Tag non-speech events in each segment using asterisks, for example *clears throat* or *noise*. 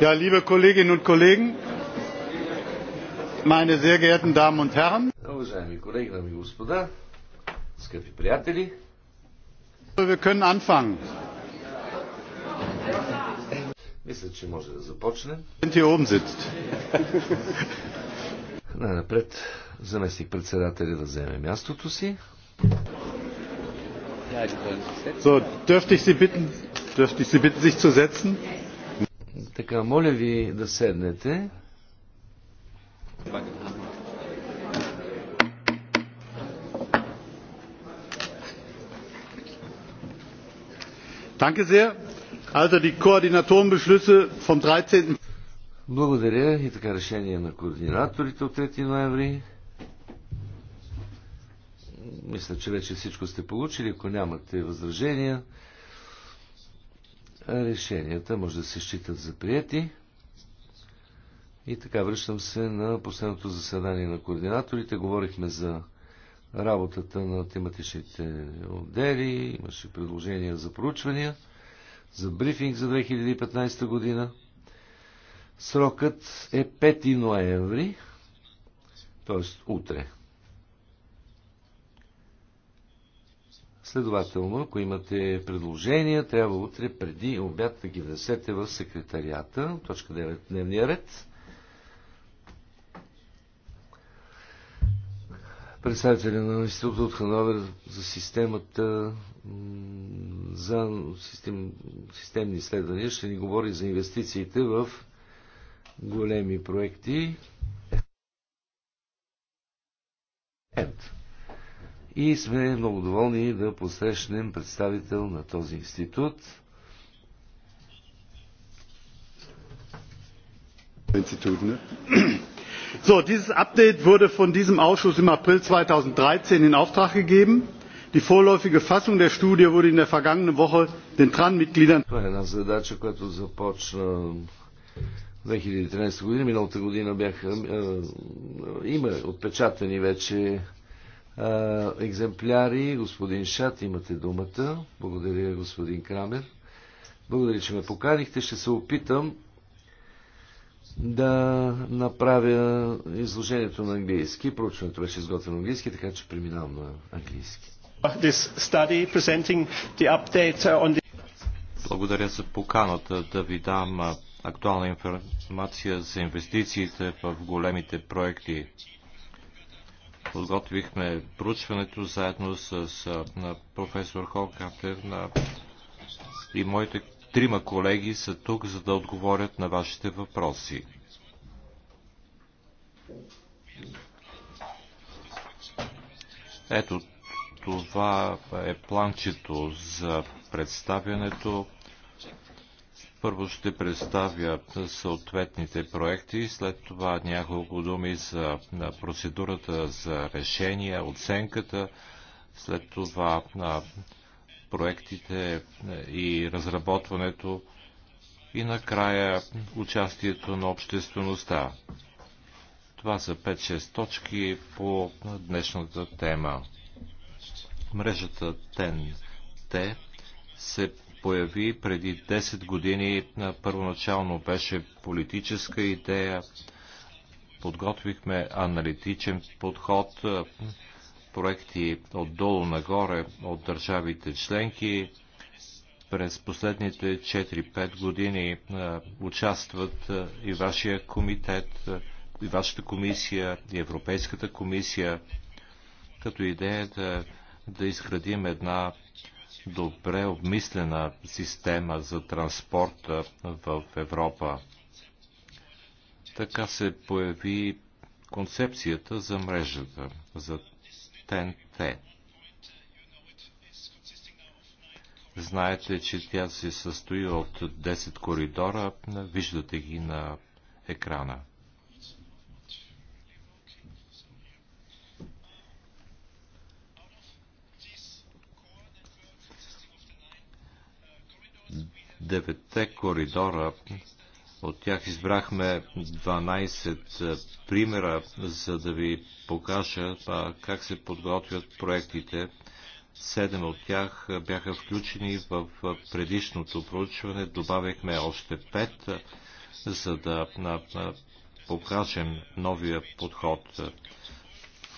Ja, liebe Kolleginnen und Kollegen, meine sehr geehrten Damen und Herren, wir können anfangen. Мисля, че може да започнем. Най-напред заместник председателя да вземе мястото си. So, dürfte ich Sie bitten, dürfte ich Sie bitten, sich zu setzen? Така, моля ви да седнете. Danke sehr. Also die Koordinatorenbeschlüsse vom 13. Благодаря и така решение на координаторите от 3 ноември. Мисля, че вече всичко сте получили. Ако нямате възражения, решенията може да се считат за прияти. И така, връщам се на последното заседание на координаторите. Говорихме за работата на тематичните отдели, имаше предложения за проучвания, за брифинг за 2015 година. Срокът е 5 ноември, т.е. утре. Следователно, ако имате предложения, трябва утре преди обяд да ги внесете в секретарията. Точка 9. Дневния ред. Представители на Института от Хановер за системата за систем, системни изследвания ще ни говори за инвестициите в големи проекти. Ето и сме много доволни да посрещнем представител на този институт. So, dieses Update wurde von diesem Ausschuss im April 2013 in Auftrag gegeben. Die vorläufige Fassung der Studie wurde in der vergangenen Woche den TRAN-Mitgliedern. Das е eine задача, която започна 2013 година. Миналата година бяха, е, има отпечатани вече екземпляри. Господин Шат, имате думата. Благодаря, господин Крамер. Благодаря, че ме поканихте. Ще се опитам да направя изложението на английски. Проучването беше изготвено на английски, така че преминавам на английски. The... Благодаря за поканата да ви дам актуална информация за инвестициите в големите проекти подготвихме проучването заедно с на професор Холкатер на... и моите трима колеги са тук, за да отговорят на вашите въпроси. Ето това е планчето за представянето първо ще представя съответните проекти, след това няколко думи за процедурата за решение, оценката, след това на проектите и разработването и накрая участието на обществеността. Това са 5-6 точки по днешната тема. Мрежата ТЕН-Т се появи преди 10 години. Първоначално беше политическа идея. Подготвихме аналитичен подход, проекти отдолу нагоре от държавите членки. През последните 4-5 години участват и вашия комитет, и вашата комисия, и Европейската комисия, като идеята да, да изградим една добре обмислена система за транспорта в Европа. Така се появи концепцията за мрежата, за ТНТ. Знаете, че тя се състои от 10 коридора, виждате ги на екрана. девете коридора. От тях избрахме 12 примера, за да ви покажа как се подготвят проектите. Седем от тях бяха включени в предишното проучване. Добавихме още пет, за да покажем новия подход.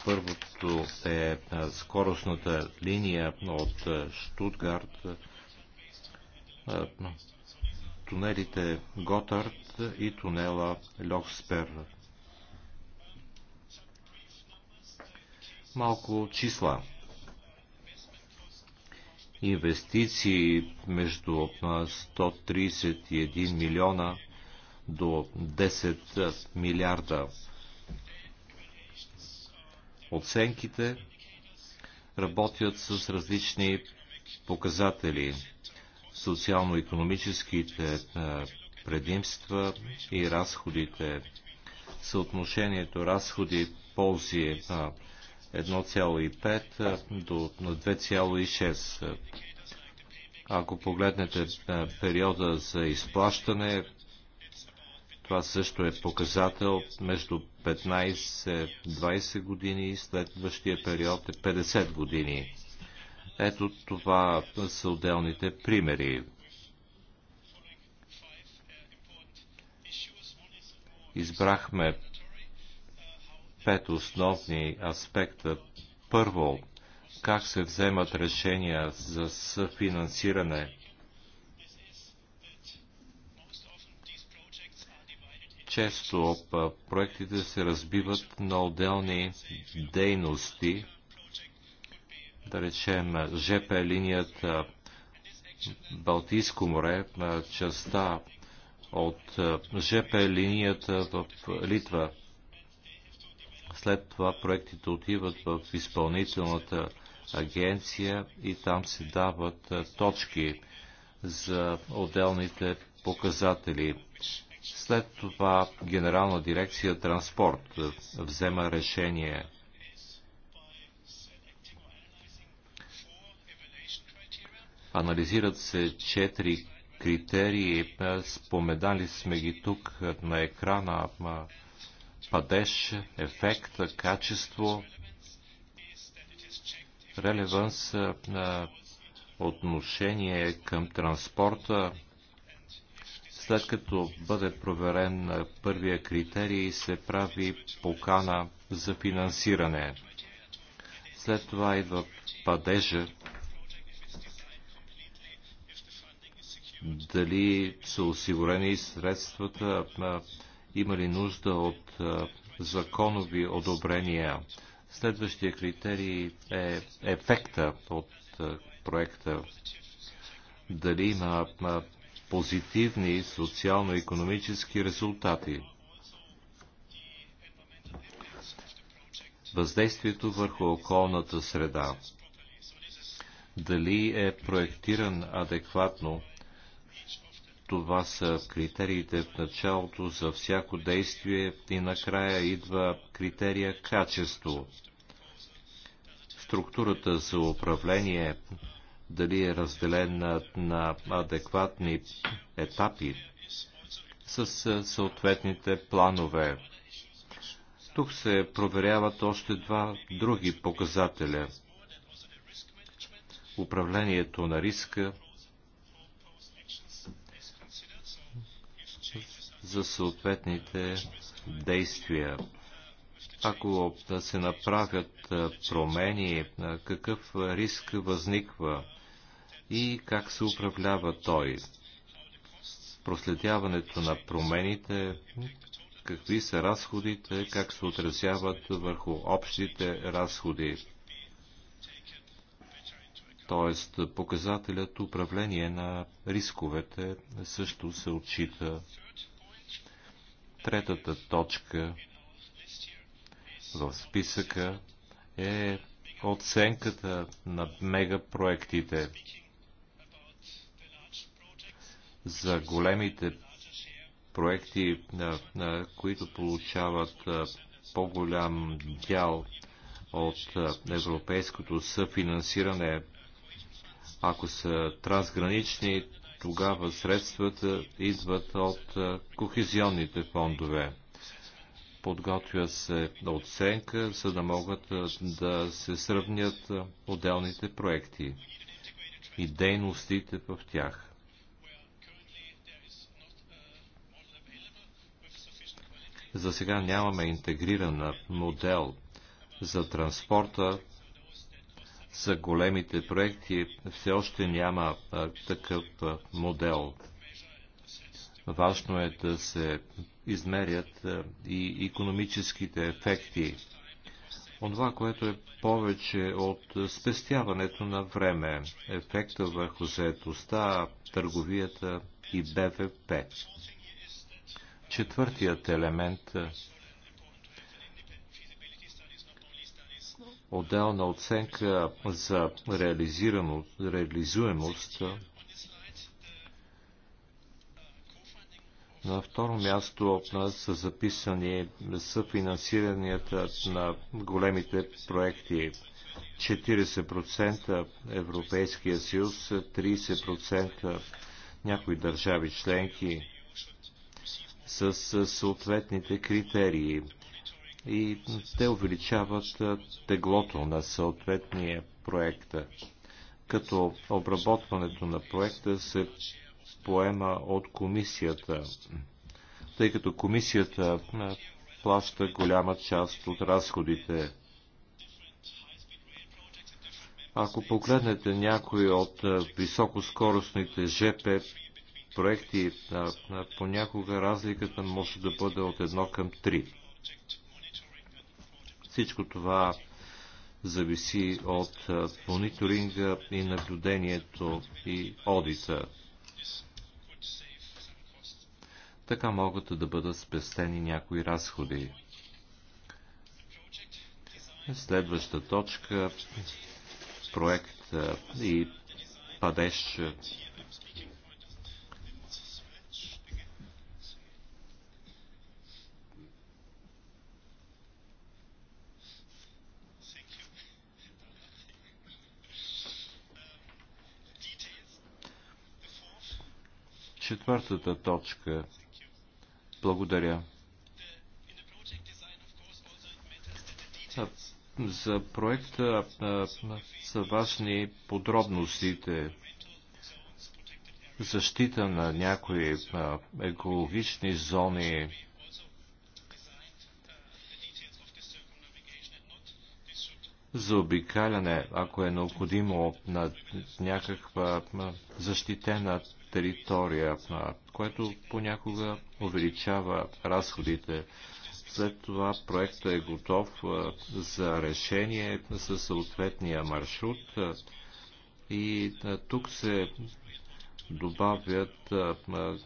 Първото е скоростната линия от Штутгарт е, тунелите Готард и тунела Льохспер. Малко числа. Инвестиции между 131 милиона до 10 милиарда. Оценките работят с различни показатели социално-економическите е, предимства и разходите. Съотношението разходи-ползи 1,5 е, е, до 2,6. Ако погледнете периода за изплащане, това също е показател между 15-20 години и следващия период е 50 години. Ето това са отделните примери. Избрахме пет основни аспекта. Първо, как се вземат решения за съфинансиране. Често проектите се разбиват на отделни дейности – да речем ЖП линията Балтийско море, частта от ЖП линията в Литва. След това проектите отиват в изпълнителната агенция и там се дават точки за отделните показатели. След това Генерална дирекция транспорт взема решение Анализират се четири критерии. Споменали сме ги тук на екрана. Падеж, ефект, качество, релеванс, отношение към транспорта. След като бъде проверен първия критерий, се прави покана за финансиране. След това идва падежа, дали са осигурени средствата, има ли нужда от законови одобрения. Следващия критерий е ефекта от проекта. Дали има позитивни социално-економически резултати. Въздействието върху околната среда. Дали е проектиран адекватно това са критериите в началото за всяко действие и накрая идва критерия качество. Структурата за управление дали е разделена на адекватни етапи с съответните планове. Тук се проверяват още два други показателя. Управлението на риска за съответните действия. Ако да се направят промени, какъв риск възниква и как се управлява той? Проследяването на промените, какви са разходите, как се отразяват върху общите разходи Тоест, показателят управление на рисковете също се отчита Третата точка в списъка е оценката на мегапроектите. За големите проекти, които получават по-голям дял от европейското съфинансиране, ако са трансгранични, тогава средствата идват от кохезионните фондове. Подготвя се оценка, за да могат да се сравнят отделните проекти и дейностите в тях. За сега нямаме интегриран модел за транспорта за големите проекти все още няма такъв модел. Важно е да се измерят и економическите ефекти. Онова, което е повече от спестяването на време, ефекта върху заетостта, търговията и БВП. Четвъртият елемент отделна оценка за реализуемост. На второ място от нас са записани съфинансиранията на големите проекти. 40% Европейския съюз, 30% някои държави членки с съответните критерии и те увеличават теглото на съответния проект, като обработването на проекта се поема от комисията, тъй като комисията плаща голяма част от разходите. Ако погледнете някои от високоскоростните ЖП проекти, понякога разликата може да бъде от 1 към всичко това зависи от мониторинга и наблюдението и одита. Така могат да бъдат спестени някои разходи. Следваща точка проект и падеж четвъртата точка. Благодаря. За проекта са важни подробностите. Защита на някои екологични зони за обикаляне, ако е необходимо, на някаква защитена територия, което понякога увеличава разходите. След това проектът е готов за решение със съответния маршрут и тук се добавят, да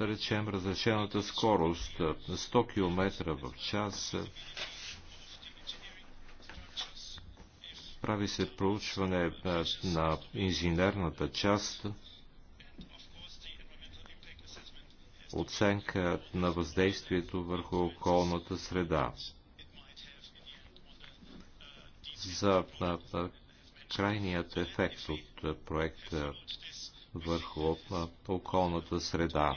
речем, разрешената скорост 100 км в час Прави се проучване е, на инженерната част, оценка на въздействието върху околната среда. За крайният ефект от проекта върху околната среда.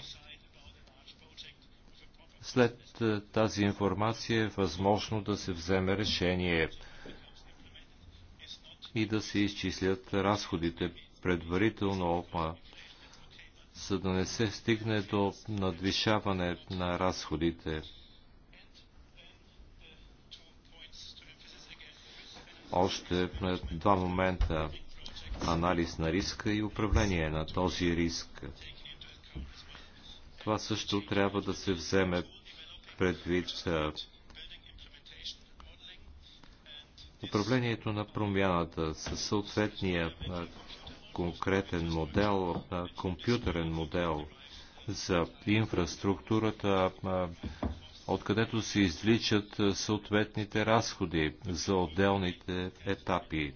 След тази информация е възможно да се вземе решение и да се изчислят разходите предварително, за да не се стигне до надвишаване на разходите. Още два момента анализ на риска и управление на този риск. Това също трябва да се вземе предвид управлението на промяната със съответния конкретен модел, компютърен модел за инфраструктурата, откъдето се изличат съответните разходи за отделните етапи.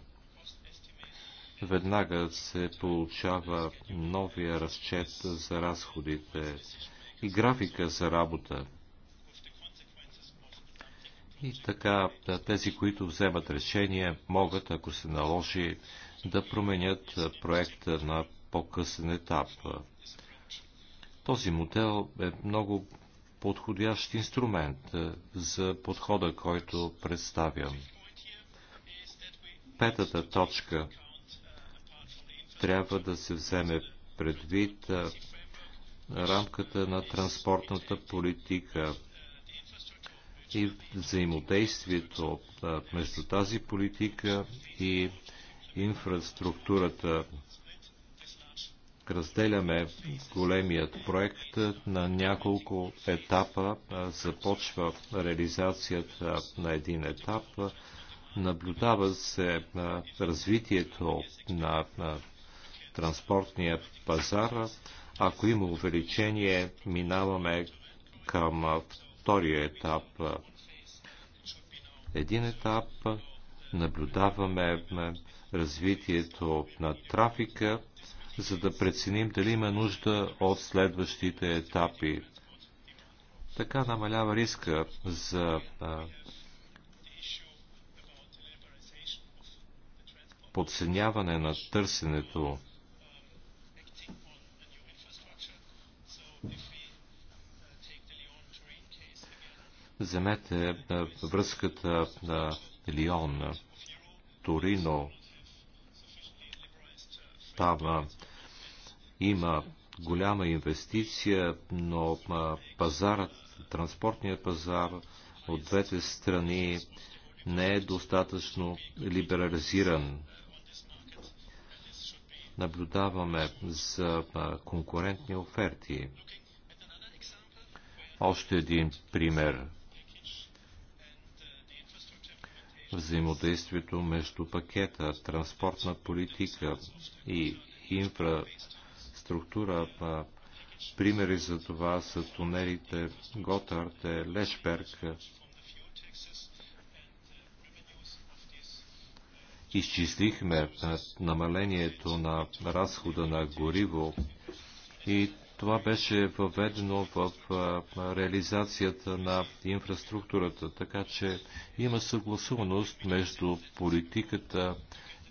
Веднага се получава новия разчет за разходите и графика за работа и така тези, които вземат решение, могат, ако се наложи, да променят проекта на по-късен етап. Този модел е много подходящ инструмент за подхода, който представям. Петата точка трябва да се вземе предвид рамката на транспортната политика и взаимодействието между тази политика и инфраструктурата. Разделяме големият проект на няколко етапа. Започва реализацията на един етап. Наблюдава се развитието на транспортния пазар. Ако има увеличение, минаваме към втория етап. Един етап наблюдаваме развитието на трафика, за да преценим дали има нужда от следващите етапи. Така намалява риска за подсъняване на търсенето Вземете е, връзката на е, Лион, Торино. Там е, има голяма инвестиция, но пазарът, транспортният пазар от двете страни не е достатъчно либерализиран. Наблюдаваме за конкурентни оферти. Още един пример взаимодействието между пакета транспортна политика и инфраструктура. Примери за това са тунелите Готард, Лешберг, изчислихме намалението на разхода на гориво и това беше въведено в реализацията на инфраструктурата, така че има съгласуваност между политиката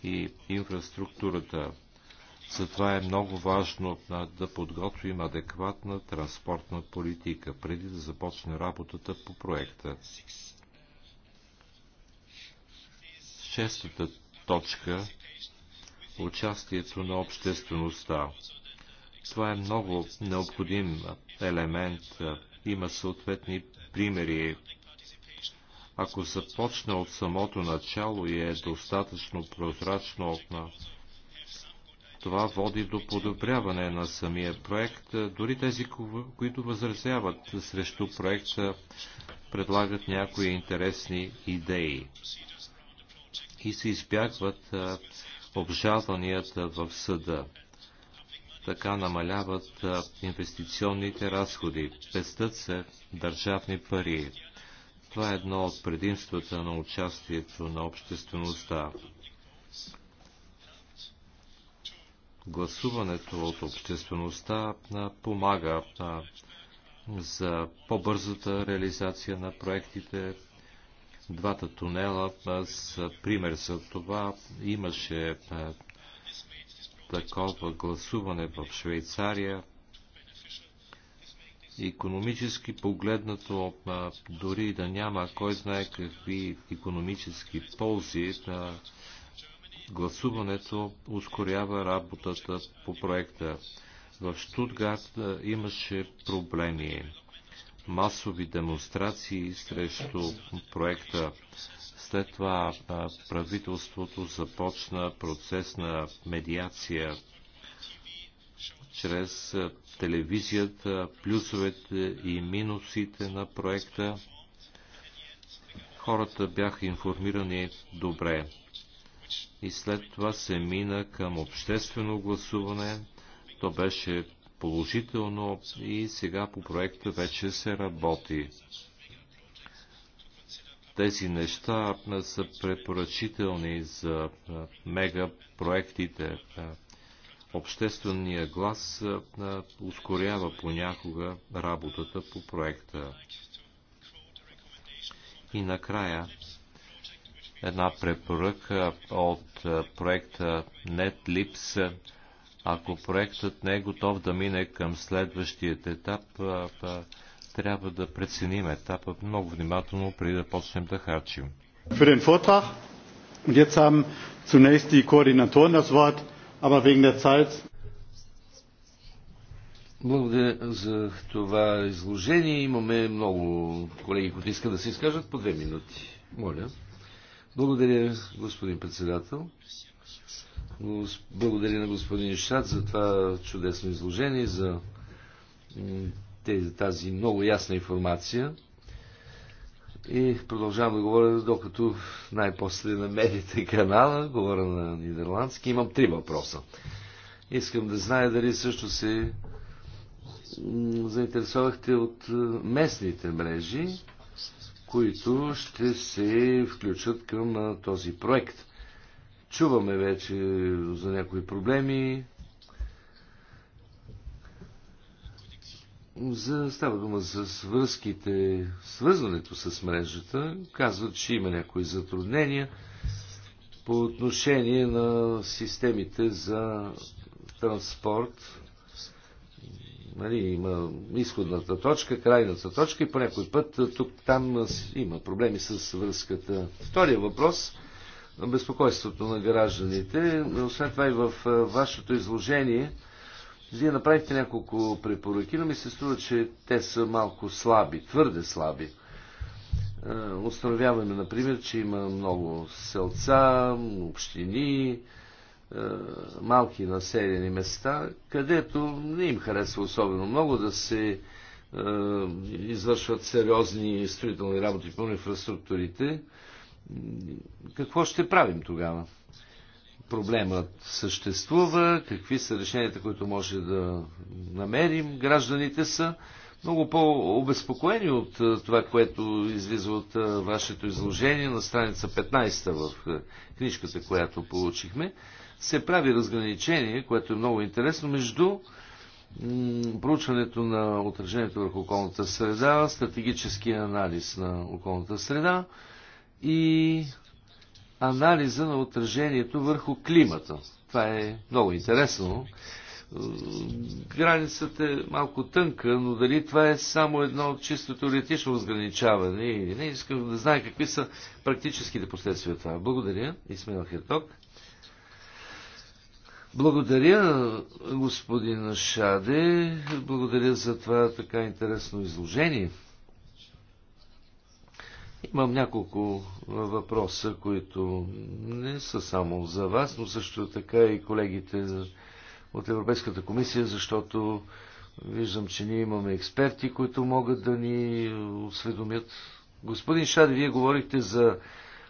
и инфраструктурата. Затова е много важно да подготвим адекватна транспортна политика, преди да започне работата по проекта. Шестата точка – участието на обществеността. Това е много необходим елемент. Има съответни примери. Ако започне от самото начало и е достатъчно прозрачно, това води до подобряване на самия проект. Дори тези, които възразяват срещу проекта, предлагат някои интересни идеи и се избягват обжалванията в съда така намаляват инвестиционните разходи, пестат се държавни пари. Това е едно от предимствата на участието на обществеността. Гласуването от обществеността помага за по-бързата реализация на проектите. Двата тунела с пример за това. Имаше такова гласуване в Швейцария, економически погледнато, дори да няма кой знае какви економически ползи, да гласуването ускорява работата по проекта. В Штутгарт имаше проблеми масови демонстрации срещу проекта. След това правителството започна процес на медиация чрез телевизията, плюсовете и минусите на проекта. Хората бяха информирани добре. И след това се мина към обществено гласуване. То беше положително и сега по проекта вече се работи. Тези неща са препоръчителни за мегапроектите. Обществения глас ускорява понякога работата по проекта. И накрая една препоръка от проекта NetLips. Ако проектът не е готов да мине към следващият етап, трябва да преценим етапа много внимателно, преди да почнем да харчим. благодаря за това изложение. Имаме много колеги, които искат да се изкажат по две минути. Моля. Благодаря, господин председател. Благодаря на господин Шат за това чудесно изложение, за тази много ясна информация и продължавам да говоря, докато най-после намерите канала, говоря на нидерландски. Имам три въпроса. Искам да зная дали също се заинтересовахте от е, местните мрежи, които ще се включат към е, този проект. Чуваме вече за някои проблеми, За, става дума за връзките, свързването с мрежата. Казват, че има някои затруднения по отношение на системите за транспорт. Нали, има изходната точка, крайната точка и по някой път тук там има проблеми с връзката. Втория въпрос безпокойството на гражданите. Освен това и в вашето изложение вие направихте няколко препоръки, но ми се струва, че те са малко слаби, твърде слаби. Е, установяваме, например, че има много селца, общини, е, малки населени места, където не им харесва особено много да се е, извършват сериозни строителни работи по инфраструктурите. Какво ще правим тогава? проблемът съществува, какви са решенията, които може да намерим. Гражданите са много по-обезпокоени от това, което излиза от вашето изложение на страница 15 в книжката, която получихме. Се прави разграничение, което е много интересно, между проучването на отражението върху околната среда, стратегическия анализ на околната среда и анализа на отражението върху климата. Това е много интересно. Границата е малко тънка, но дали това е само едно чисто теоретично разграничаване или не, искам да знае какви са практическите последствия това. Благодаря, Исмил Херток. Благодаря, господин Шаде. Благодаря за това така интересно изложение. Имам няколко въпроса, които не са само за вас, но също така и колегите от Европейската комисия, защото виждам, че ние имаме експерти, които могат да ни осведомят. Господин Шади, вие говорихте за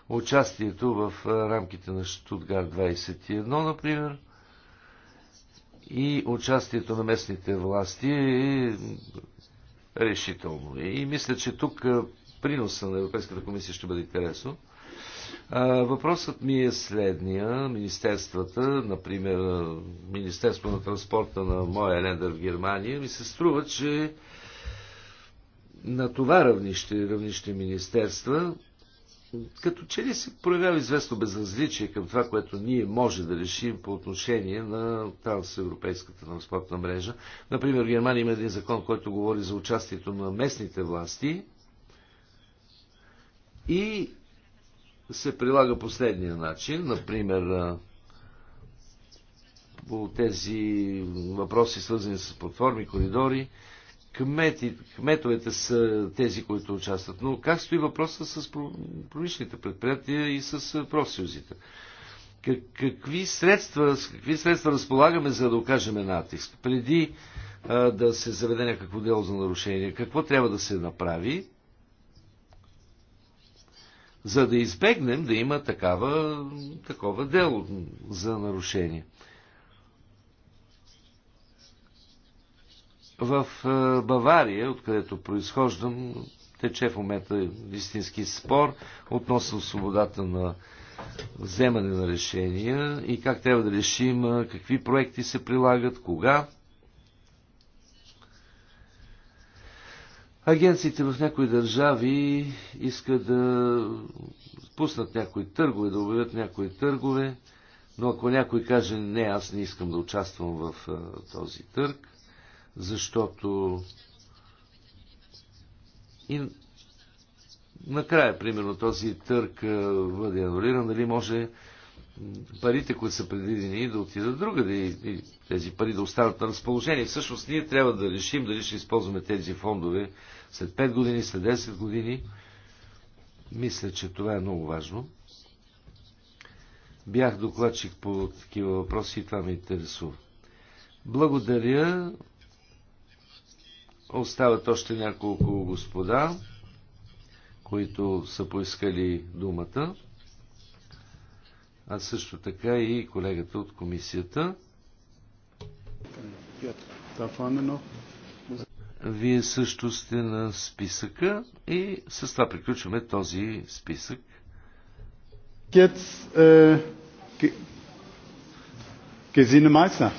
участието в рамките на Штутгар 21, например, и участието на местните власти е решително. И мисля, че тук приноса на Европейската комисия ще бъде интересно. Въпросът ми е следния. Министерствата, например Министерство на транспорта на моя лендър в Германия, ми се струва, че на това равнище, равнище министерства, като че ли се проявява известно безразличие към това, което ние може да решим по отношение на трансевропейската транспортна мрежа. Например, в Германия има един закон, който говори за участието на местните власти – и се прилага последния начин, например по тези въпроси, свързани с платформи, коридори, кмети, кметовете са тези, които участват. Но как стои въпроса с промишлените предприятия и с профсъюзите? Какви средства, с какви средства разполагаме, за да окажем натиск? Преди а, да се заведе някакво дело за нарушение, какво трябва да се направи, за да избегнем да има такава, такова дело за нарушение. В е, Бавария, откъдето произхождам, тече в момента истински спор относно свободата на вземане на решения и как трябва да решим е, какви проекти се прилагат, кога. Агенциите в някои държави искат да пуснат някои търгове, да обявят някои търгове, но ако някой каже не, аз не искам да участвам в този търг, защото и накрая, примерно, този търг бъде анулиран, дали може парите, които са предвидени, да отидат друга да и тези пари да останат на разположение. Всъщност ние трябва да решим дали ще използваме тези фондове след 5 години, след 10 години. Мисля, че това е много важно. Бях докладчик по такива въпроси и това ме интересува. Благодаря. Остават още няколко господа, които са поискали думата, а също така и колегата от комисията. Вие също сте на списъка и с това приключваме този списък. Jetzt, äh, Gesine Meissner.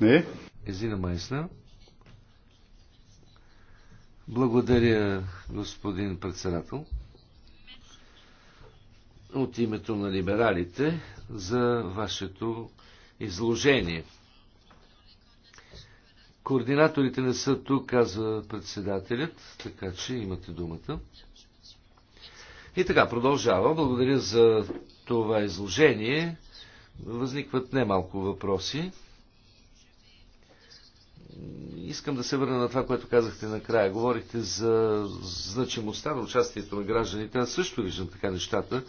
Майсна. Gesine Meissner. Благодаря, господин председател. От името на либералите за вашето изложение. Координаторите не са тук, казва председателят, така че имате думата. И така, продължава. Благодаря за това изложение. Възникват немалко въпроси. Искам да се върна на това, което казахте накрая. Говорихте за значимостта на участието на гражданите. Аз също виждам така нещата.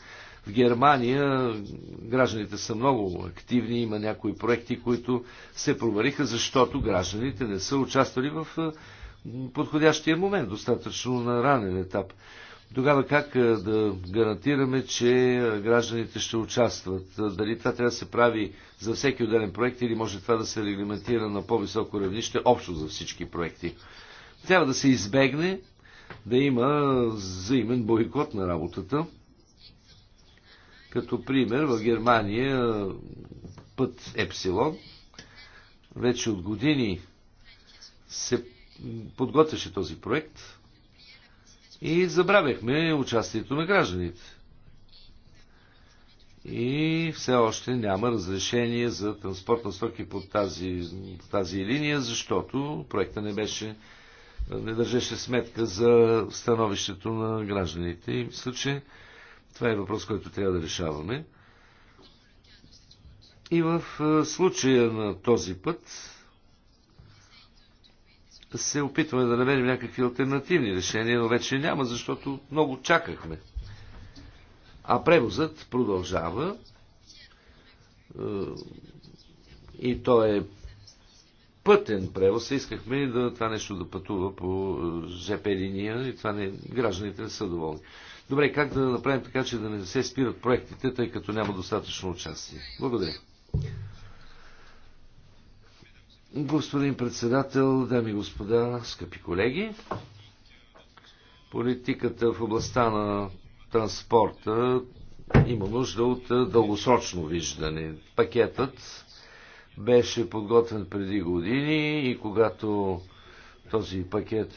В Германия гражданите са много активни, има някои проекти, които се провариха, защото гражданите не са участвали в подходящия момент, достатъчно на ранен етап. Тогава как да гарантираме, че гражданите ще участват? Дали това трябва да се прави за всеки отделен проект или може това да се регламентира на по-високо равнище, общо за всички проекти? Трябва да се избегне да има взаимен бойкот на работата като пример, в Германия път Епсилон вече от години се подготвяше този проект и забравяхме участието на гражданите. И все още няма разрешение за транспорт на стоки по тази, по тази линия, защото проекта не беше не държеше сметка за становището на гражданите и мисля, че това е въпрос, който трябва да решаваме. И в случая на този път се опитваме да намерим някакви альтернативни решения, но вече няма, защото много чакахме. А превозът продължава и то е пътен превоз. Искахме да това нещо да пътува по ЖП линия и това не, гражданите не са доволни. Добре, как да направим така, че да не се спират проектите, тъй като няма достатъчно участие? Благодаря. Господин председател, дами и господа, скъпи колеги, политиката в областта на транспорта има нужда от дългосрочно виждане. Пакетът беше подготвен преди години и когато този пакет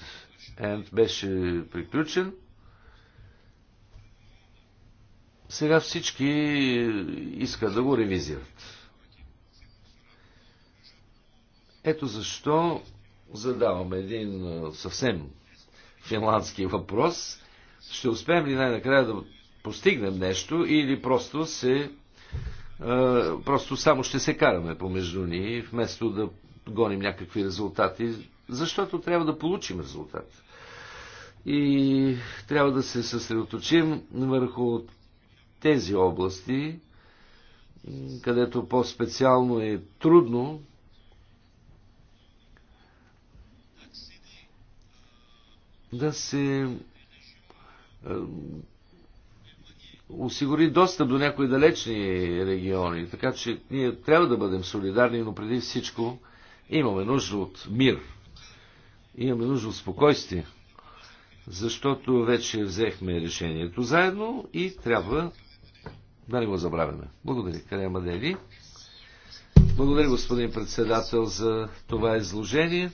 е, беше приключен, сега всички искат да го ревизират. Ето защо задавам един съвсем финландски въпрос. Ще успеем ли най-накрая да постигнем нещо или просто се просто само ще се караме помежду ни, вместо да гоним някакви резултати, защото трябва да получим резултат. И трябва да се съсредоточим върху тези области, където по-специално е трудно да се осигури достъп до някои далечни региони. Така че ние трябва да бъдем солидарни, но преди всичко имаме нужда от мир. Имаме нужда от спокойствие. Защото вече взехме решението заедно и трябва да не го забравяме. Благодаря, Кария Мадели. Благодаря, господин председател, за това изложение.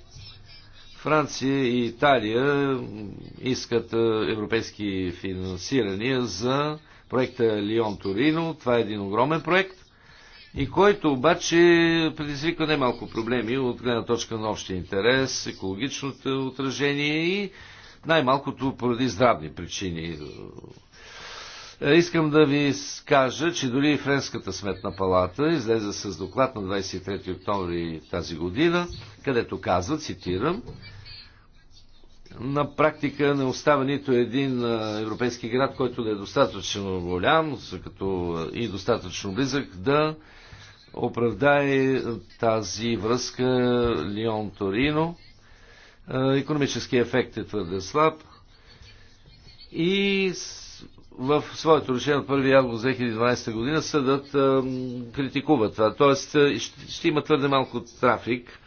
Франция и Италия искат европейски финансирания за проекта Лион Торино. Това е един огромен проект и който обаче предизвиква немалко проблеми от гледна точка на общия интерес, екологичното отражение и най-малкото поради здравни причини е, искам да ви кажа, че дори и Френската сметна палата излезе с доклад на 23 октомври тази година, където казва, цитирам, на практика не остава нито един е, европейски град, който да е достатъчно голям като е, и достатъчно близък да оправдае тази връзка Лион-Торино. Економически ефект е твърде слаб и в своето решение от 1 август 2012 година съдът а, критикува това. Тоест ще, ще има твърде малко трафик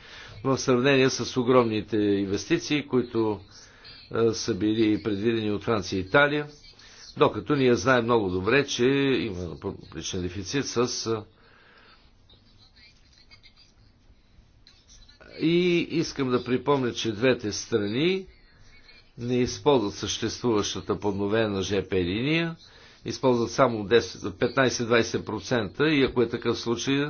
в сравнение с огромните инвестиции, които а, са били предвидени от Франция и Италия. Докато ние знаем много добре, че има публичен дефицит с. И искам да припомня, че двете страни не използват съществуващата подновена ЖП линия, използват само 15-20% и ако е такъв случай,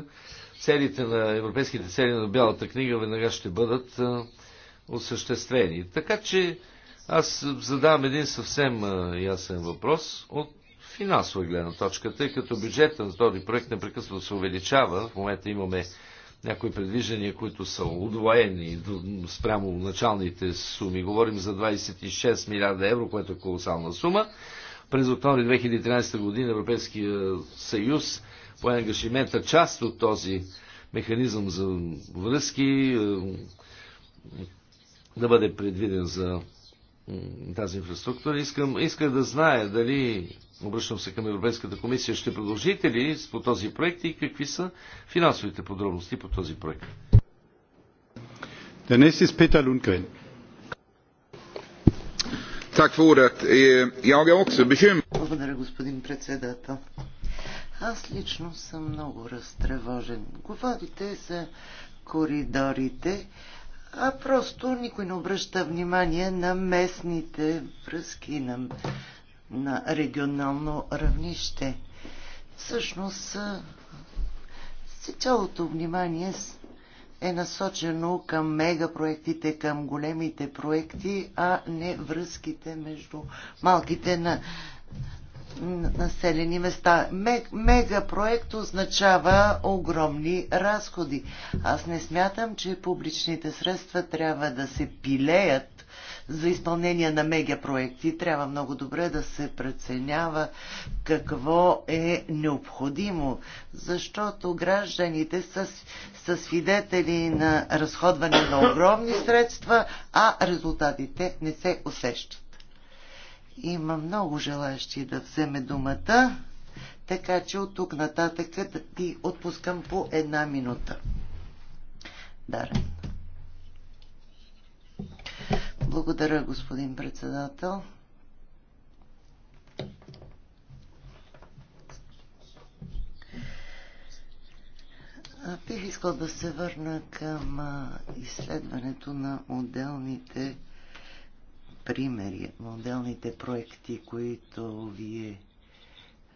целите на европейските цели на Бялата книга веднага ще бъдат осъществени. Така че аз задавам един съвсем ясен въпрос от финансова гледна точка, тъй като бюджета на този проект непрекъснато се увеличава. В момента имаме някои предвиждания, които са удвоени спрямо началните суми. Говорим за 26 милиарда евро, което е колосална сума. През октомври 2013 година Европейския съюз по ангажимента част от този механизъм за връзки е, да бъде предвиден за тази инфраструктура. Искам, иска да знае дали обръщам се към Европейската комисия, ще продължите ли по този проект и какви са финансовите подробности по този проект? Den nächste Петър Лунгрен. Так Tack ordet. Jag är också Благодаря, господин председател. Аз лично съм много разтревожен. Говорите за коридорите, а просто никой не обръща внимание на местните връзки, на на регионално равнище. Всъщност, цялото внимание е насочено към мегапроектите, към големите проекти, а не връзките между малките на населени места. Мегапроект означава огромни разходи. Аз не смятам, че публичните средства трябва да се пилеят за изпълнение на мегапроекти. Трябва много добре да се преценява какво е необходимо, защото гражданите са, са свидетели на разходване на огромни средства, а резултатите не се усещат. Има много желащи да вземе думата, така че от тук нататък да ти отпускам по една минута. Дарен. Благодаря, господин председател. Бих искал да се върна към изследването на отделните примери, отделните проекти, които вие,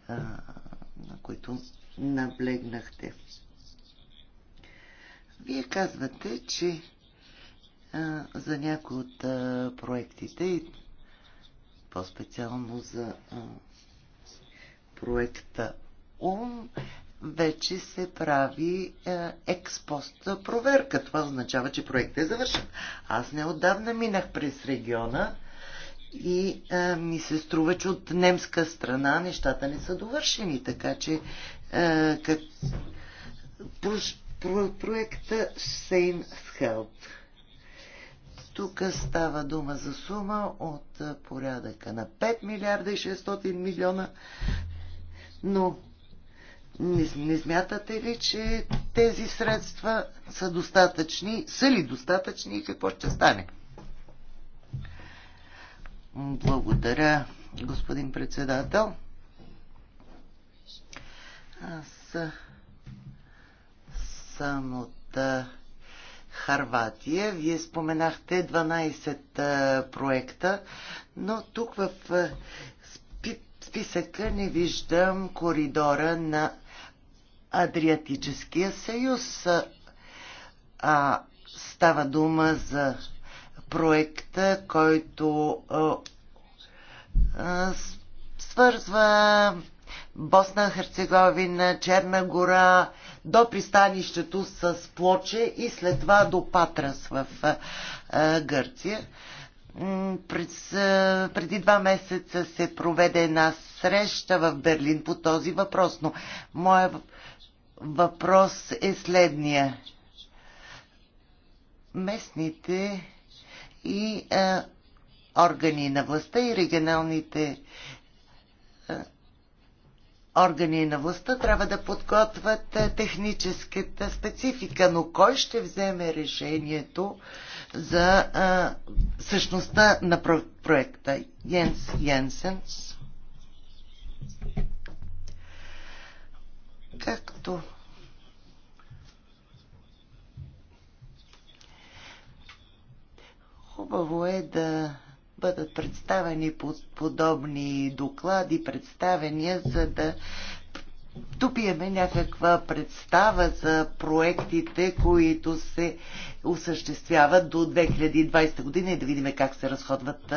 на които наблегнахте. Вие казвате, че за някои от проектите и по-специално за проекта УМ вече се прави експост проверка. Това означава, че проектът е завършен. Аз неотдавна минах през региона и а, ми се струва, че от немска страна нещата не са довършени, така че а, как... Про... Про... проекта Сейн Help. Тук става дума за сума от порядъка на 5 милиарда и 600 милиона, но не, не смятате ли, че тези средства са достатъчни? Са ли достатъчни и какво ще стане? Благодаря, господин председател. Аз съм от Харватия. Вие споменахте 12 проекта, но тук в списъка не виждам коридора на Адриатическия съюз. А, става дума за проекта, който а, а, свързва Босна, Херцеговина, Черна гора, до пристанището с Плоче и след това до Патрас в Гърция. През, преди два месеца се проведе една среща в Берлин по този въпрос, но моя въпрос е следния. Местните и а, органи на властта и регионалните органи на властта трябва да подготвят е, техническата специфика, но кой ще вземе решението за а, е, същността на про- проекта? Йенс Йенсенс. Както хубаво е да бъдат представени подобни доклади, представения, за да тупиеме някаква представа за проектите, които се осъществяват до 2020 година и да видим как се разходват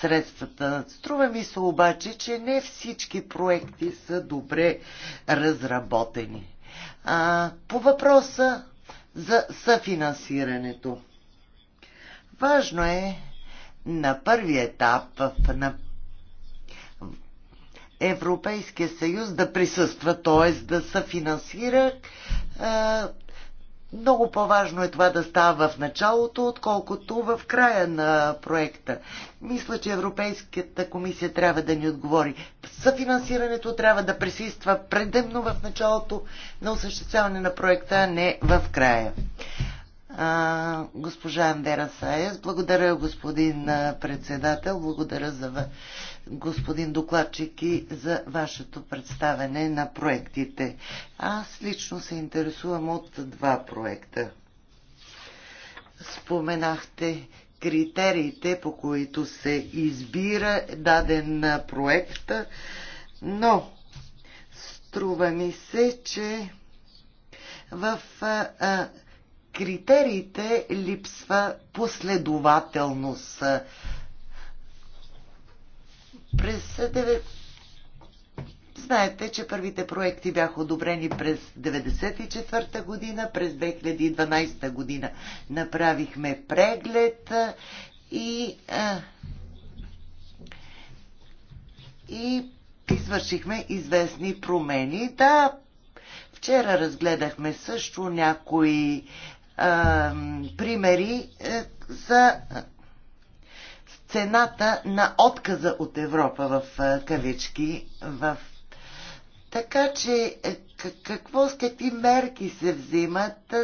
средствата. Струва ми се обаче, че не всички проекти са добре разработени. А, по въпроса за съфинансирането. Важно е на първи етап на Европейския съюз да присъства, т.е. да се финансира. Е, много по-важно е това да става в началото, отколкото в края на проекта. Мисля, че Европейската комисия трябва да ни отговори. Съфинансирането трябва да присъства предимно в началото на осъществяване на проекта, а не в края госпожа Андера Саес, благодаря господин председател, благодаря за господин докладчик и за вашето представене на проектите. Аз лично се интересувам от два проекта. Споменахте критериите, по които се избира даден проект, но струва ми се, че в а, критериите липсва последователност. През 9... Знаете, че първите проекти бяха одобрени през 1994 година, през 2012 година направихме преглед и, и извършихме известни промени. Да, Вчера разгледахме също някои примери а, е, за цената на отказа от Европа в а, е, кавички. В... Така че е, какво, с какви мерки се взимат,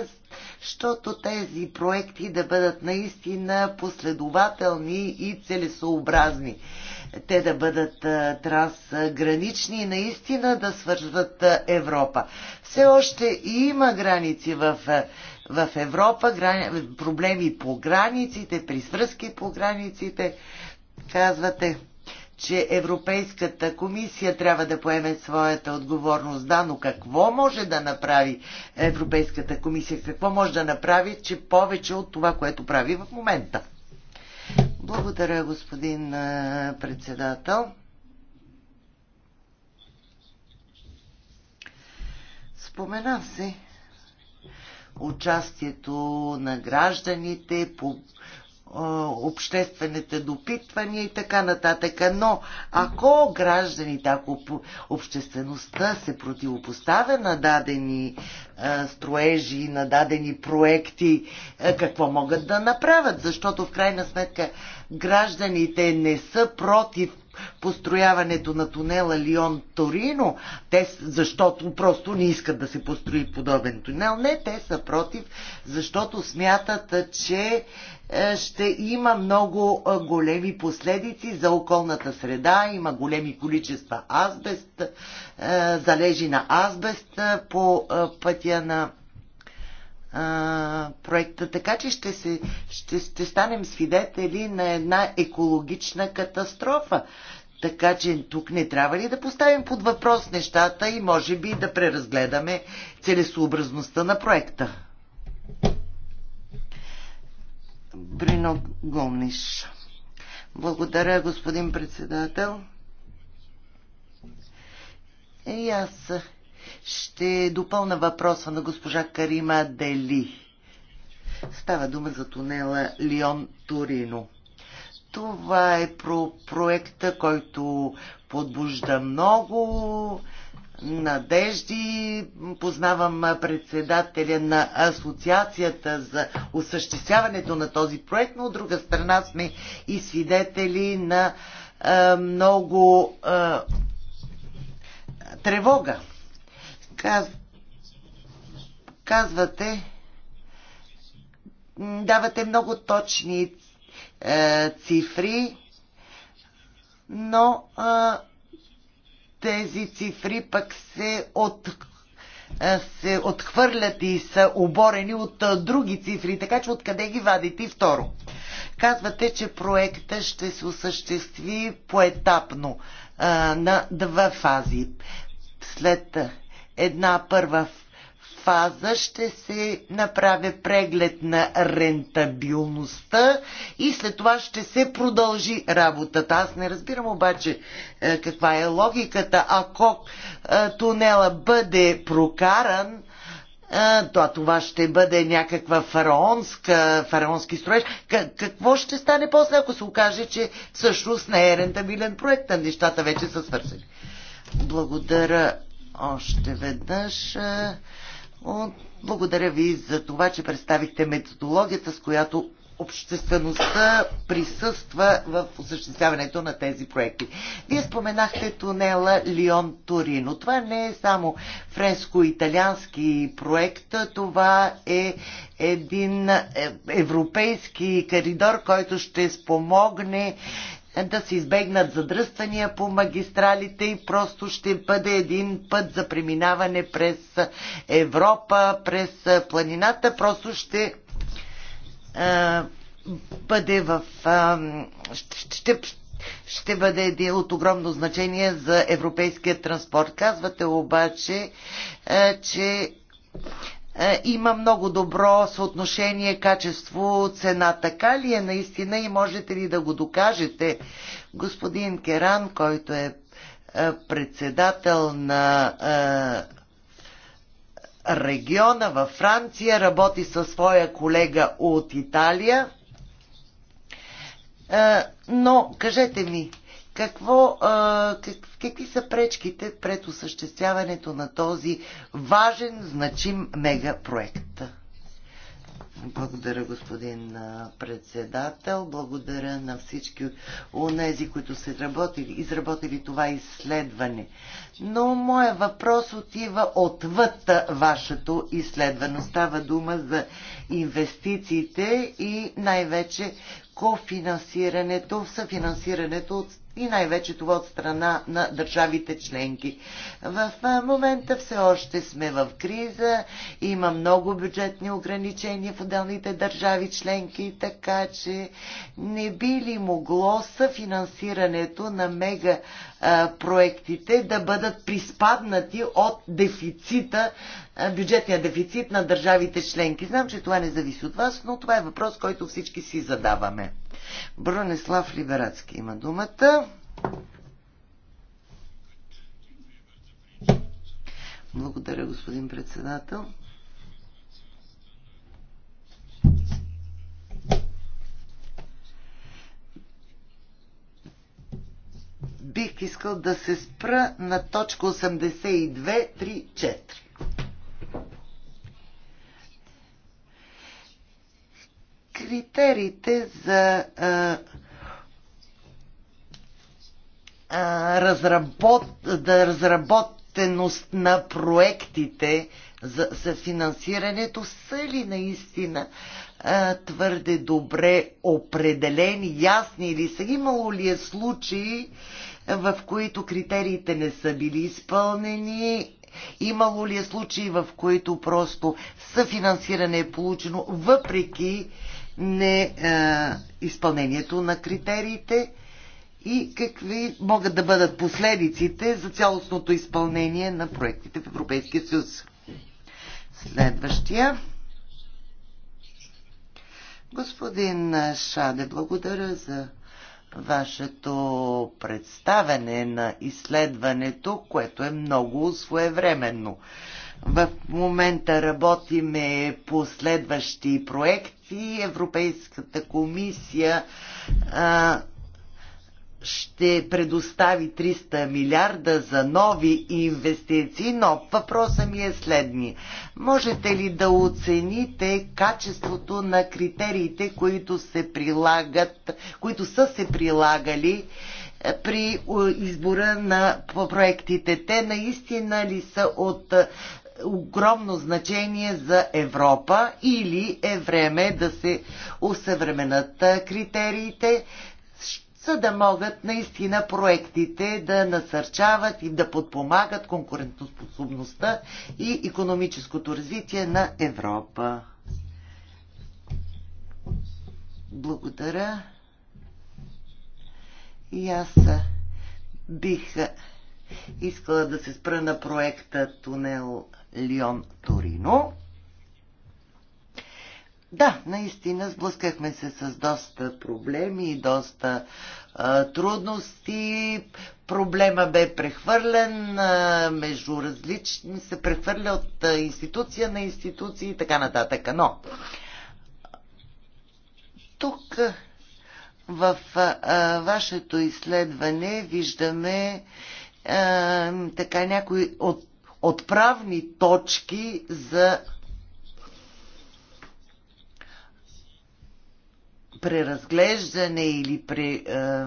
защото тези проекти да бъдат наистина последователни и целесообразни те да бъдат трансгранични и наистина да свързват Европа. Все още има граници в, в Европа, грани, проблеми по границите, при свръзки по границите. Казвате, че Европейската комисия трябва да поеме своята отговорност. Да, но какво може да направи Европейската комисия? Какво може да направи, че повече от това, което прави в момента? Благодаря, господин председател. Спомена се участието на гражданите, по обществените допитвания и така нататък. Но ако гражданите, ако обществеността се противопоставя на дадени строежи, на дадени проекти, какво могат да направят? Защото в крайна сметка гражданите не са против построяването на тунела Лион-Торино, те, защото просто не искат да се построи подобен тунел. Не, те са против, защото смятат, че е, ще има много е, големи последици за околната среда, има големи количества азбест, е, залежи на азбест по пътя на а, проекта. Така че ще, се, ще, ще станем свидетели на една екологична катастрофа. Така че тук не трябва ли да поставим под въпрос нещата и може би да преразгледаме целесообразността на проекта? Брино Гомниш. Благодаря, господин председател. И аз ще допълна въпроса на госпожа Карима Дели. Става дума за тунела Лион-Торино. Това е про проекта, който подбужда много надежди. Познавам председателя на Асоциацията за осъществяването на този проект, но от друга страна сме и свидетели на а, много а, тревога Каз... Казвате, давате много точни е, цифри, но е, тези цифри пък се, от, е, се отхвърлят и са оборени от е, други цифри, така че откъде ги вадите? И второ, казвате, че проекта ще се осъществи поетапно е, на два фази. След една първа фаза ще се направи преглед на рентабилността и след това ще се продължи работата. Аз не разбирам обаче е, каква е логиката. Ако е, тунела бъде прокаран, е, то това ще бъде някаква фараонска, фараонски строеж. Какво ще стане после, ако се окаже, че всъщност не е рентабилен проект, а нещата вече са свързани? Благодаря още веднъж. Е, благодаря ви за това, че представихте методологията, с която обществеността присъства в осъществяването на тези проекти. Вие споменахте тунела Лион Торино. Това не е само френско-италиански проект, това е един е, европейски коридор, който ще спомогне да се избегнат задръствания по магистралите и просто ще бъде един път за преминаване през Европа, през планината. Просто ще а, бъде в... А, ще, ще, ще бъде един от огромно значение за европейския транспорт. Казвате обаче, а, че е, има много добро съотношение качество-цена. Така ли е наистина и можете ли да го докажете? Господин Керан, който е, е председател на е, региона във Франция, работи със своя колега от Италия. Но кажете ми, какво, как, какви са пречките пред осъществяването на този важен, значим мегапроект? Благодаря, господин председател. Благодаря на всички онези, които са изработили, изработили това изследване. Но моя въпрос отива отвъд вашето изследване. Става дума за инвестициите и най-вече кофинансирането, съфинансирането от и най-вече това от страна на държавите членки. В момента все още сме в криза, има много бюджетни ограничения в отделните държави членки, така че не би ли могло съфинансирането на мега проектите да бъдат приспаднати от дефицита, бюджетния дефицит на държавите членки. Знам, че това не зависи от вас, но това е въпрос, който всички си задаваме. Бронислав Либерацки има думата. Благодаря, господин председател. Бих искал да се спра на точка 82.3.4. критериите за а, а, разработ, да разработеност на проектите за, за финансирането са ли наистина а, твърде добре определени, ясни или са имало ли е случаи, в които критериите не са били изпълнени Имало ли е случаи, в които просто съфинансиране е получено въпреки не а, е, изпълнението на критериите и какви могат да бъдат последиците за цялостното изпълнение на проектите в Европейския съюз. Следващия. Господин Шаде, благодаря за вашето представене на изследването, което е много своевременно. В момента работиме по следващи проекти и Европейската комисия а, ще предостави 300 милиарда за нови инвестиции, но въпросът ми е следния. Можете ли да оцените качеството на критериите, които се прилагат, които са се прилагали е, при избора на проектите? Те наистина ли са от е, огромно значение за Европа или е време да се усъвременят критериите, за да могат наистина проектите да насърчават и да подпомагат конкурентоспособността и економическото развитие на Европа. Благодаря. И аз бих искала да се спра на проекта Тунел Лион Торино. Да, наистина сблъскахме се с доста проблеми и доста а, трудности. Проблема бе прехвърлен а, между различни, се прехвърля от а, институция на институции и така нататък. Но тук в а, вашето изследване виждаме а, така някои от отправни точки за преразглеждане или пре, е,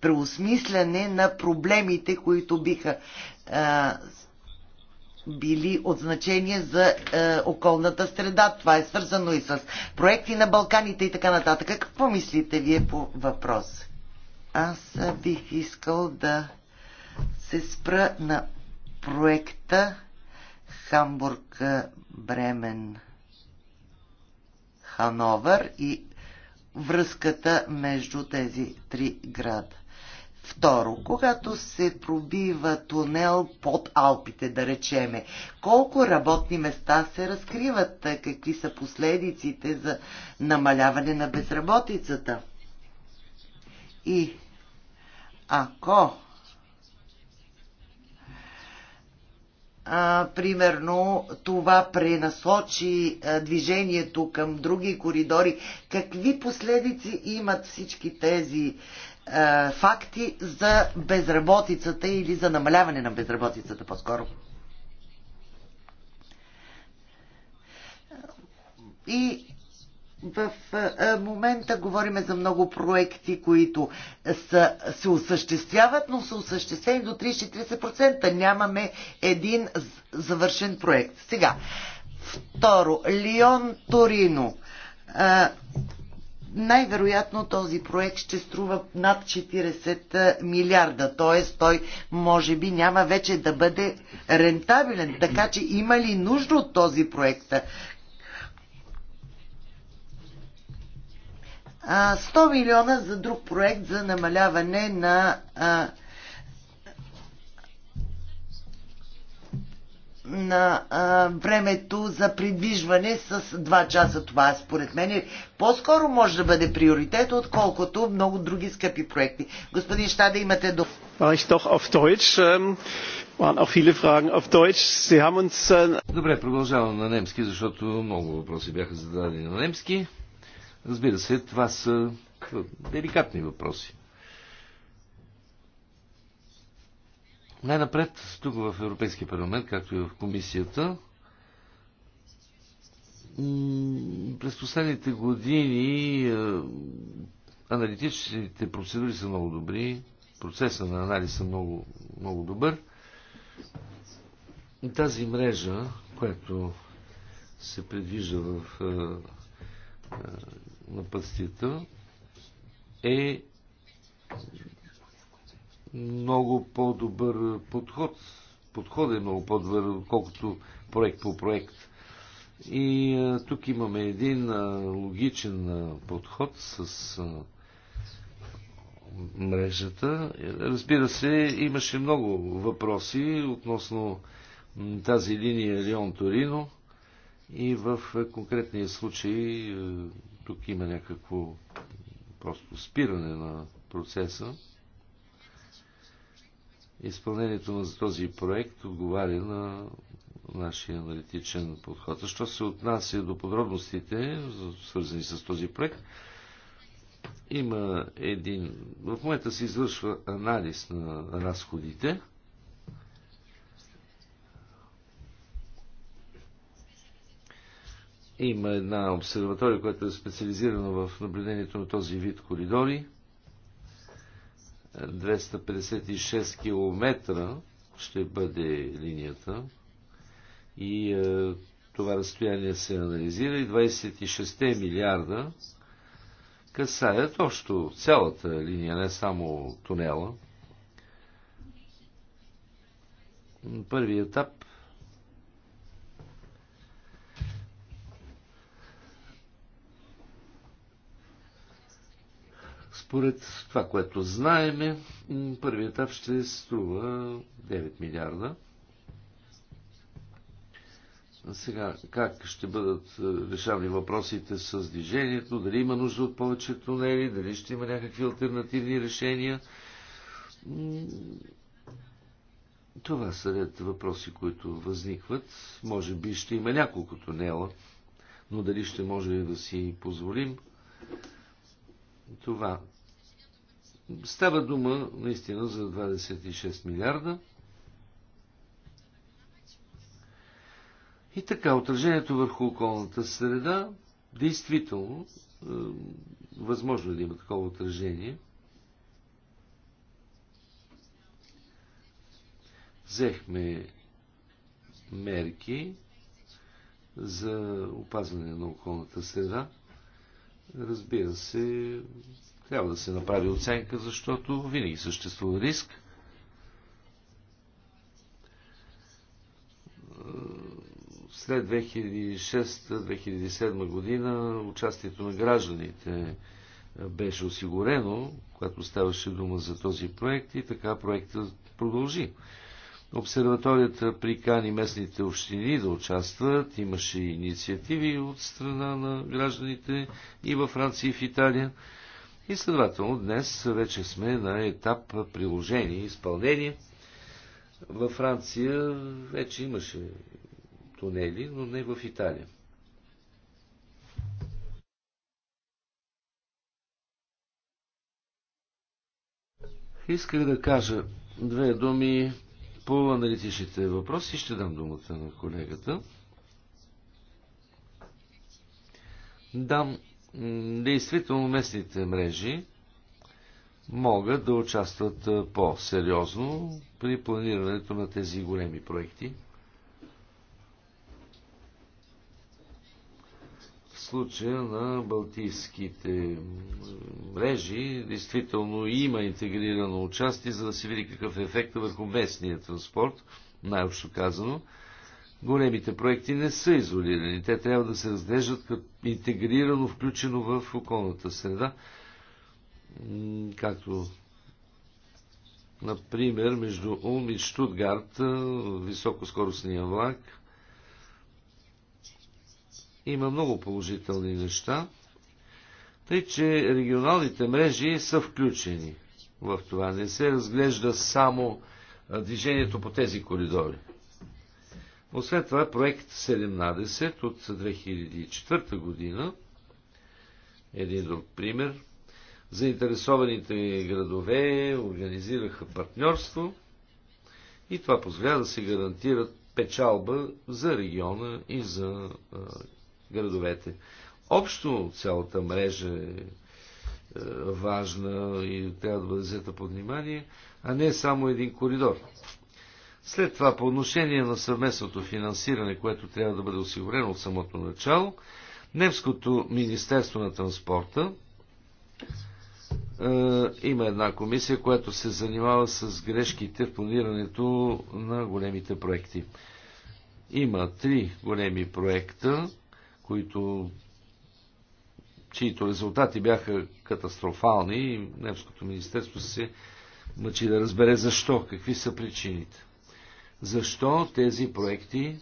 преосмисляне на проблемите, които биха е, били от значение за е, околната среда. Това е свързано и с проекти на Балканите и така нататък. Какво мислите вие по въпрос? Аз бих искал да се спра на проекта Хамбург, Бремен, Хановър и връзката между тези три града. Второ, когато се пробива тунел под Алпите, да речеме, колко работни места се разкриват, какви са последиците за намаляване на безработицата? И ако а, примерно това пренасочи а, движението към други коридори. Какви последици имат всички тези а, факти за безработицата или за намаляване на безработицата по-скоро? И в момента говорим за много проекти, които са, се осъществяват, но са осъществени до 30-40%. Нямаме един завършен проект. Сега, второ, Лион Торино. Най-вероятно този проект ще струва над 40 милиарда, т.е. той може би няма вече да бъде рентабилен. Така че има ли нужда от този проект? 100 милиона за друг проект за намаляване на на а, времето за придвижване с 2 часа. Това според мен е по-скоро може да бъде приоритет, отколкото много други скъпи проекти. Господин Штаде, имате до... Добре, продължавам на немски, защото много въпроси бяха зададени на немски. Разбира се, това са деликатни въпроси. Най-напред, тук в Европейския парламент, както и в комисията, през последните години аналитичните процедури са много добри, процеса на анализ е много, много добър. И тази мрежа, която се предвижда в на пастита е много по-добър подход. Подход е много по-добър, отколкото проект по проект. И а, тук имаме един а, логичен а, подход с а, мрежата. Разбира се, имаше много въпроси относно тази линия Лион Торино и в конкретния случай тук има някакво просто спиране на процеса. Изпълнението на този проект отговаря на нашия аналитичен подход. що се отнася до подробностите, свързани с този проект, има един... В момента се извършва анализ на разходите – Има една обсерватория, която е специализирана в наблюдението на този вид коридори. 256 км ще бъде линията и е, това разстояние се анализира и 26 милиарда касаят общо цялата линия, не само тунела. Първият етап Според това, което знаеме, първият етап ще струва 9 милиарда. Сега, как ще бъдат е, решавани въпросите с движението, дали има нужда от повече тунели, дали ще има някакви альтернативни решения. Това са ред въпроси, които възникват. Може би ще има няколко тунела, но дали ще може да си позволим, това Става дума наистина за 26 милиарда. И така, отражението върху околната среда, действително, е, възможно е да има такова отражение. Взехме мерки за опазване на околната среда. Разбира се, трябва да се направи оценка, защото винаги съществува риск. След 2006-2007 година участието на гражданите беше осигурено, когато ставаше дума за този проект и така проектът продължи. Обсерваторията прикани местните общини да участват, имаше инициативи от страна на гражданите и във Франция и в Италия. И следователно днес вече сме на етап приложение, изпълнение. Във Франция вече имаше тунели, но не в Италия. Исках да кажа две думи по аналитичните въпроси. Ще дам думата на колегата. Дам действително местните мрежи могат да участват по-сериозно при планирането на тези големи проекти. В случая на балтийските мрежи действително има интегрирано участие, за да се види какъв е ефектът върху местния транспорт, най-общо казано – Големите проекти не са изолирани. Те трябва да се разглеждат като интегрирано, включено в околната среда. Както, например, между Ум и Штутгарт, високоскоростния влак, има много положителни неща, тъй че регионалните мрежи са включени в това. Не се разглежда само движението по тези коридори. Освен това, проект 17 от 2004 година, един друг пример, заинтересованите градове организираха партньорство и това позволя да се гарантират печалба за региона и за а, градовете. Общо цялата мрежа е, е важна и трябва да бъде взета под внимание, а не само един коридор. След това, по отношение на съвместното финансиране, което трябва да бъде осигурено от самото начало, Немското Министерство на транспорта е, има една комисия, която се занимава с грешките в планирането на големите проекти. Има три големи проекта, които чието резултати бяха катастрофални и Немското министерство се мъчи да разбере защо, какви са причините защо тези проекти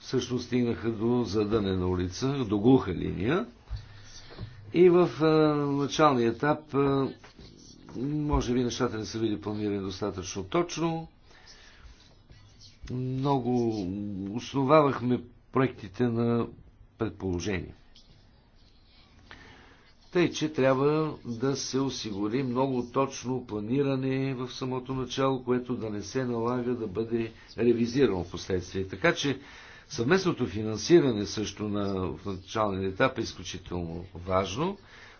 всъщност стигнаха до задънена улица, до глуха линия. И в началния етап, може би нещата не са били планирани достатъчно точно. Много основавахме проектите на предположения. Тъй, че трябва да се осигури много точно планиране в самото начало, което да не се налага да бъде ревизирано в последствие. Така че съвместното финансиране също на, в начален етап е изключително важно.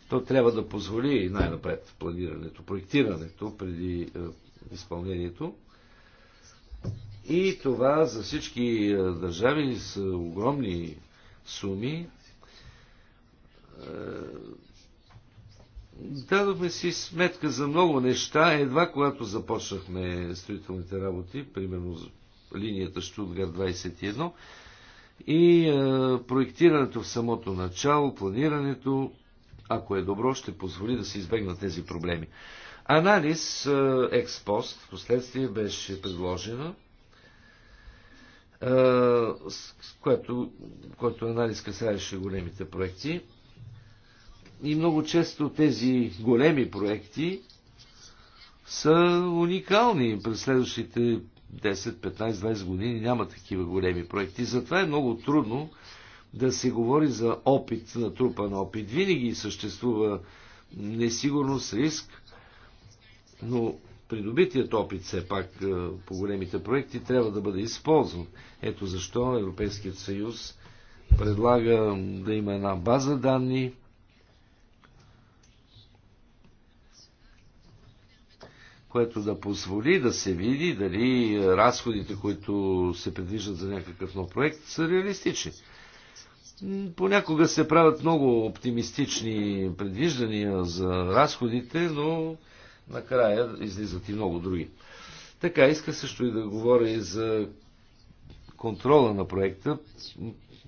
То трябва да позволи най-напред планирането, проектирането преди е, изпълнението. И това за всички е, държави с огромни суми е, Дадохме си сметка за много неща, едва когато започнахме строителните работи, примерно линията Штутгар 21, и а, е, проектирането в самото начало, планирането, ако е добро, ще позволи да се избегнат тези проблеми. Анализ е, експост в последствие беше предложена, а, е, с, което, който анализ касаеше големите проекти. И много често тези големи проекти са уникални. През следващите 10, 15, 20 години няма такива големи проекти. Затова е много трудно да се говори за опит, на трупа на опит. Винаги съществува несигурност, риск, но придобитият опит все пак е, по големите проекти трябва да бъде използван. Ето защо Европейският съюз предлага да има една база данни, което да позволи да се види дали разходите, които се предвиждат за някакъв нов проект, са реалистични. Понякога се правят много оптимистични предвиждания за разходите, но накрая излизат и много други. Така, иска също и да говоря и за контрола на проекта.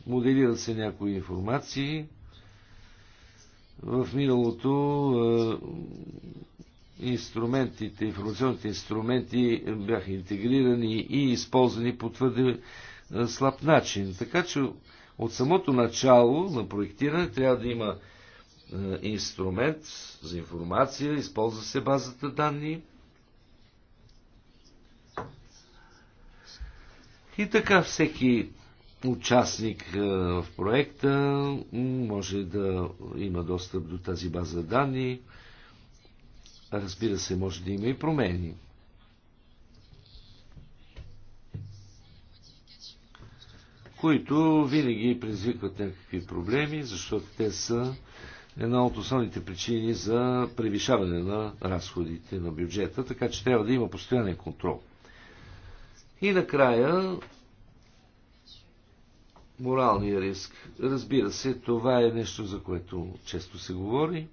Моделират се някои информации. В миналото инструментите, информационните инструменти бяха интегрирани и използвани по твърде слаб начин. Така че от самото начало на проектиране трябва да има е, инструмент за информация, използва се базата данни. И така всеки участник е, в проекта може да има достъп до тази база данни Разбира се, може да има и промени. които винаги предизвикват някакви проблеми, защото те са една от основните причини за превишаване на разходите на бюджета, така че трябва да има постоянен контрол. И накрая моралния риск. Разбира се, това е нещо, за което често се говори.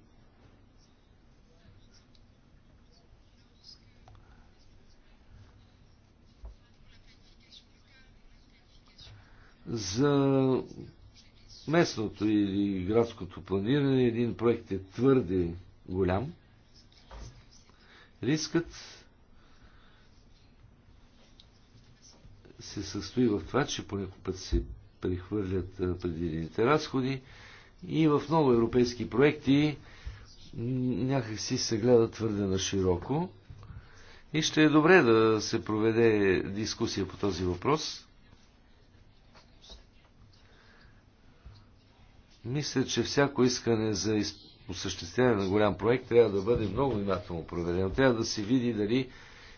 За местното или градското планиране един проект е твърде голям. Рискът се състои в това, че понякога път се прехвърлят предвидените разходи и в много европейски проекти някакси се гледа твърде на широко. И ще е добре да се проведе дискусия по този въпрос. Мисля, че всяко искане за осъществяване на голям проект трябва да бъде много внимателно проверено. Трябва да се види дали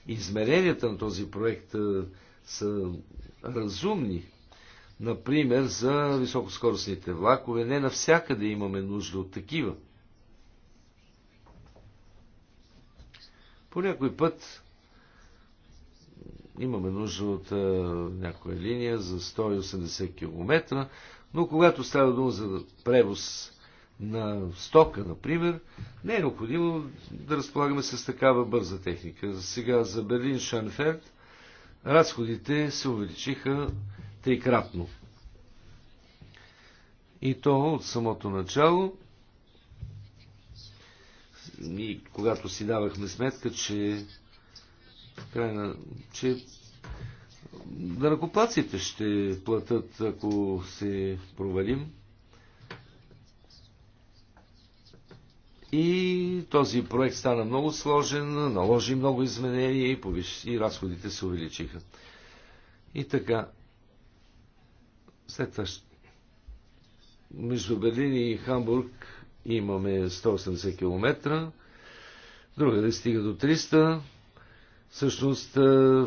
измеренията на този проект е, са разумни. Например, за високоскоростните влакове не навсякъде имаме нужда от такива. По някой път имаме нужда от а, е, някоя линия за 180 км, но когато става дума за превоз на стока, например, не е необходимо да разполагаме с такава бърза техника. Сега за Берлин Шанферт разходите се увеличиха трикратно. И то от самото начало, и когато си давахме сметка, че, крайна, че Дъркоплаците ще платят, ако се провалим. И този проект стана много сложен, наложи много изменения и, повиш... и разходите се увеличиха. И така, след това между Берлин и Хамбург имаме 180 км, друга да стига до 300. Всъщност, е,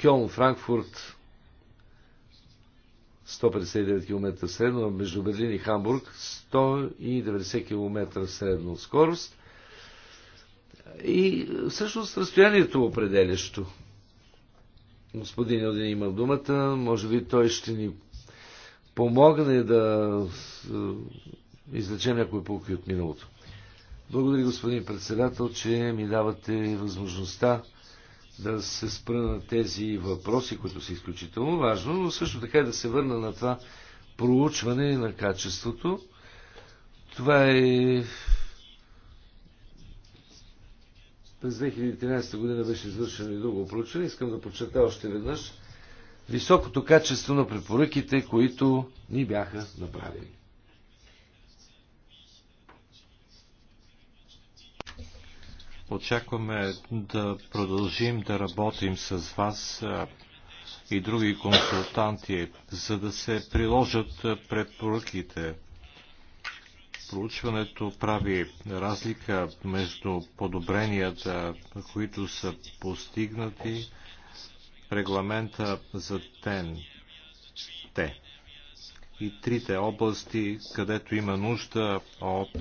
Кьон, Франкфурт, 159 км средно, между Берлин и Хамбург 190 км средно скорост. И всъщност разстоянието е определящо. Господин Один има думата, може би той ще ни помогне да е, излечем някои полки от миналото. Благодаря, господин председател, че ми давате възможността да се спра на тези въпроси, които са изключително важно, но също така и да се върна на това проучване на качеството. Това е през 2013 година беше извършено и друго проучване. Искам да подчертая още веднъж високото качество на препоръките, които ни бяха направени. Очакваме да продължим да работим с вас и други консултанти, за да се приложат препоръките. Проучването прави разлика между подобренията, които са постигнати регламента за ТЕН. Те. И трите области, където има нужда от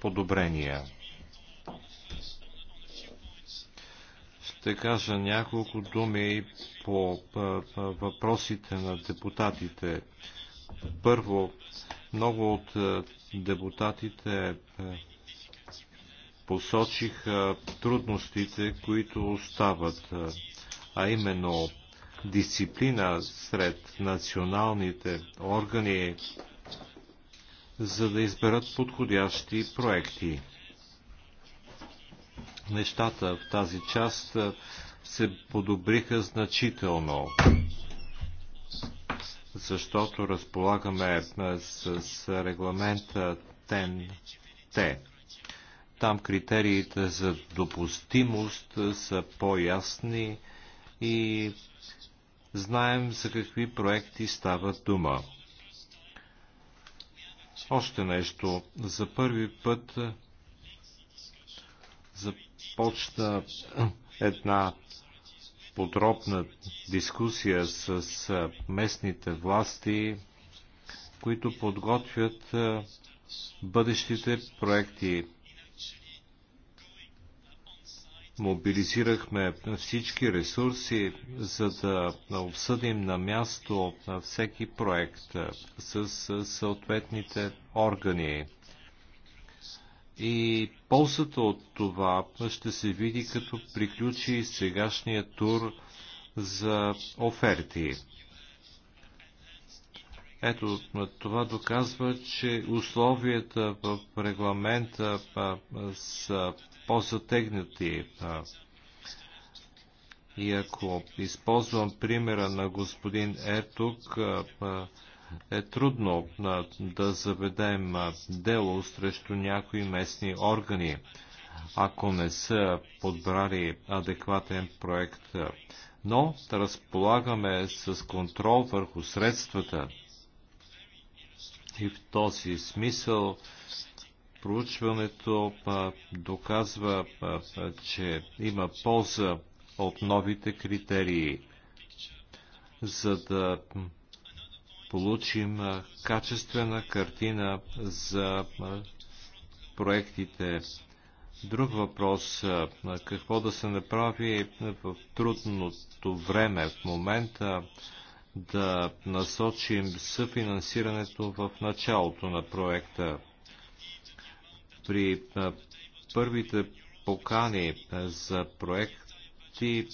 подобрения. ще кажа няколко думи по въпросите на депутатите. Първо, много от е, депутатите е, посочиха трудностите, които остават, е, а именно дисциплина сред националните органи, за да изберат подходящи проекти нещата в тази част се подобриха значително, защото разполагаме с регламента ТЕН-Т. Там критериите за допустимост са по-ясни и знаем за какви проекти става дума. Още нещо. За първи път за Почна една подробна дискусия с местните власти, които подготвят бъдещите проекти. Мобилизирахме всички ресурси, за да обсъдим на място на всеки проект с съответните органи. И ползата от това ще се види като приключи сегашния тур за оферти. Ето, това доказва, че условията в регламента са по-затегнати. И ако използвам примера на господин Ертук, е трудно да заведем дело срещу някои местни органи, ако не са подбрали адекватен проект. Но да разполагаме с контрол върху средствата. И в този смисъл проучването доказва, че има полза от новите критерии. За да получим качествена картина за проектите. Друг въпрос, какво да се направи в трудното време в момента, да насочим съфинансирането в началото на проекта. При първите покани за проекти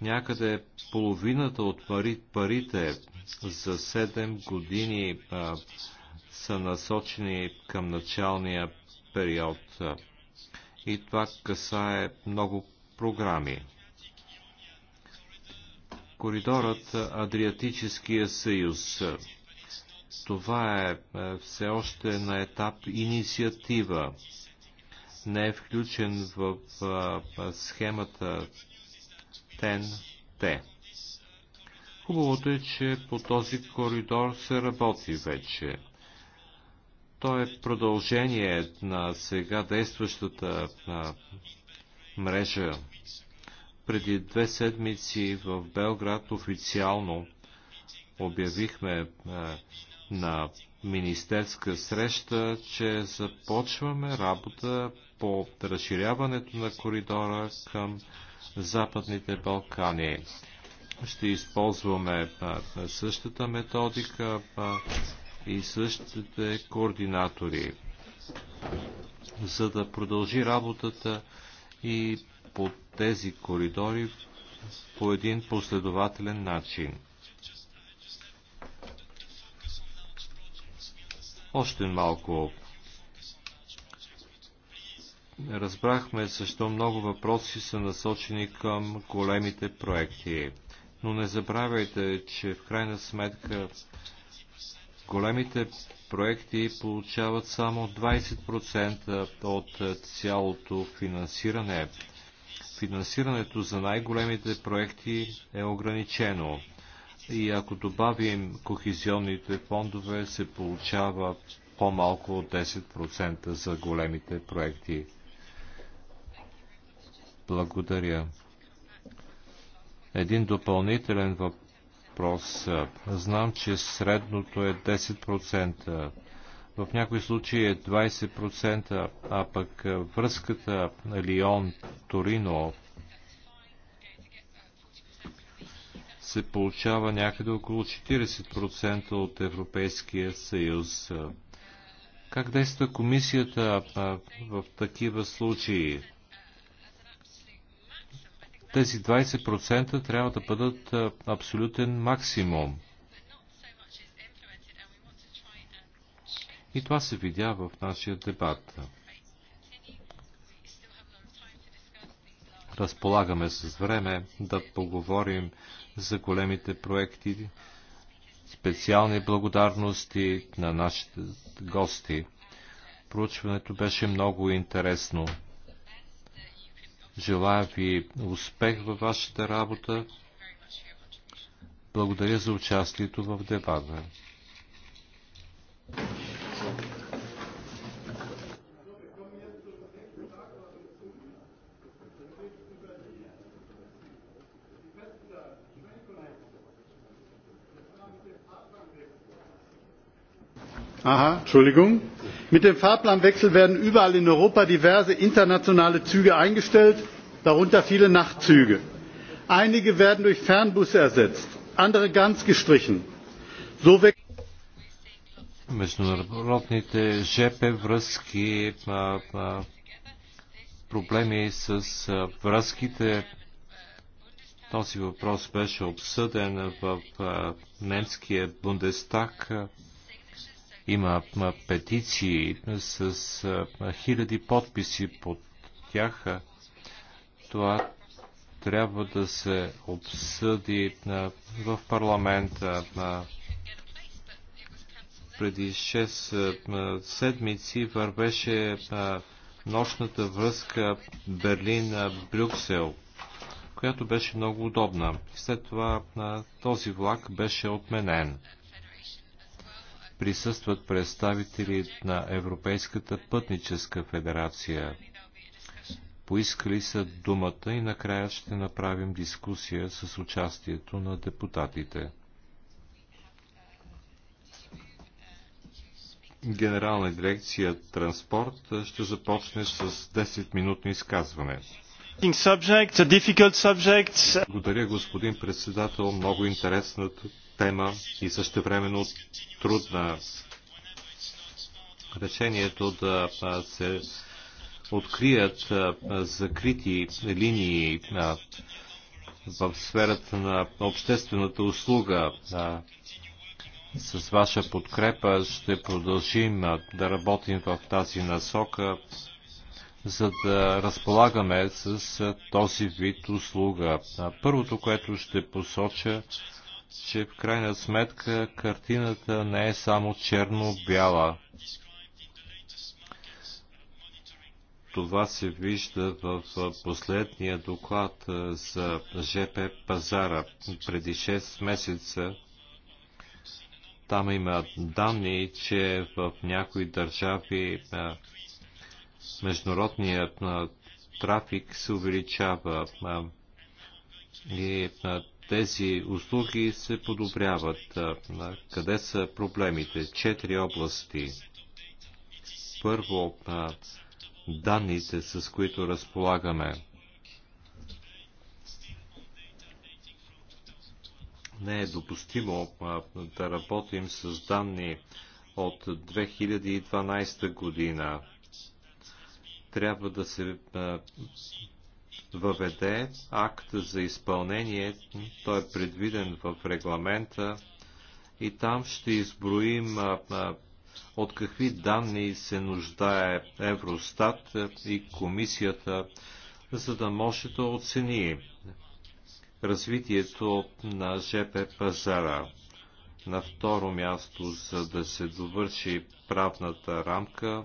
някъде половината от парите за 7 години а, са насочени към началния период. И това касае много програми. Коридорът Адриатическия съюз. Това е, е все още на етап инициатива. Не е включен в схемата ТЕН-Т. Хубавото е, че по този коридор се работи вече. То е продължение на сега действащата на мрежа. Преди две седмици в Белград официално обявихме на министерска среща, че започваме работа по разширяването на коридора към Западните Балкани. Ще използваме същата методика и същите координатори, за да продължи работата и по тези коридори по един последователен начин. Още малко. Разбрахме защо много въпроси са насочени към големите проекти но не забравяйте, че в крайна сметка големите проекти получават само 20% от цялото финансиране. Финансирането за най-големите проекти е ограничено. И ако добавим кохезионните фондове, се получава по-малко от 10% за големите проекти. Благодаря. Един допълнителен въпрос. Знам, че средното е 10%. В някои случаи е 20%, а пък връзката Лион-Торино се получава някъде около 40% от Европейския съюз. Как действа комисията в такива случаи? Тези 20% трябва да бъдат абсолютен максимум. И това се видя в нашия дебат. Разполагаме с време да поговорим за големите проекти. Специални благодарности на нашите гости. Проучването беше много интересно. Желая ви успех във вашата работа. Благодаря за участието в дебата. Aha, Entschuldigung mit dem fahrplanwechsel werden überall in europa diverse internationale züge eingestellt darunter viele nachtzüge. einige werden durch fernbusse ersetzt andere ganz gestrichen. so wechseln жп има петиции с хиляди подписи под тях. Това трябва да се обсъди в парламента на преди 6 седмици вървеше нощната връзка Берлин-Брюксел, която беше много удобна. След това този влак беше отменен присъстват представители на Европейската пътническа федерация. Поискали са думата и накрая ще направим дискусия с участието на депутатите. Генерална дирекция транспорт ще започне с 10-минутно изказване. Subject, subject. Благодаря, господин председател. Много интересната тема и също времено трудна. Решението да се открият закрити линии в сферата на обществената услуга. С ваша подкрепа ще продължим да работим в тази насока, за да разполагаме с този вид услуга. Първото, което ще посоча, че в крайна сметка картината не е само черно-бяла. Това се вижда в последния доклад за ЖП пазара преди 6 месеца. Там има данни, че в някои държави международният трафик се увеличава и тези услуги се подобряват. Къде са проблемите? Четири области. Първо, данните, с които разполагаме. Не е допустимо да работим с данни от 2012 година. Трябва да се въведе акт за изпълнение. Той е предвиден в регламента и там ще изброим а, а, от какви данни се нуждае Евростат и комисията, за да може да оцени развитието на ЖП пазара. На второ място, за да се довърши правната рамка,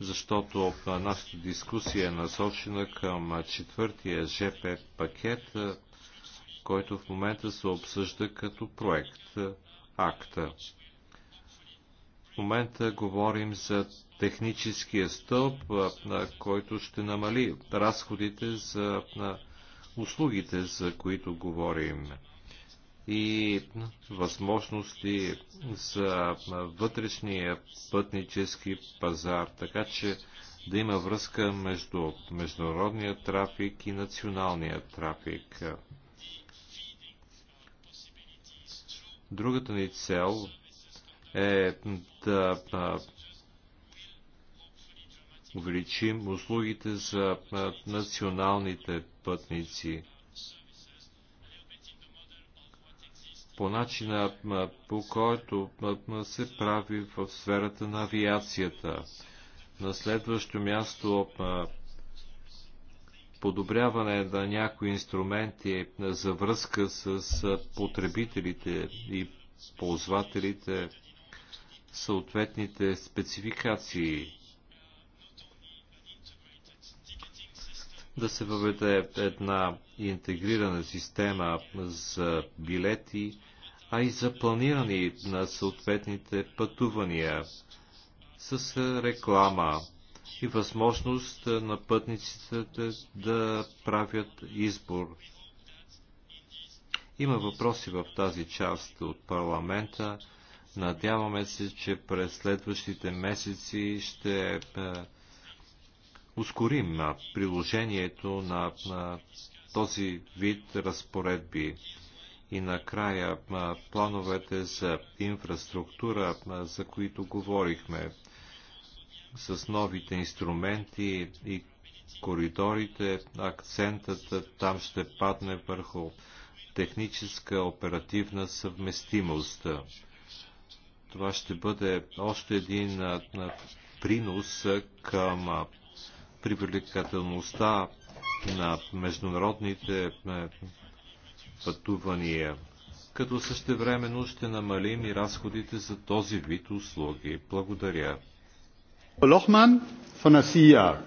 защото нашата дискусия е насочена към четвъртия ЖП пакет, който в момента се обсъжда като проект акта. В момента говорим за техническия стълб, на който ще намали разходите за услугите, за които говорим и възможности за вътрешния пътнически пазар, така че да има връзка между международния трафик и националния трафик. Другата ни цел е да увеличим услугите за националните пътници – по начина по който се прави в сферата на авиацията. На следващо място подобряване на някои инструменти за връзка с потребителите и ползвателите, съответните спецификации. Да се въведе една интегрирана система за билети а и за планиране на съответните пътувания с реклама и възможност на пътниците да, правят избор. Има въпроси в тази част от парламента. Надяваме се, че през следващите месеци ще е, ускорим приложението на, на този вид разпоредби. И накрая плановете за инфраструктура, за които говорихме, с новите инструменти и коридорите, акцентът там ще падне върху техническа оперативна съвместимост. Това ще бъде още един принос към привлекателността на международните пътувания, като същевременно ще намалим и разходите за този вид услуги. Благодаря. Лохман, Фанасия.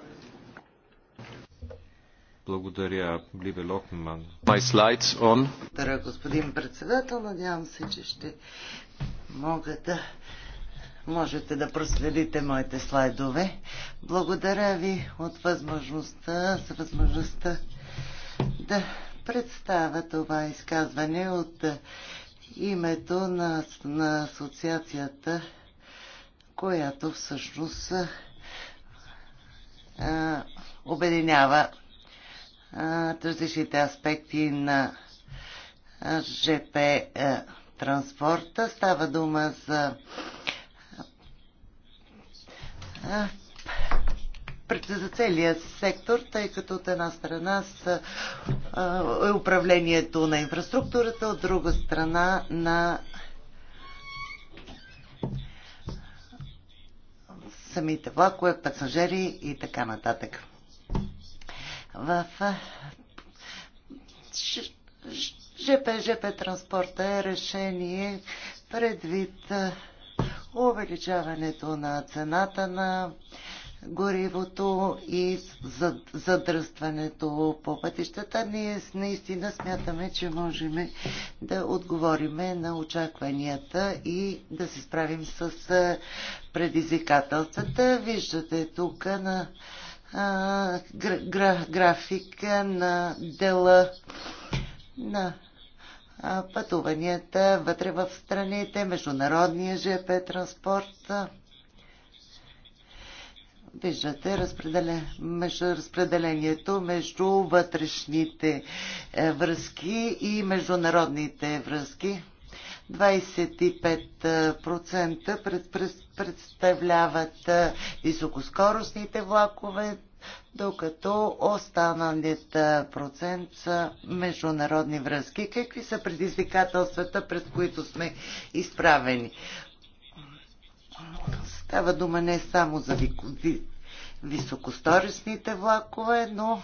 Благодаря, Бливе Лохман. Благодаря, господин председател. Надявам се, че ще мога да можете да проследите моите слайдове. Благодаря ви от възможността, за възможността да представя това изказване от името на, на асоциацията, която всъщност а, обединява а, различните аспекти на ЖП а, транспорта. Става дума за за целия сектор, тъй като от една страна с е управлението на инфраструктурата, от друга страна на самите влакове, пасажери и така нататък. В ЖП, ЖП транспорта е решение предвид увеличаването на цената на горивото и задръстването по пътищата. Ние наистина смятаме, че можем да отговориме на очакванията и да се справим с предизвикателствата. Виждате тук на а, на дела на пътуванията вътре в страните, международния ЖП транспорт виждате разпределе, между разпределението между вътрешните е, връзки и международните връзки. 25% пред, пред, представляват е, високоскоростните влакове, докато останалият е, процент са международни връзки. Какви са предизвикателствата, пред които сме изправени? Става дума не само за високосторисните влакове, но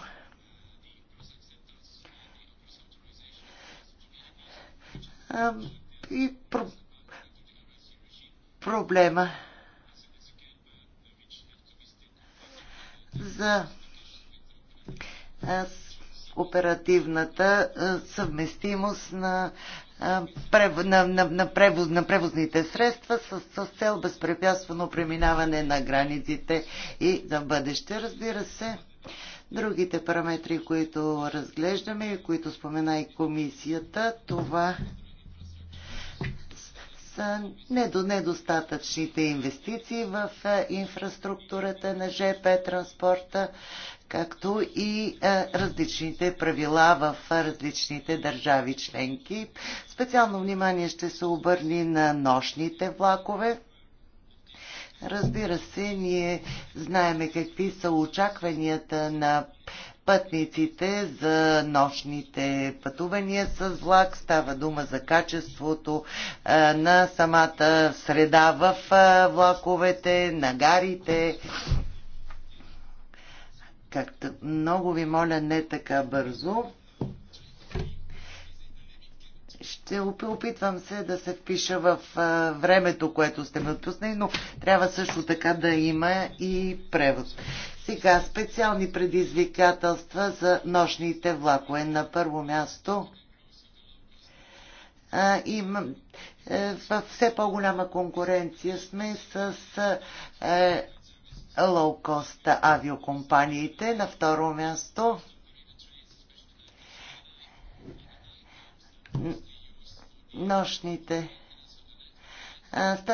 и про... проблема за оперативната съвместимост на на, на, на, превоз, на превозните средства с, с цел безпрепятствено преминаване на границите и на бъдеще, разбира се. Другите параметри, които разглеждаме и които спомена и комисията, това недостатъчните инвестиции в инфраструктурата на ЖП транспорта, както и различните правила в различните държави членки. Специално внимание ще се обърни на нощните влакове. Разбира се, ние знаеме какви са очакванията на пътниците за нощните пътувания с влак. Става дума за качеството на самата среда в влаковете, на гарите. Както много ви моля, не така бързо. Ще опитвам се да се впиша в времето, което сте ме отпуснали, но трябва също така да има и превод. Сега специални предизвикателства за нощните влакове. На първо място а, има, е, в все по-голяма конкуренция сме с е, лоукост авиокомпаниите. На второ място нощните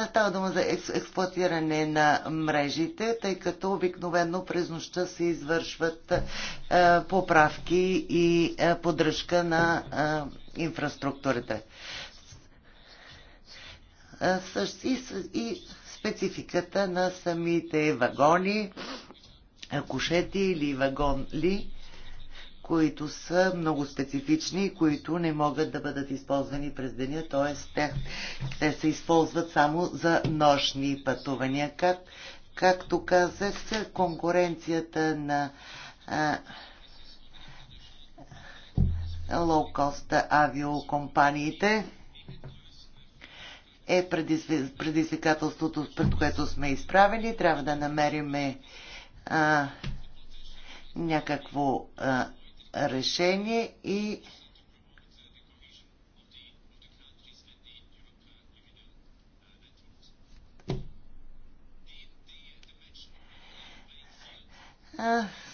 Става дума за експлуатиране на мрежите, тъй като обикновено през нощта се извършват поправки и поддръжка на инфраструктурата. И спецификата на самите вагони, кушети или вагон ли, които са много специфични и които не могат да бъдат използвани през деня, т.е. Те, те се използват само за нощни пътувания. Как, както казах, конкуренцията на а, лоукост авиокомпаниите е предизвикателството, пред което сме изправени. Трябва да намериме а, някакво а, решение и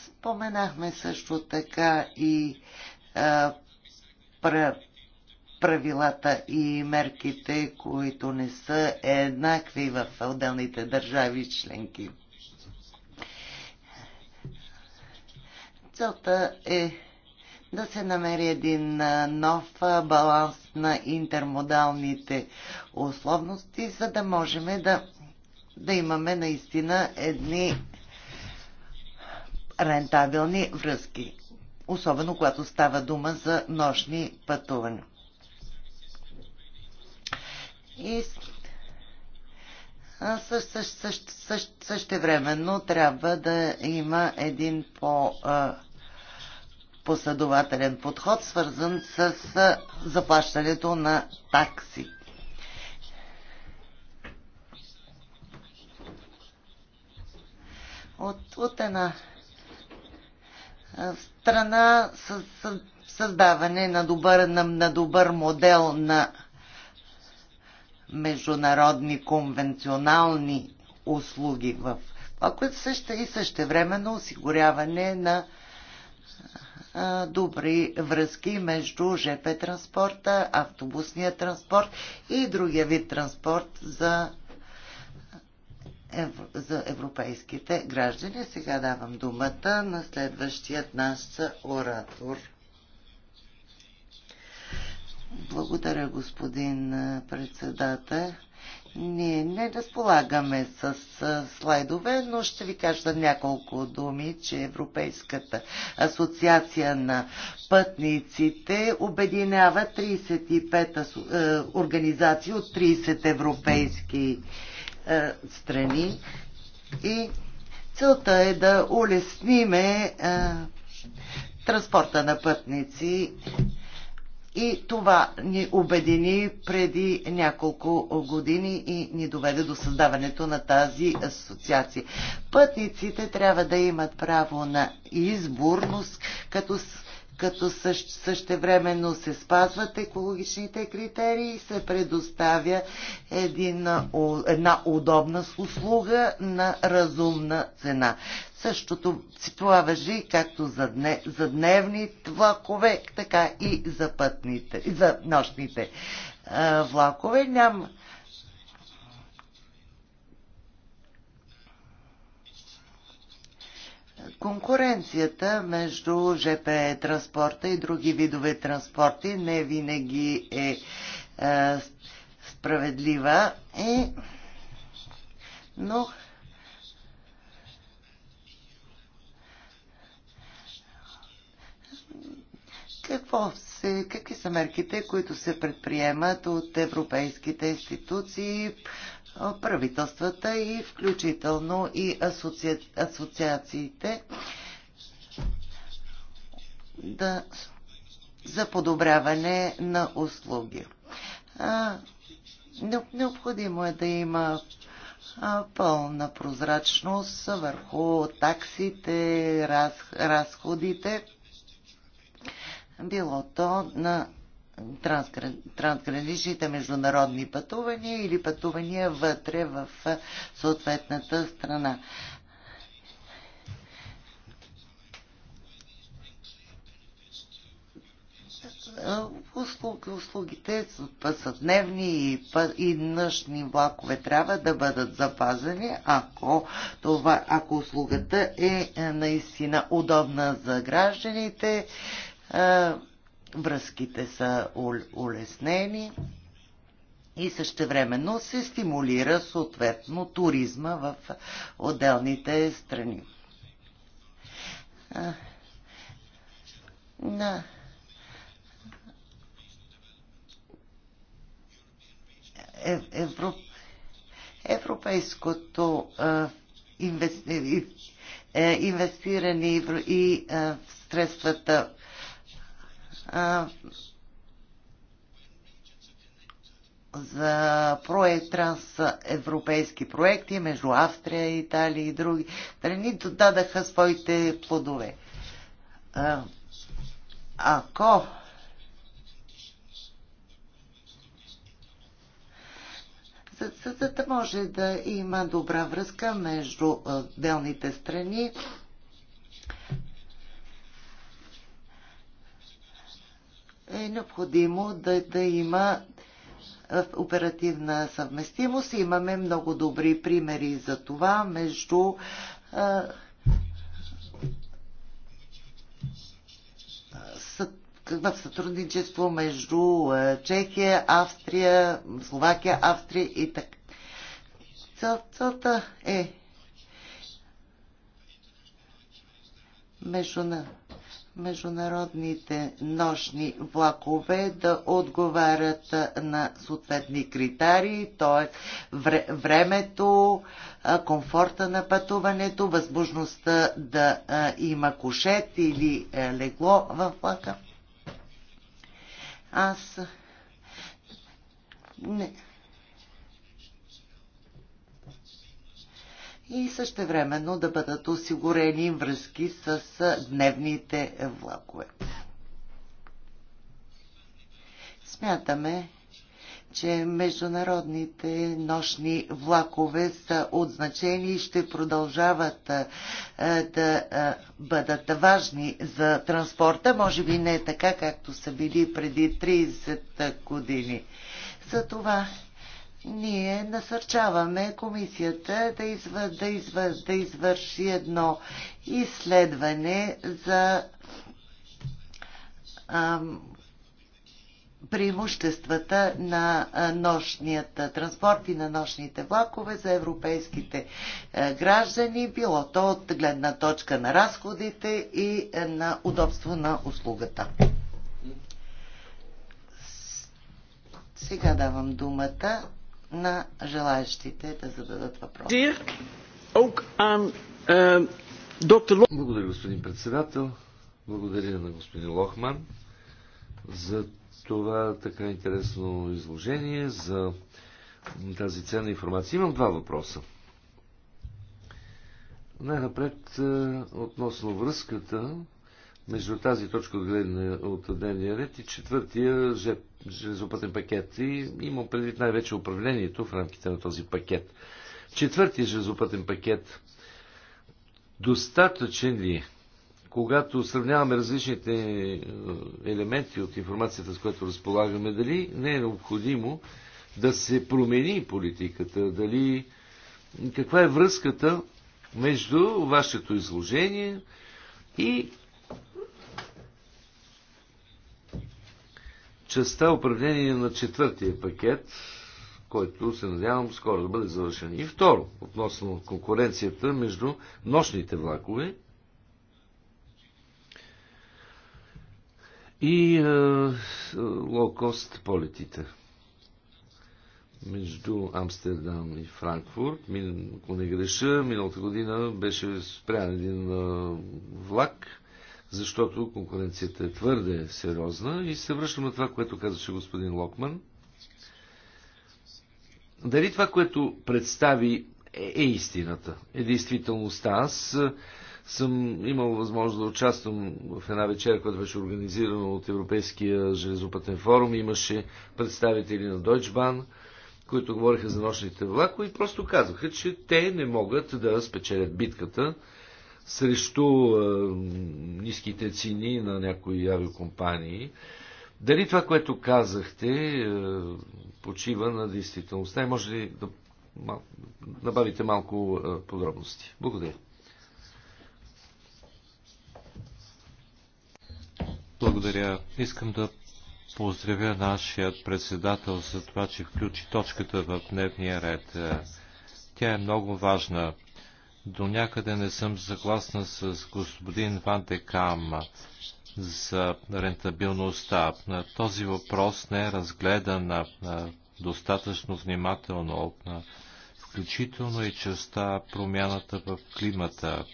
Споменахме също така и правилата и мерките, които не са еднакви в отделните държави членки. Целта е да се намери един нов баланс на интермодалните условности, за да можем да, да имаме наистина едни рентабилни връзки, особено когато става дума за нощни пътувания. И също, също, също, същевременно трябва да има един по- а, последователен подход, свързан с заплащането на такси. От, от една страна с, създаване на добър, на, на добър модел на международни конвенционални услуги в което също и времено осигуряване на добри връзки между ЖП транспорта, автобусния транспорт и другия вид транспорт за, за европейските граждани. Сега давам думата на следващият наш оратор. Благодаря, господин председател. Ние не разполагаме с слайдове, но ще ви кажа няколко думи, че Европейската асоциация на пътниците обединява 35 организации от 30 европейски страни и целта е да улесниме транспорта на пътници и това ни обедини преди няколко години и ни доведе до създаването на тази асоциация. Пътниците трябва да имат право на изборност, като като същевременно се спазват екологичните критерии и се предоставя един, една удобна услуга на разумна цена. Същото това въжи както за, дне, за дневни влакове, така и за, пътните, за нощните а, влакове. Няма Конкуренцията между ЖП транспорта и други видове транспорти не винаги е, е справедлива, е, но какво се, какви са мерките, които се предприемат от европейските институции правителствата и включително и асоци... асоциациите да, за подобряване на услуги. А, необходимо е да има пълна прозрачност върху таксите, раз, разходите, било то на трансграничните международни пътувания или пътувания вътре в съответната страна. услуги, услугите са дневни и, и нъщни влакове трябва да бъдат запазени, ако, това, ако услугата е, е наистина удобна за гражданите, връзките са улеснени и същевременно се стимулира съответно туризма в отделните страни. На е, европейското инвести... Е, инвестиране и средствата за проект, трансевропейски проекти между Австрия, Италия и други страни нали, додадаха своите плодове. А, ако за, за, за да може да има добра връзка между отделните страни, е необходимо да, да има е, оперативна съвместимост. Имаме много добри примери за това между е, в сътрудничество между е, Чехия, Австрия, Словакия, Австрия и така. целта е между международните нощни влакове да отговарят на съответни критерии, т.е. времето, комфорта на пътуването, възможността да има кошет или е, легло в влака. Аз не, и същевременно да бъдат осигурени връзки с дневните влакове. Смятаме, че международните нощни влакове са от значение и ще продължават да бъдат важни за транспорта, може би не така, както са били преди 30 години. За това ние насърчаваме комисията да, изв... да, изв... да извърши едно изследване за ам, преимуществата на нощният транспорт и на нощните влакове за европейските граждани, било то от гледна точка на разходите и на удобство на услугата. Сега давам думата на желаящите да зададат въпроси. Eh, Благодаря, господин председател. Благодаря на господин Лохман за това така интересно изложение, за тази ценна информация. Имам два въпроса. Най-напред е, относно връзката между тази точка от, гледна, от дневния ред и четвъртия железопътен пакет. И имам предвид най-вече управлението в рамките на този пакет. Четвъртия железопътен пакет. Достатъчен ли е? когато сравняваме различните е, елементи от информацията, с която разполагаме, дали не е необходимо да се промени политиката, дали каква е връзката между вашето изложение и частта управление на четвъртия пакет, който се надявам скоро да бъде завършен. И второ, относно конкуренцията между нощните влакове и е, лоукост полетите между Амстердам и Франкфурт. Ако не греша, миналата година беше спрян един е, влак защото конкуренцията е твърде сериозна и се връщам на това, което казаше господин Локман. Дали това, което представи е, е истината, е действителността. Аз е, съм имал възможност да участвам в една вечер, която беше организирана от Европейския железопътен форум. Имаше представители на Deutsche Bahn, които говориха за нощните влакове и просто казаха, че те не могат да спечелят битката срещу е, ниските цени на някои авиокомпании. Дали това, което казахте, е, почива на действителността може ли да мал, набавите малко е, подробности? Благодаря. Благодаря. Искам да поздравя нашият председател за това, че включи точката в дневния ред. Тя е много важна до някъде не съм съгласна с господин Ван Декам за рентабилността. Този въпрос не е разгледан достатъчно внимателно, включително и частта промяната в климата.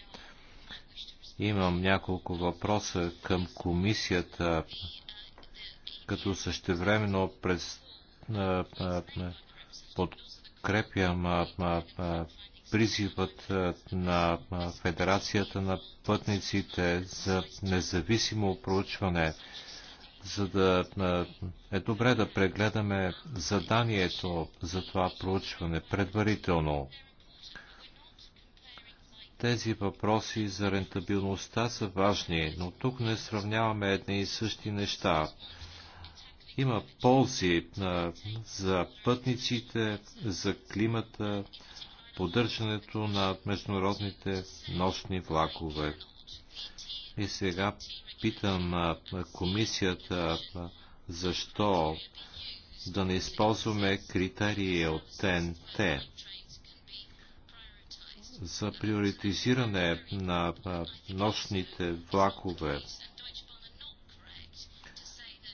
Имам няколко въпроса към комисията, като същевременно през, подкрепям призивът е, на Федерацията на пътниците за независимо проучване, за да е, е добре да прегледаме заданието за това проучване предварително. Тези въпроси за рентабилността са важни, но тук не сравняваме едни и същи неща има ползи е, за пътниците, за климата, поддържането на международните нощни влакове. И сега питам комисията защо да не използваме критерии от ТНТ за приоритизиране на нощните влакове.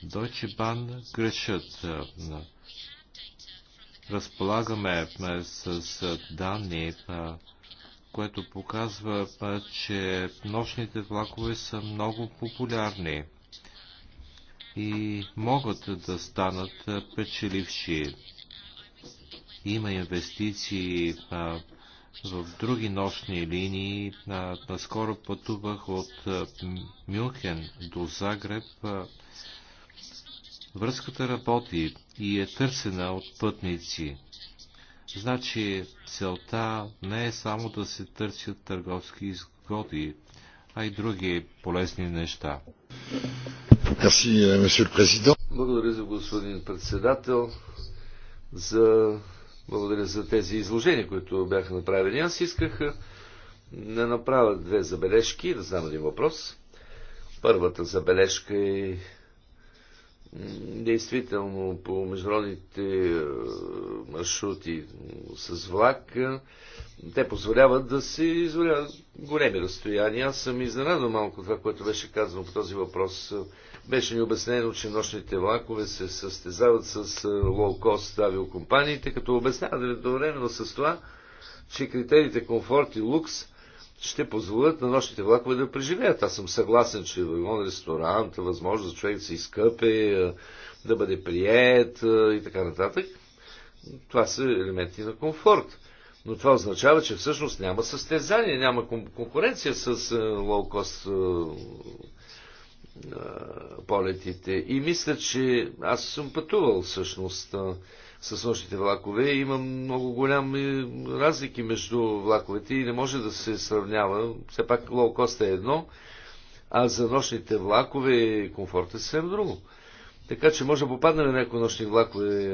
Deutsche Bahn грешат разполагаме с данни, което показва, че нощните влакове са много популярни и могат да станат печеливши. Има инвестиции в други нощни линии. Наскоро пътувах от Мюнхен до Загреб. Връзката работи и е търсена от пътници. Значи целта не е само да се търсят търговски изгоди, а и други полезни неща. Благодаря за господин председател, за... благодаря за тези изложения, които бяха направени. Аз исках да направя две забележки, да знам един въпрос. Първата забележка е действително по международните е, маршрути с влак, е, те позволяват да се изволяват големи разстояния. Аз съм изненадан малко това, което беше казано по този въпрос. Беше ни обяснено, че нощните влакове се състезават с лоукост е, авиокомпаниите, като обясняват едновременно с това, че критериите комфорт и лукс – ще позволят на нощните влакове да преживеят. Аз съм съгласен, че вагон ресторант, възможност за човек да се изкъпе, е, да бъде прият е, и така нататък. Това са елементи на комфорт. Но това означава, че всъщност няма състезание, няма конкуренция с е, лоукост полетите. И мисля, че аз съм пътувал всъщност с нощните влакове. Има много голями разлики между влаковете и не може да се сравнява. Все пак лоукост е едно, а за нощните влакове комфорт е съвсем друго. Така че може да попадне на някои нощни влакове,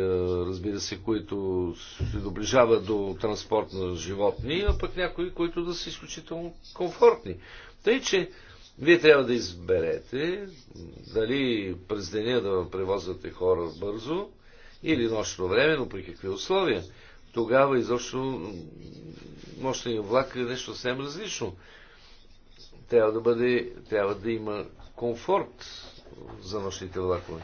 разбира се, които се доближават до транспорт на животни, а пък някои, които да са изключително комфортни. Тъй, че вие трябва да изберете дали през деня да превозвате хора бързо, или нощно време, но при какви условия. Тогава изобщо нощния влак е нещо съвсем различно. Трябва да, бъде, трябва да има комфорт за нощните влакове.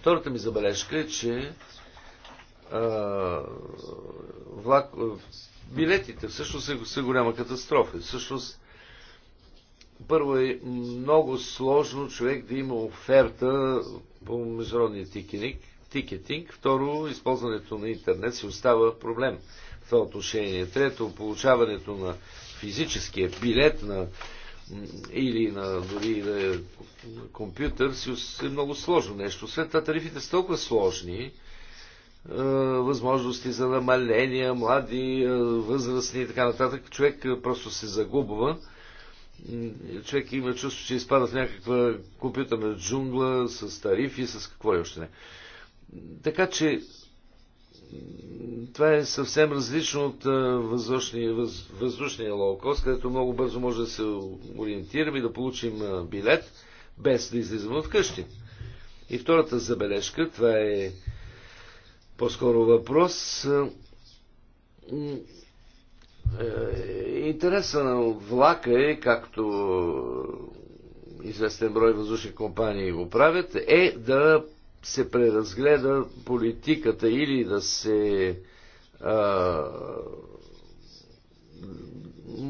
Втората ми забележка е, че а, влак, билетите всъщност са, са голяма катастрофа. Всъщност, първо е много сложно човек да има оферта по международния тикетинг, тикетинг. Второ, използването на интернет си остава проблем в това отношение. Трето, получаването на физическия билет на или на дори на компютър си е много сложно нещо. След това тарифите са толкова сложни, е, възможности за намаления, млади, е, възрастни и така нататък. Човек е, просто се загубва човек има чувство, че изпада в някаква компютърна джунгла с тарифи, с какво ли още не. Така че това е съвсем различно от въздушния, въз, въздушния лоукост, където много бързо може да се ориентираме и да получим билет, без да излизаме от къщи. И втората забележка, това е по-скоро въпрос, е, интереса на влака е, както известен брой въздушни компании го правят, е да се преразгледа политиката или да се а,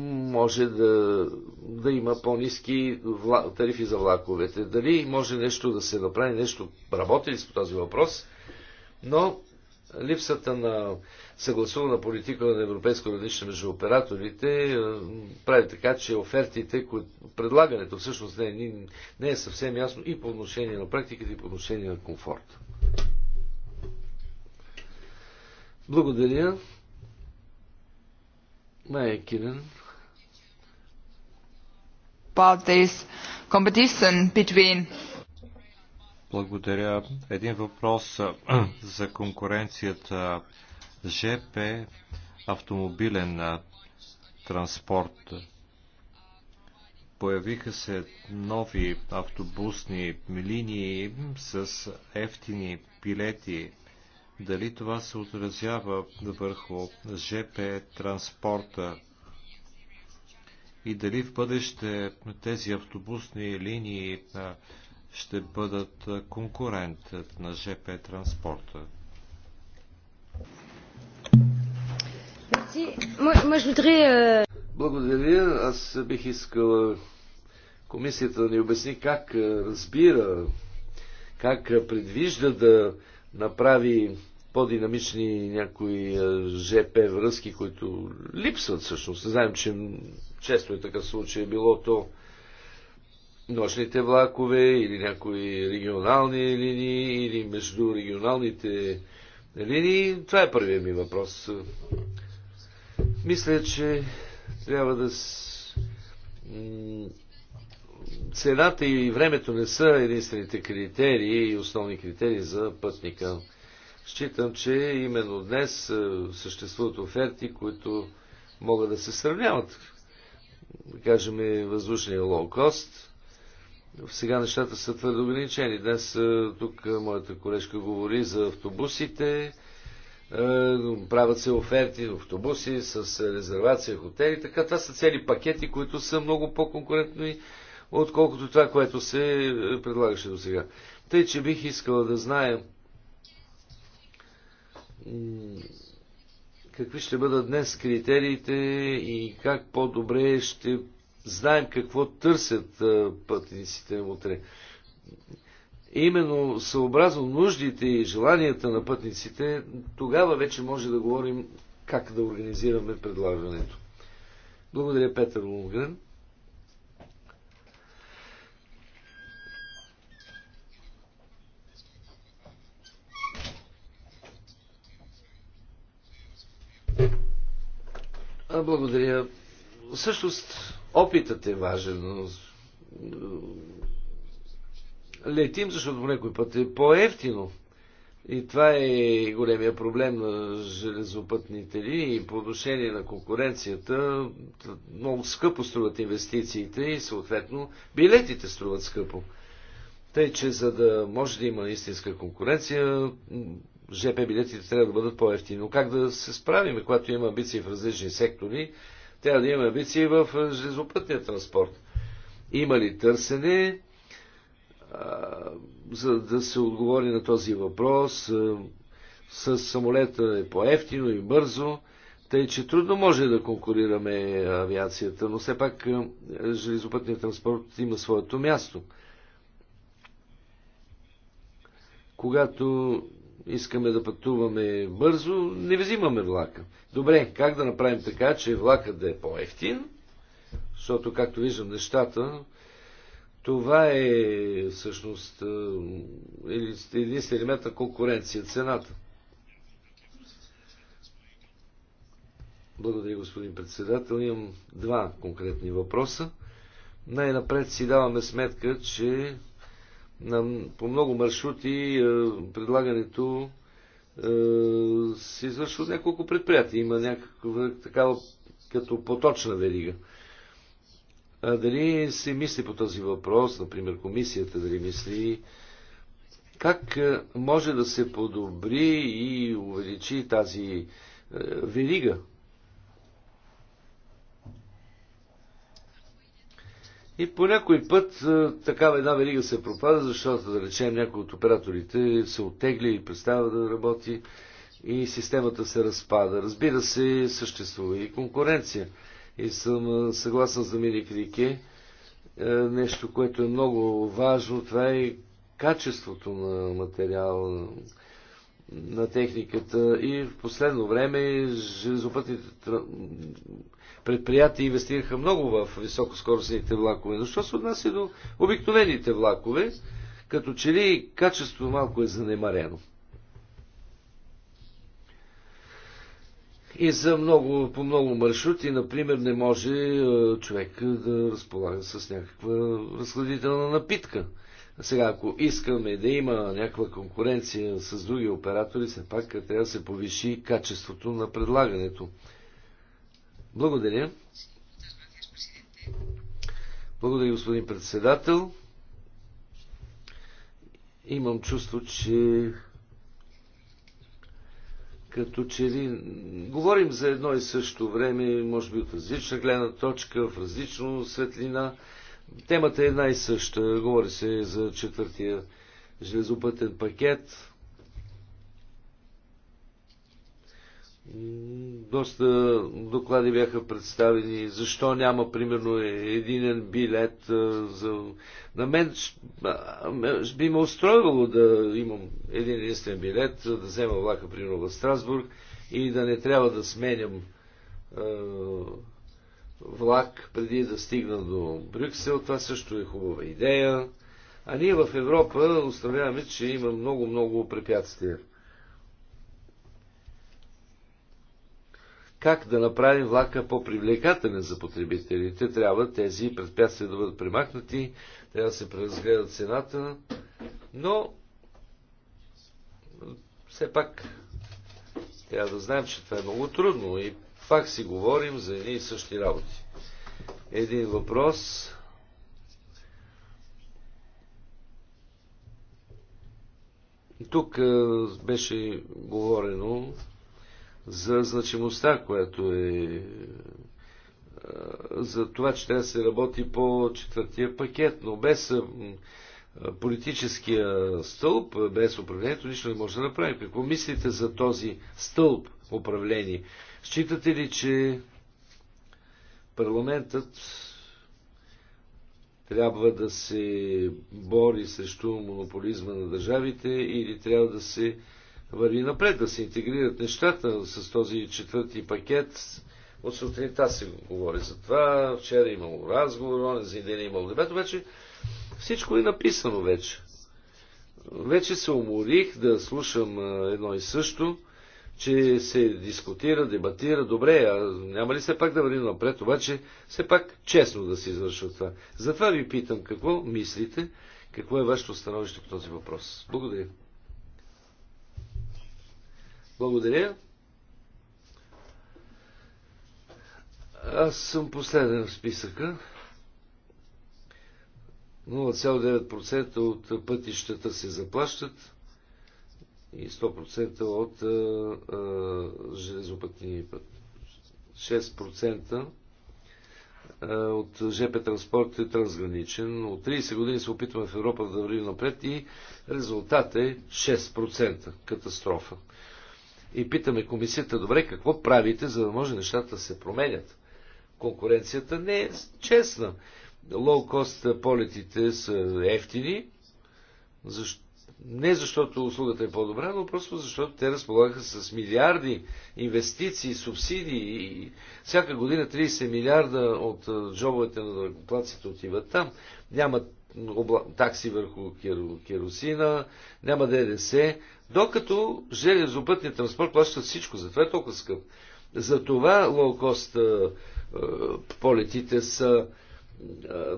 може да, да има по-низки вла... тарифи за влаковете. Дали може нещо да се направи, нещо работи с по този въпрос, но Липсата на съгласувана политика на европейско равнище между операторите е, прави така, че офертите, които предлагането всъщност не е, не е съвсем ясно и по отношение на практиката, и по отношение на комфорт. Благодаря. Майя Кирен. About this competition between благодаря. Един въпрос *clears throat* за конкуренцията ЖП автомобилен транспорт. Появиха се нови автобусни линии с ефтини билети. Дали това се отразява върху ЖП транспорта? И дали в бъдеще тези автобусни линии ще бъдат конкурент на ЖП транспорта. Euh, Благодаря. Аз бих искала комисията да ни обясни как разбира, как предвижда да направи по-динамични някои ЖП връзки, които липсват всъщност. Знаем, че често е така случай, било то нощните влакове или някои регионални линии или между регионалните линии. Това е първият ми въпрос. Мисля, че трябва да цената и времето не са единствените критерии и основни критерии за пътника. Считам, че именно днес е, съществуват оферти, които могат да се сравняват. Да кажем, е, въздушния лоукост сега нещата са твърде ограничени. Днес е, тук е, моята колежка говори за автобусите. Е, правят се оферти на автобуси с резервация, хотели. Така, това са цели пакети, които са много по-конкурентни, отколкото това, което се предлагаше до сега. Тъй, че бих искала да знае какви ще бъдат днес критериите и как по-добре ще знаем какво търсят пътниците утре. Именно съобразно нуждите и желанията на пътниците, тогава вече може да говорим как да организираме предлагането. Благодаря, Петър Лунгрен. Благодаря. Всъщност, Опитът е важен. Летим, защото по някой път е по-ефтино. И това е големия проблем на железопътните ли и по отношение на конкуренцията. Много скъпо струват инвестициите и съответно билетите струват скъпо. Тъй, че за да може да има истинска конкуренция, ЖП билетите трябва да бъдат по-ефтини. Но как да се справим, когато има амбиции в различни сектори, трябва да има амбиции в железопътния транспорт. Има ли търсене, а, за да се отговори на този въпрос? А, с самолета е по-ефтино и бързо, тъй че трудно може да конкурираме авиацията, но все пак а, железопътният транспорт има своето място. Когато искаме да пътуваме бързо, не взимаме влака. Добре, как да направим така, че влакът да е по-ефтин, защото както виждам нещата, това е всъщност е, единствен елемент на конкуренция, цената. Благодаря, господин председател. Имам два конкретни въпроса. Най-напред си даваме сметка, че на, по много маршрути е, предлагането е, се извършва от няколко предприятия. Има някаква такава като поточна верига. А дали се мисли по този въпрос, например комисията дали мисли, как е, може да се подобри и увеличи тази верига И по някой път е, такава една верига се пропада, защото, да речем, някой от операторите се оттегли и представя да работи и системата се разпада. Разбира се, съществува и конкуренция. И съм е, съгласен за Мини Рике. Е, нещо, което е много важно, това е качеството на материал, на техниката. И в последно време железопътните предприятия инвестираха много в високоскоростните влакове. Но що се отнася до обикновените влакове, като че ли качеството малко е занемарено. И за много, по много маршрути, например, не може е, човек да разполага с някаква разхладителна напитка. Сега, ако искаме да има някаква конкуренция с други оператори, все пак трябва да се повиши качеството на предлагането. Благодаря. Благодаря, господин председател. Имам чувство, че като че ли говорим за едно и също време, може би от различна гледна точка, в различна светлина. Темата е една и съща. Говори се за четвъртия железопътен пакет. Доста доклади бяха представени. Защо няма, примерно, единен билет за... На мен би ме устроило да имам един единствен билет, да взема влака, примерно, в Страсбург и да не трябва да сменям влак преди да стигна до Брюксел. Това също е хубава идея. А ние в Европа установяваме, че има много-много препятствия. как да направим влака по-привлекателен за потребителите. Трябва тези предпятствия да бъдат премахнати, трябва да се преразгледа цената, но все пак трябва да знаем, че това е много трудно и пак си говорим за едни и същи работи. Един въпрос. Тук беше говорено за значимостта, която е, е за това, че трябва да се работи по четвъртия пакет, но без политическия стълб, без управлението, нищо не може да направи. Какво мислите за този стълб управление? Считате ли, че парламентът трябва да се бори срещу монополизма на държавите или трябва да се върви напред, да се интегрират нещата с този четвърти пакет. От сутринта се говори за това, вчера е имало разговор, онези ден е имало дебат, обаче всичко е написано вече. Вече се уморих да слушам едно и също, че се дискутира, дебатира, добре, а няма ли все пак да върви напред, обаче все пак честно да се извършва това. Затова ви питам какво мислите, какво е вашето становище по този въпрос. Благодаря. Благодаря. Аз съм последен в списъка. 0,9% от пътищата се заплащат и 100% от а, а, железопътни път. 6% от ЖП транспорт е трансграничен. От 30 години се опитваме в Европа да вървим напред и резултат е 6%. Катастрофа и питаме комисията, добре, какво правите, за да може нещата да се променят? Конкуренцията не е честна. Лоу-кост полетите са ефтини, не защото услугата е по-добра, но просто защото те разполагаха с милиарди инвестиции, субсидии и всяка година 30 милиарда от джобовете на дъргоплаците отиват там. Няма такси върху керосина, няма ДДС, докато железопътният транспорт плащат всичко, затова е толкова скъп. Затова лоукост полетите са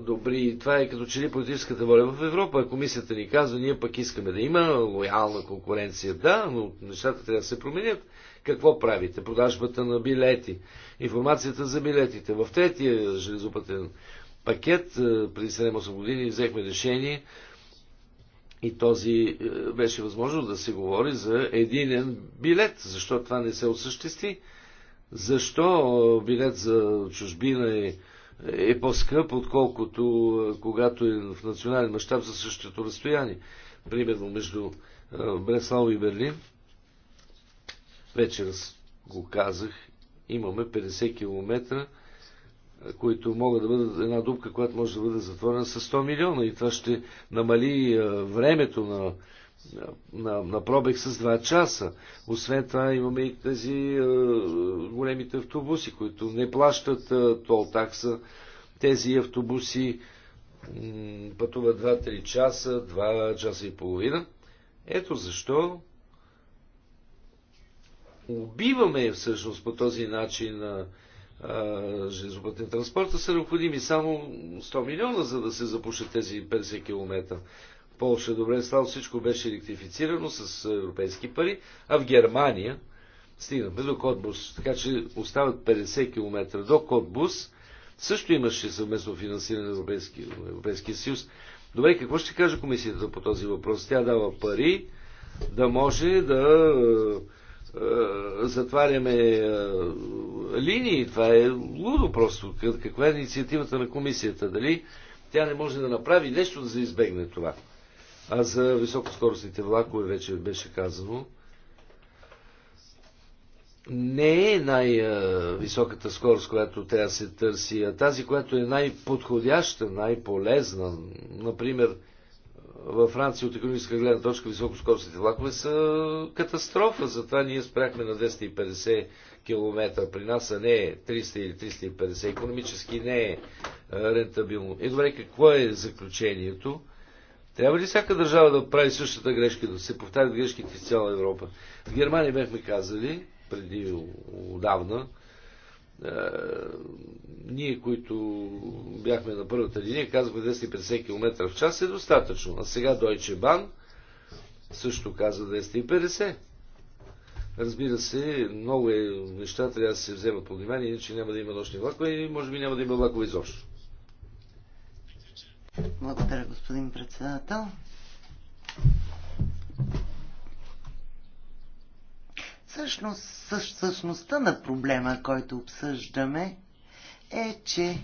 добри. Това е като че ли политическата воля в Европа. Комисията ни казва, ние пък искаме да има лоялна конкуренция. Да, но нещата трябва да се променят. Какво правите? Продажбата на билети, информацията за билетите. В третия железопътен пакет преди 7-8 години взехме решение и този е, беше възможно да се говори за единен билет. Защо това не се осъществи? Защо е, билет за чужбина е, е по-скъп, отколкото е, когато е в национален мащаб за същото разстояние? Примерно между Бреслав и Берлин. Вече го казах, имаме 50 км които могат да бъдат една дупка, която може да бъде затворена с 100 милиона и това ще намали е, времето на, на, на пробег с 2 часа. Освен това имаме и тези е, големите автобуси, които не плащат е, тол такса. Тези автобуси пътуват 2-3 часа, 2 часа и половина. Ето защо убиваме всъщност по този начин железопътен транспорт, са необходими само 100 милиона, за да се запушат тези 50 км. Полша, добре, стало всичко беше електрифицирано с европейски пари, а в Германия стигнахме до Котбус. Така че остават 50 км до Котбус. Също имаше съвместно финансиране на Европейски, Европейския съюз. Добре, какво ще каже комисията по този въпрос? Тя дава пари да може да е, затваряме е, линии. Това е лудо просто. Каква е инициативата на комисията? Дали тя не може да направи нещо да се избегне това? А за високоскоростните влакове вече беше казано. Не е най-високата скорост, която трябва да се търси, а тази, която е най-подходяща, най-полезна. Например, във Франция от економическа гледна точка високоскоростните влакове са катастрофа. Затова ние спряхме на 250 км. При нас а не е 300 или 350. Економически не е рентабилно. И добре, какво е заключението? Трябва ли всяка държава да прави същата грешка, да се повтарят грешките в цяла Европа? В Германия бяхме казали преди отдавна, е, ние, които бяхме на първата линия, казахме 250 км в час е достатъчно. А сега Deutsche Bahn също каза 250. Разбира се, много е, неща трябва да се вземат под внимание, иначе няма да има нощни влакове и може би няма да има влакове изобщо. Благодаря, господин председател. Всъщност, същността на проблема, който обсъждаме, е, че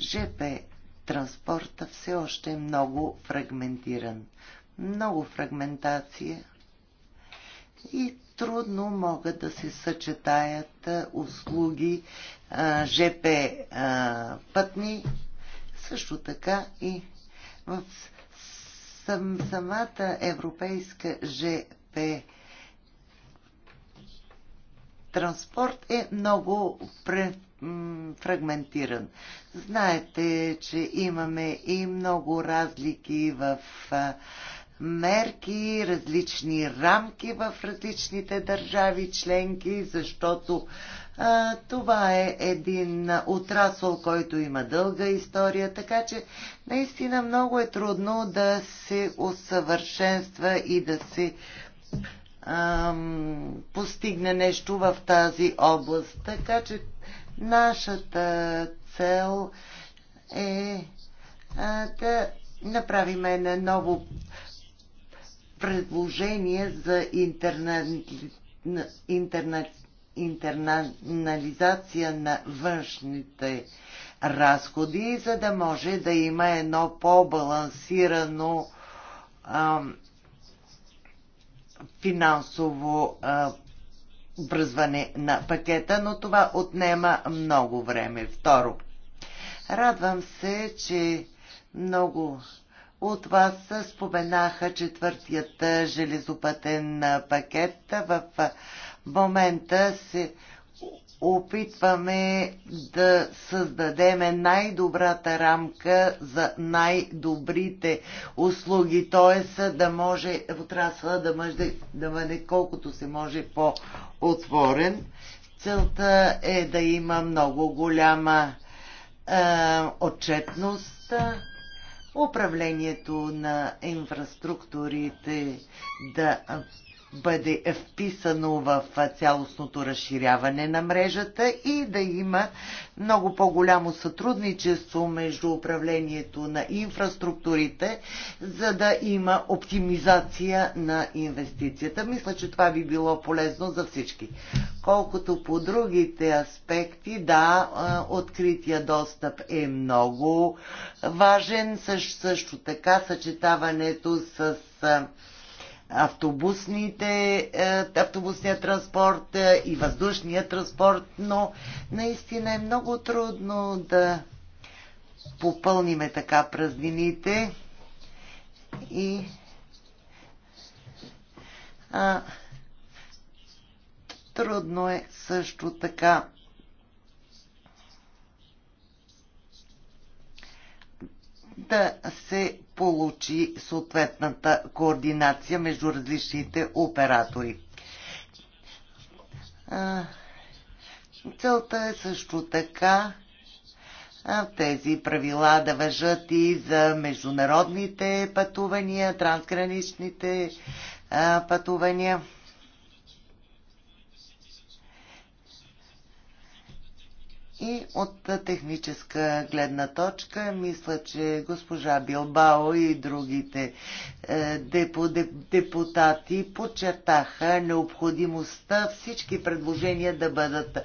ЖП транспорта все още е много фрагментиран. Много фрагментация и трудно могат да се съчетаят услуги ЖП пътни, също така и в самата европейска ЖП транспорт е много фрагментиран. Знаете, че имаме и много разлики в мерки, различни рамки в различните държави членки, защото а, това е един отрасъл, който има дълга история, така че наистина много е трудно да се усъвършенства и да се постигне нещо в тази област. Така че нашата цел е да направим едно ново предложение за интернализация на външните разходи, за да може да има едно по-балансирано финансово а, бръзване на пакета, но това отнема много време. Второ, радвам се, че много от вас споменаха четвъртият железопътен пакет. В момента се опитваме да създадем най-добрата рамка за най-добрите услуги, т.е. да може отрасла да бъде, да бъде колкото се може по-отворен. Целта е да има много голяма е, отчетност, управлението на инфраструктурите да бъде вписано в цялостното разширяване на мрежата и да има много по-голямо сътрудничество между управлението на инфраструктурите, за да има оптимизация на инвестицията. Мисля, че това би било полезно за всички. Колкото по другите аспекти, да, открития достъп е много важен, също, така съчетаването с автобусните, е, автобусния транспорт е, и въздушния транспорт, но наистина е много трудно да попълниме така празнините и а, трудно е също така да се получи съответната координация между различните оператори. Целта е също така тези правила да въжат и за международните пътувания, трансграничните пътувания. И от техническа гледна точка, мисля, че госпожа Билбао и другите е, депутати подчертаха необходимостта всички предложения да бъдат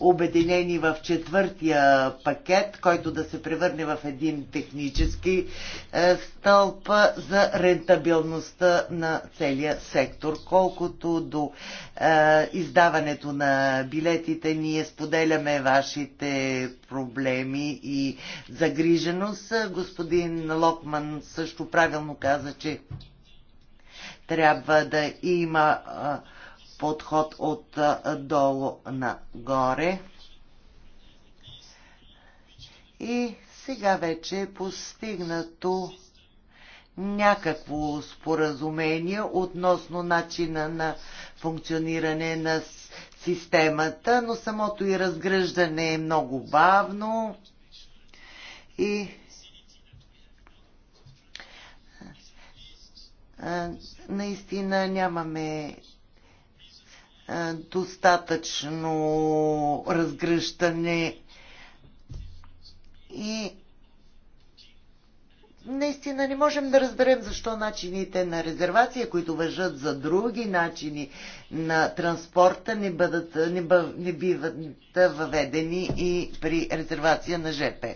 обединени в четвъртия пакет, който да се превърне в един технически е, стълб за рентабилността на целия сектор. Колкото до е, издаването на билетите, ние споделяме вашите техните проблеми и загриженост. Господин Локман също правилно каза, че трябва да има подход от долу нагоре. И сега вече е постигнато някакво споразумение относно начина на функциониране на системата, но самото и разгръждане е много бавно и наистина нямаме достатъчно разгръщане и наистина не можем да разберем защо начините на резервация, които въжат за други начини на транспорта, не, бъдат, не, бъв, не биват въведени и при резервация на ЖП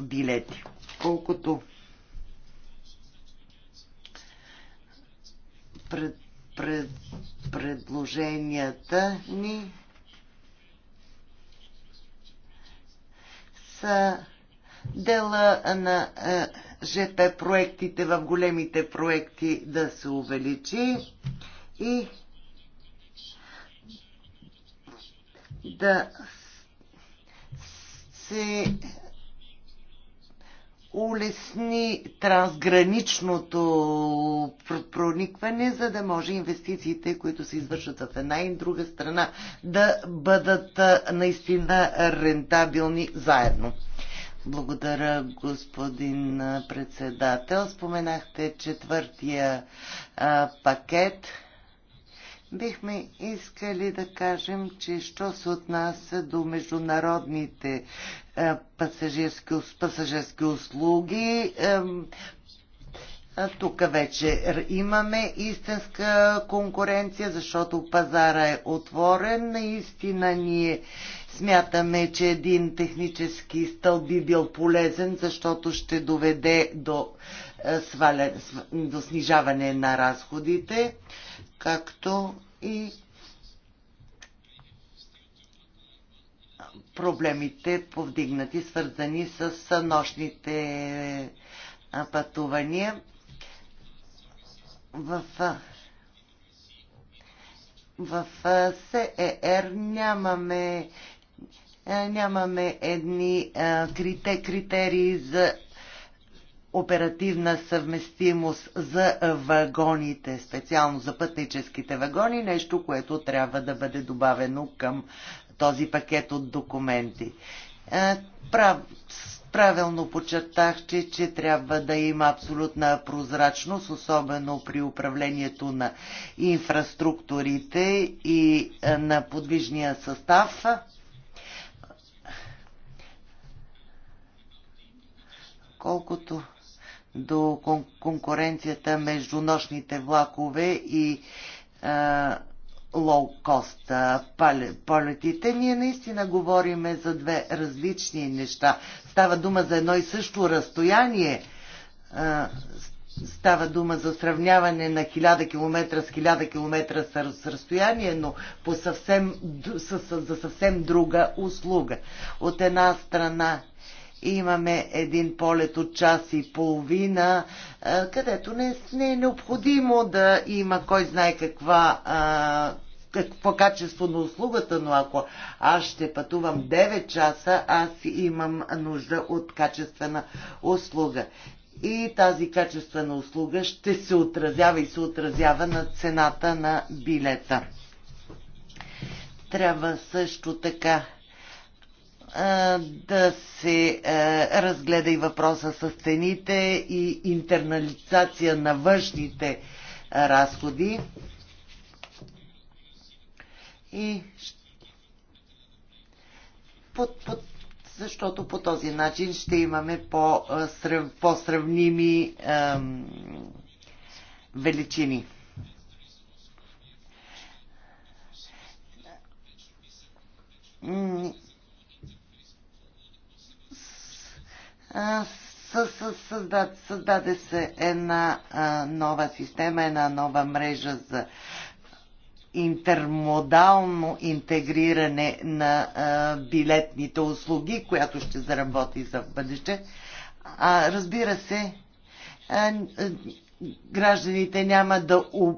билети. Колкото пред, пред, предложенията ни са дела на е, ЖП проектите в големите проекти да се увеличи и да се улесни трансграничното проникване, за да може инвестициите, които се извършват в една и друга страна, да бъдат е, наистина рентабилни заедно. Благодаря, господин председател. Споменахте четвъртия а, пакет. Бихме искали да кажем, че що се отнася до международните а, пасажирски, пасажирски услуги, а, тук вече имаме истинска конкуренция, защото пазара е отворен. Наистина ние смятаме, че един технически стъл би бил полезен, защото ще доведе до, е, сваля, до снижаване на разходите, както и проблемите повдигнати, свързани с нощните пътувания в в СЕР нямаме, нямаме едни крите, критерии за оперативна съвместимост за вагоните, специално за пътническите вагони, нещо, което трябва да бъде добавено към този пакет от документи. Прав, Правилно подчертахте, че трябва да има абсолютна прозрачност, особено при управлението на инфраструктурите и е, на подвижния състав. Колкото до конкуренцията между нощните влакове и а, е, лоукост полетите. Ние наистина говориме за две различни неща. Става дума за едно и също разстояние. Става дума за сравняване на 1000 км с 1000 км с разстояние, но по съвсем, за съвсем друга услуга. От една страна имаме един полет от час и половина, където не, не е необходимо да има кой знае каква какво качество на услугата, но ако аз ще пътувам 9 часа, аз имам нужда от качествена услуга. И тази качествена услуга ще се отразява и се отразява на цената на билета. Трябва също така да се разгледа и въпроса с цените и интернализация на външните разходи. И под, под, защото по този начин ще имаме по-сравними величини. Mm създаде се една нова система, една нова мрежа за интермодално интегриране на а, билетните услуги, която ще заработи за бъдеще. А, разбира се, а, а, гражданите няма да у,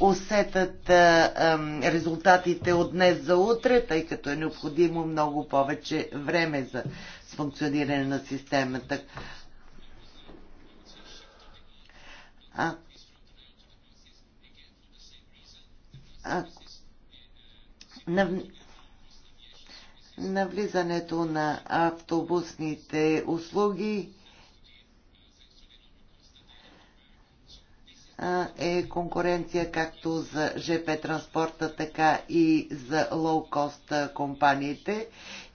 усетат а, а, резултатите от днес за утре, тъй като е необходимо много повече време за функциониране на системата. А, а, нав, навлизането на автобусните услуги е конкуренция както за ЖП транспорта, така и за лоукост компаниите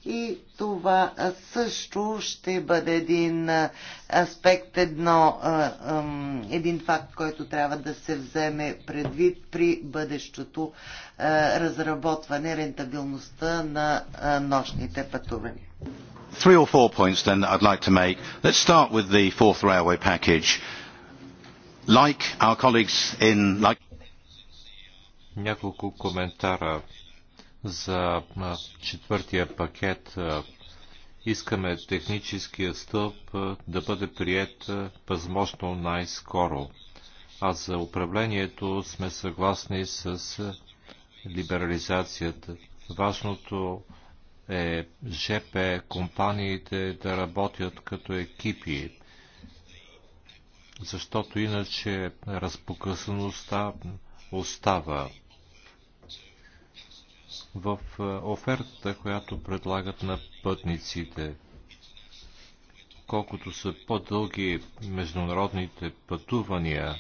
и това също ще бъде един аспект, едно, един факт, който трябва да се вземе предвид при бъдещото разработване рентабилността на нощните пътувания. Three or four points then that I'd like to make. Let's start with the fourth railway package. Like our colleagues in like... Няколко коментара за четвъртия пакет. Искаме техническия стълб да бъде прият възможно най-скоро. А за управлението сме съгласни с либерализацията. Важното е ЖП компаниите да работят като екипи, защото иначе разпокъсаността остава в е, офертата, която предлагат на пътниците. Колкото са по-дълги международните пътувания,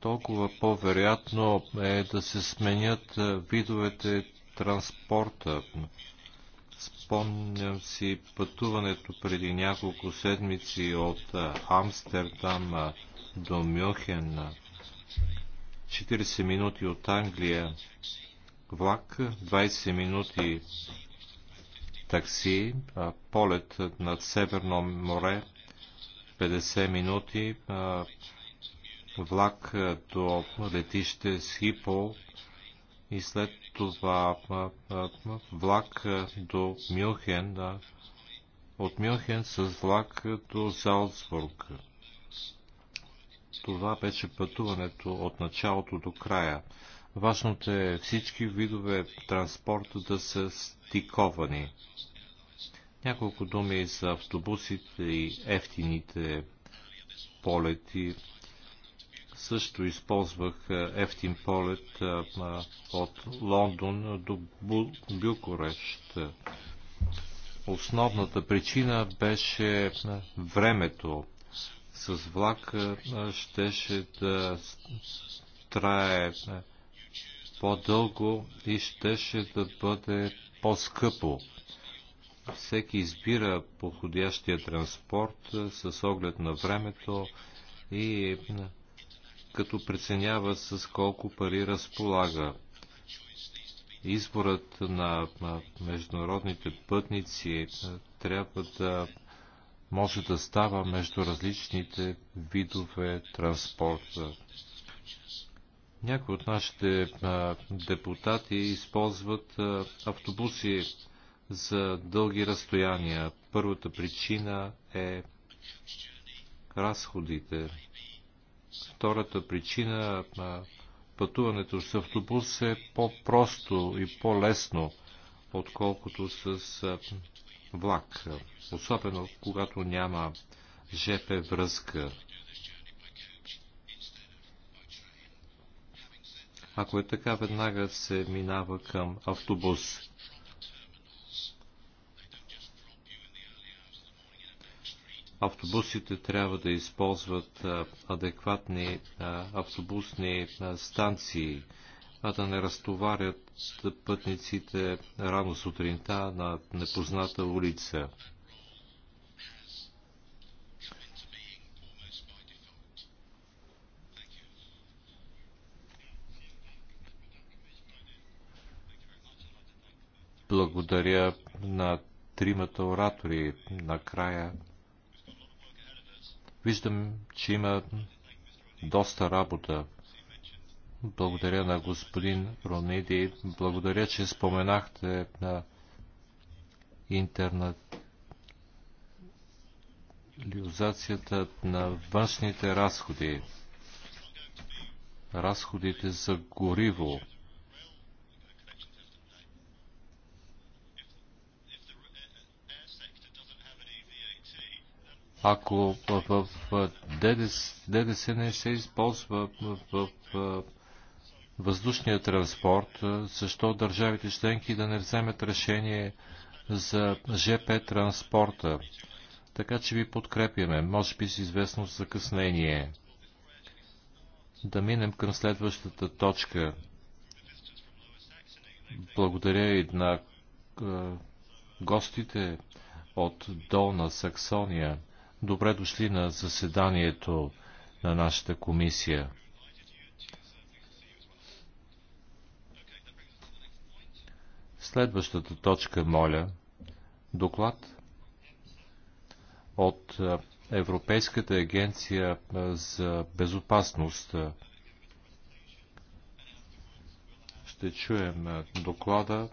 толкова по-вероятно е да се сменят е, видовете транспорта. Спомням си пътуването преди няколко седмици от е, Амстердам до Мюнхен 40 минути от Англия влак, 20 минути такси, полет над Северно море, 50 минути, влак до летище Схипол и след това влак до Мюнхен, от Мюнхен с влак до Залцбург това беше пътуването от началото до края. Важното е всички видове транспорт да са стиковани. Няколко думи за автобусите и ефтините полети. Също използвах ефтин полет от Лондон до Бюкурещ. Основната причина беше времето с влак щеше да трае по-дълго и щеше да бъде по-скъпо. Всеки избира подходящия транспорт с оглед на времето и като преценява с колко пари разполага. Изборът на международните пътници трябва да може да става между различните видове транспорта. Някои от нашите а, депутати използват а, автобуси за дълги разстояния. Първата причина е разходите. Втората причина а, пътуването с автобус е по-просто и по-лесно, отколкото с влак, особено когато няма ЖП връзка. Ако е така, веднага се минава към автобус. Автобусите трябва да използват адекватни автобусни станции а да не разтоварят пътниците рано сутринта на непозната улица. Благодаря на тримата оратори накрая. Виждам, че има доста работа благодаря на господин Рониди. Благодаря, че споменахте на интернет лиозацията на външните разходи, разходите за гориво. Ако в ДДС, не се използва в въздушния транспорт, защо държавите членки да не вземат решение за ЖП транспорта. Така че ви подкрепяме, може би с известно закъснение. Да минем към следващата точка. Благодаря и на гостите от Долна Саксония. Добре дошли на заседанието на нашата комисия. Следващата точка, моля, доклад от Европейската агенция за безопасност. Ще чуем доклада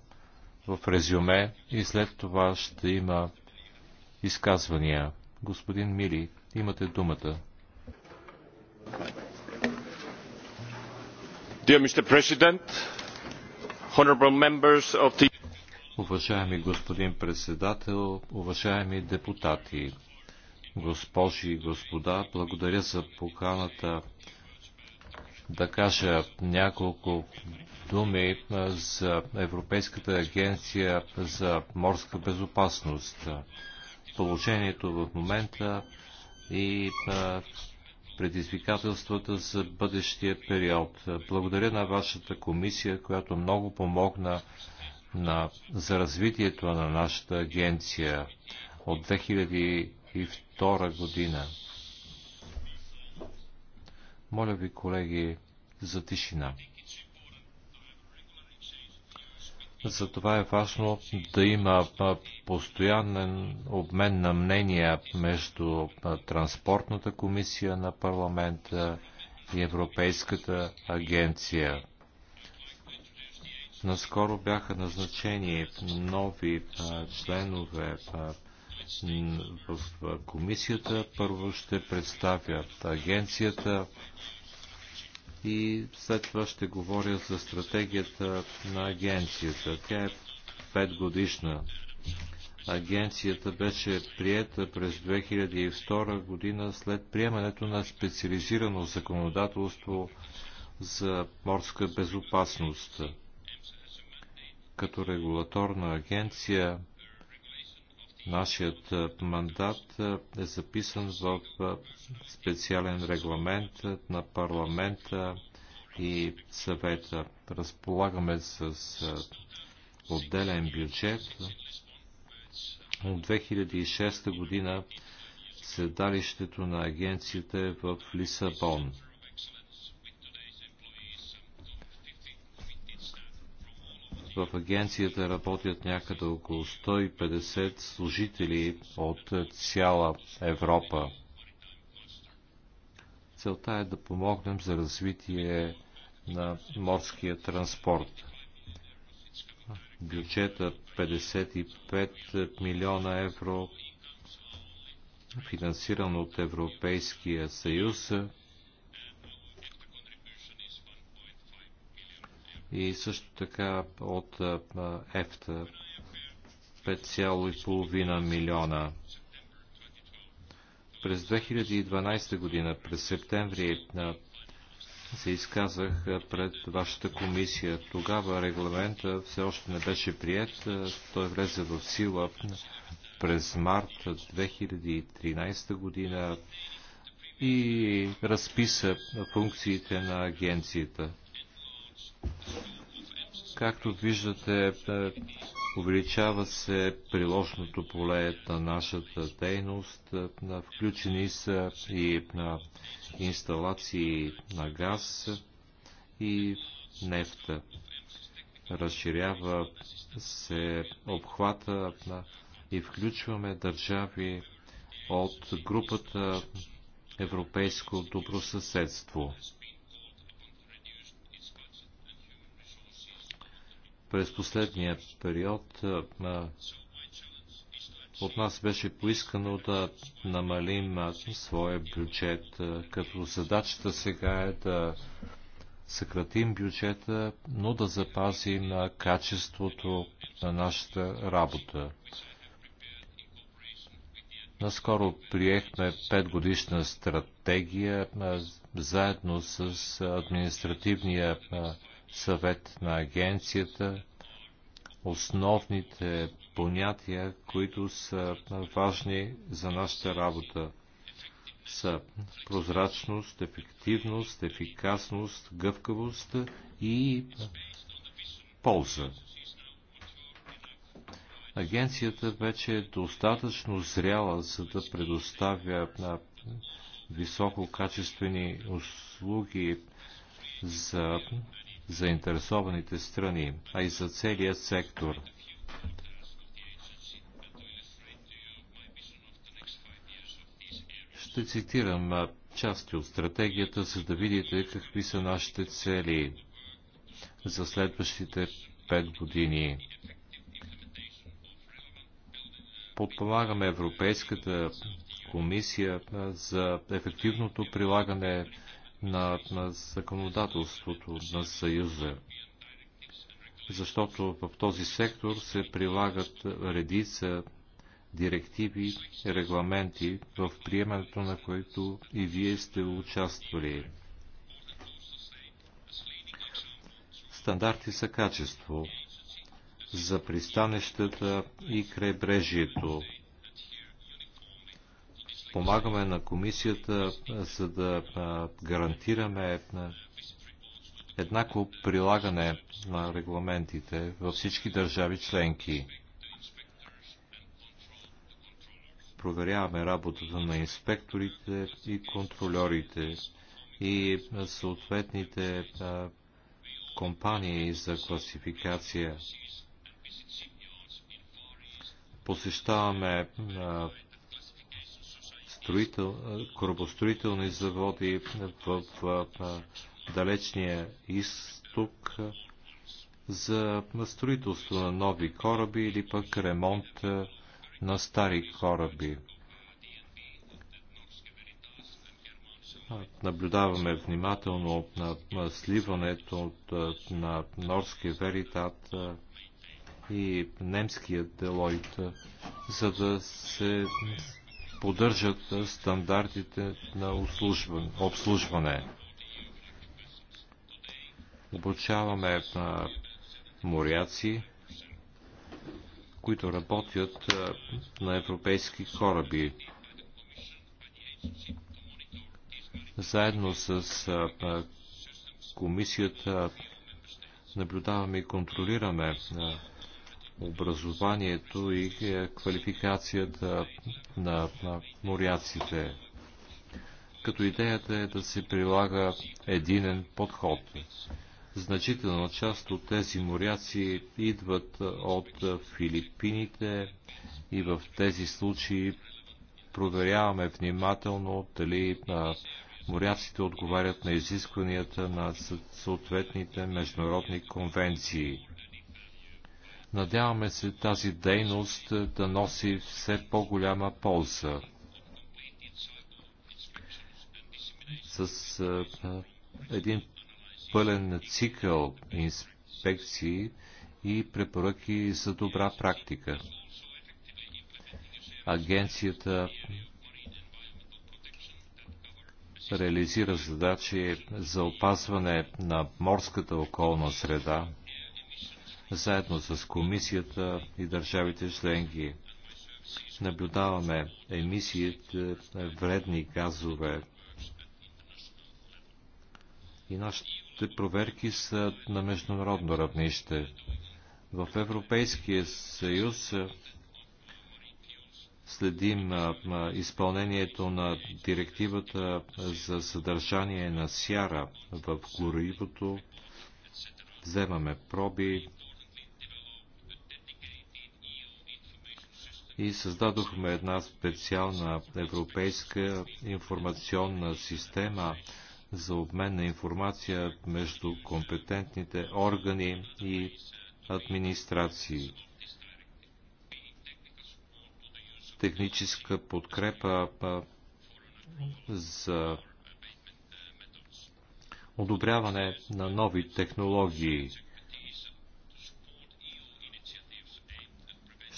в резюме и след това ще има изказвания. Господин Мили, имате думата. Dear Mr. President, Уважаеми господин председател, уважаеми депутати, госпожи и господа, благодаря за поканата да кажа няколко думи за Европейската агенция за морска безопасност. Положението в момента и предизвикателствата за бъдещия период. Благодаря на вашата комисия, която много помогна на, за развитието на нашата агенция от 2002 година. Моля ви, колеги, за тишина. Затова е важно да има постоянен обмен на мнения между Транспортната комисия на парламента и Европейската агенция. Наскоро бяха назначени нови членове в комисията. Първо ще представят агенцията и след това ще говоря за стратегията на агенцията. Тя е 5 годишна. Агенцията беше приета през 2002 година след приемането на специализирано законодателство за морска безопасност. Като регулаторна агенция Нашият е, мандат е, е записан в е, специален регламент на парламента и съвета. Разполагаме с отделен бюджет. От 2006 година седалището на агенцията е в Лисабон. В агенцията работят някъде около 150 служители от цяла Европа. Целта е да помогнем за развитие на морския транспорт. Бюджета 55 милиона евро, финансиран от Европейския съюз, и също така от ЕФТА 5,5 милиона. През 2012 година, през септември, се изказах пред вашата комисия. Тогава регламента все още не беше прият. Той влезе в сила през март 2013 година и разписа функциите на агенцията. Както виждате, е, увеличава се приложното поле на нашата дейност. Е, включени са и на инсталации на газ и нефта. Разширява се обхвата на е, и включваме държави от групата Европейско добросъседство. съседство. През последния период от нас беше поискано да намалим своя бюджет, като задачата сега е да съкратим бюджета, но да запазим качеството на нашата работа. Наскоро приехме петгодишна стратегия заедно с административния съвет на агенцията, основните понятия, които са важни за нашата работа са прозрачност, ефективност, ефикасност, гъвкавост и полза. Агенцията вече е достатъчно зряла, за да предоставя на висококачествени услуги за заинтересованите страни, а и за целия сектор. Ще цитирам части от стратегията, за да видите какви са нашите цели за следващите 5 години. Подпомагаме Европейската комисия за ефективното прилагане на, на законодателството на Съюза, защото в този сектор се прилагат редица директиви, регламенти, в приемането на които и вие сте участвали. Стандарти са качество за пристанищата и крайбрежието помагаме на комисията, за да гарантираме еднакво прилагане на регламентите във всички държави членки. Проверяваме работата на инспекторите и контролерите и съответните компании за класификация. Посещаваме строител, корабостроителни заводи в, в, в далечния изток за строителство на нови кораби или пък ремонт на стари кораби. Наблюдаваме внимателно на сливането на Норски Веритат и немския Делойт, за да се поддържат е, стандартите на обслужване. Обучаваме на е, моряци, които работят е, на европейски кораби. Заедно с комисията наблюдаваме и контролираме образованието и квалификацията на, моряците. Като идеята е да се прилага единен подход. Значителна част от тези моряци идват от Филипините и в тези случаи проверяваме внимателно дали на моряците отговарят на изискванията на съответните международни конвенции. Надяваме се тази дейност е, да носи все по-голяма полза. С а, е, е, един пълен цикъл инспекции и препоръки за добра практика. Агенцията реализира задачи за опазване на морската околна среда заедно с комисията и държавите членки. Наблюдаваме емисиите вредни газове. И нашите проверки са на международно равнище. В Европейския съюз следим изпълнението на директивата за съдържание на сяра в горивото, вземаме проби и създадохме една специална европейска информационна система за обмен на информация между компетентните органи и администрации. Техническа подкрепа за одобряване на нови технологии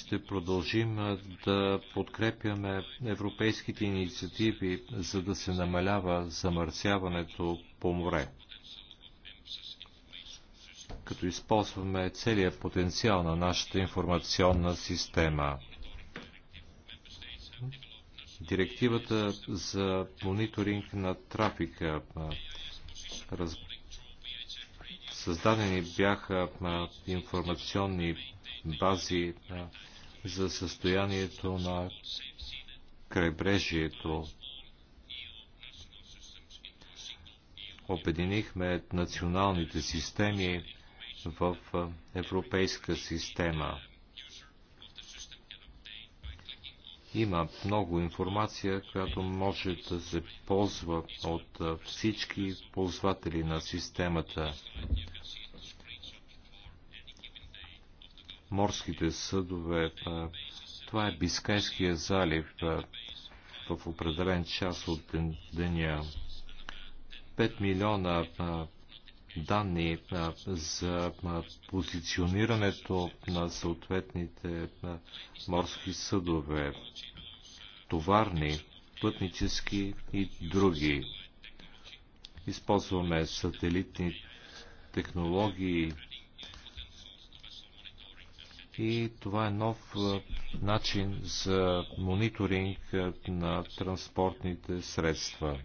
ще продължим да подкрепяме европейските инициативи, за да се намалява замърсяването по море, като използваме целият потенциал на нашата информационна система. Директивата за мониторинг на трафика раз... създадени бяха информационни бази за състоянието на крайбрежието. Обединихме националните системи в европейска система. Има много информация, която може да се ползва от всички ползватели на системата. морските съдове. Е, това е Бискайския залив е, в определен час от деня. 5 милиона е, данни за позиционирането на съответните морски съдове, товарни, пътнически и други. Използваме сателитни технологии и това е нов начин за мониторинг на транспортните средства.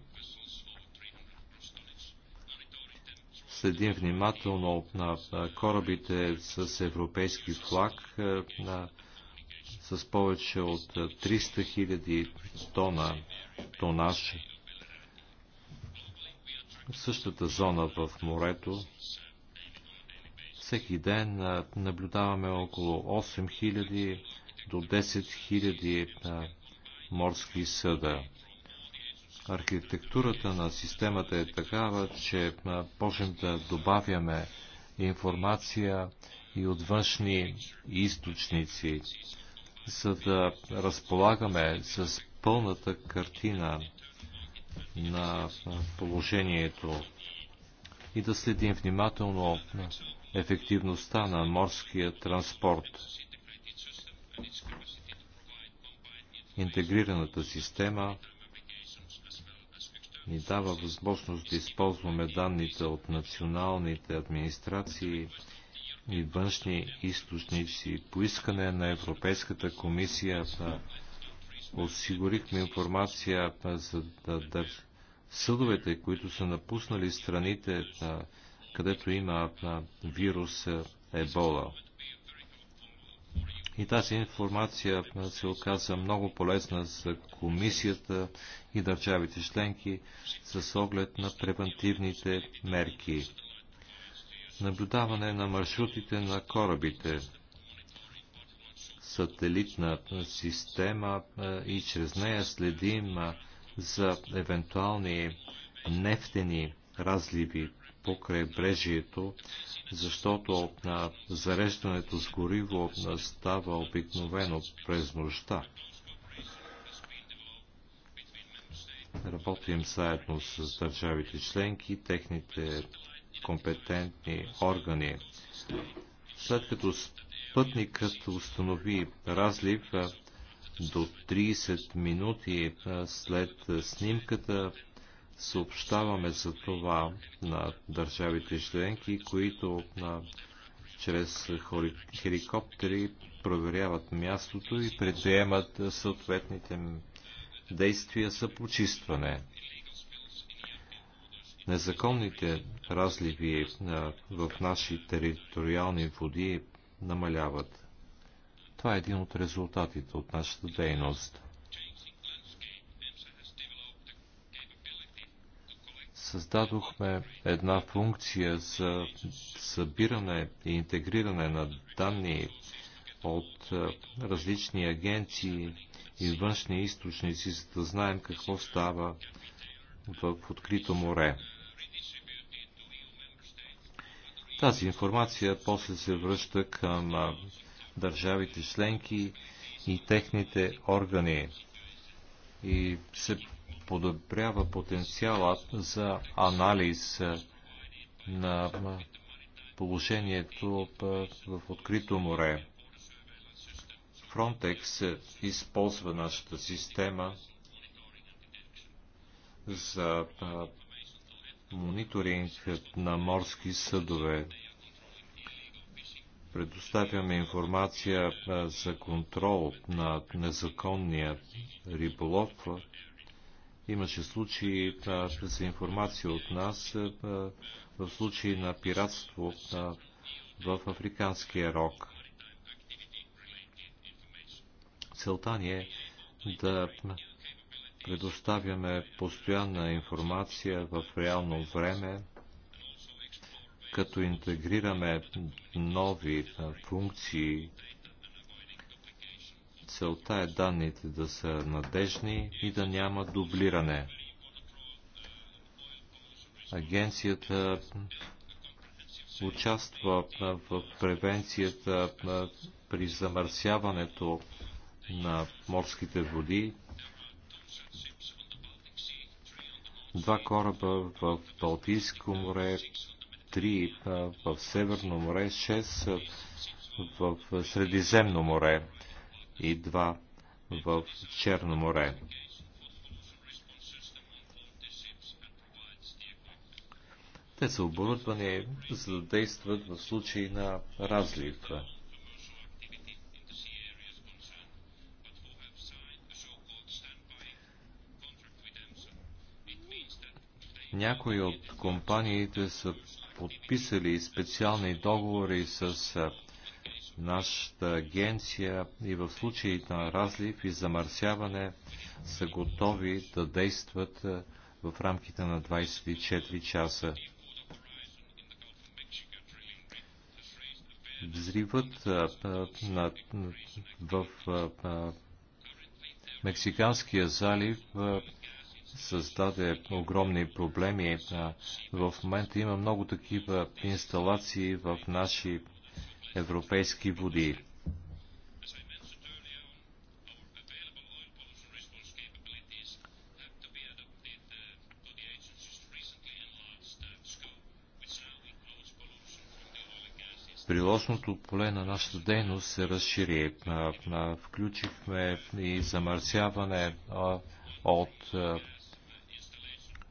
Следим внимателно на корабите с европейски флаг на, с повече от 300 000 тона тонаж. В същата зона в морето всеки ден наблюдаваме около 8000 до 10 000 морски съда. Архитектурата на системата е такава, че можем да добавяме информация и от външни източници, за да разполагаме с пълната картина на положението и да следим внимателно ефективността на морския транспорт. Интегрираната система ни дава възможност да използваме данните от националните администрации и външни източници. По искане на Европейската комисия да осигурихме информация за да, да, съдовете, които са напуснали страните, да, където има вирус Ебола. И тази информация се оказа много полезна за комисията и държавите членки с оглед на превентивните мерки. Наблюдаване на маршрутите на корабите, сателитна система и чрез нея следим за евентуални нефтени разливи по крайбрежието, защото на зареждането с гориво става обикновено през нощта. Работим заедно с държавите членки, техните компетентни органи. След като пътникът установи разлив до 30 минути след снимката, съобщаваме за това на държавите членки, които на, чрез хеликоптери проверяват мястото и предприемат съответните действия за почистване. Незаконните разливи е, в наши териториални води намаляват. Това е един от резултатите от нашата дейност. създадохме една функция за събиране и интегриране на данни от е, различни агенции и външни източници, за да знаем какво става в открито море. Тази информация после се връща към е, държавите членки и техните органи и се подобрява потенциала за анализ е, на е, положението е, в открито море. Фронтекс използва нашата система за мониторинг на морски съдове. Предоставяме информация за контрол на незаконния риболов Имаше случаи за информация от нас е, в случаи на пиратство е, в Африканския рок. Целта ни е да предоставяме постоянна информация в реално време, като интегрираме нови е, функции Целта е данните да са надежни и да няма дублиране. Агенцията участва в превенцията при замърсяването на морските води. Два кораба в Балтийско море, три в Северно море, шест в Средиземно море и два в Черно море. Те са оборудвани за да действат в случай на разлив. Някои от компаниите са подписали специални договори с Нашата агенция и в случаи на разлив и замърсяване са готови да действат е, в рамките на 24 часа. Взривът е, в е, Мексиканския залив създаде огромни проблеми. В момента има много такива инсталации в наши европейски води. приложното поле на нашата дейност се разшири. Включихме и замърсяване от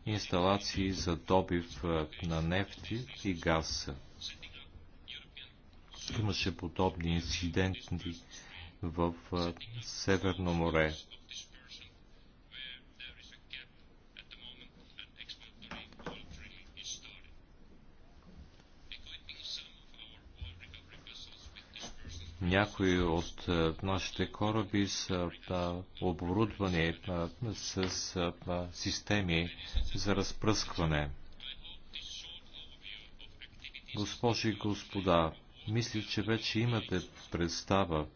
инсталации за добив на нефти и газ. Имаше подобни инциденти в Северно море. Някои от нашите кораби са оборудвани с системи за разпръскване. Госпожи и господа, мисля, че вече имате представа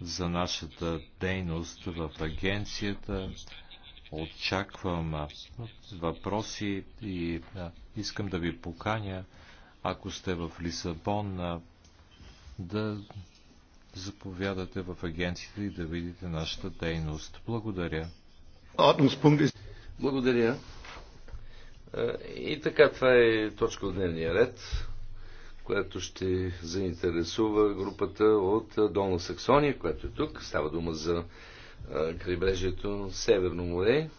за нашата дейност в агенцията. Очаквам въпроси и искам да ви поканя, ако сте в Лисабон, да заповядате в агенцията и да видите нашата дейност. Благодаря. Благодаря. Е, и така, това е точка от дневния ред която ще заинтересува групата от Долна Саксония, която е тук. Става дума за крайбрежието Северно море.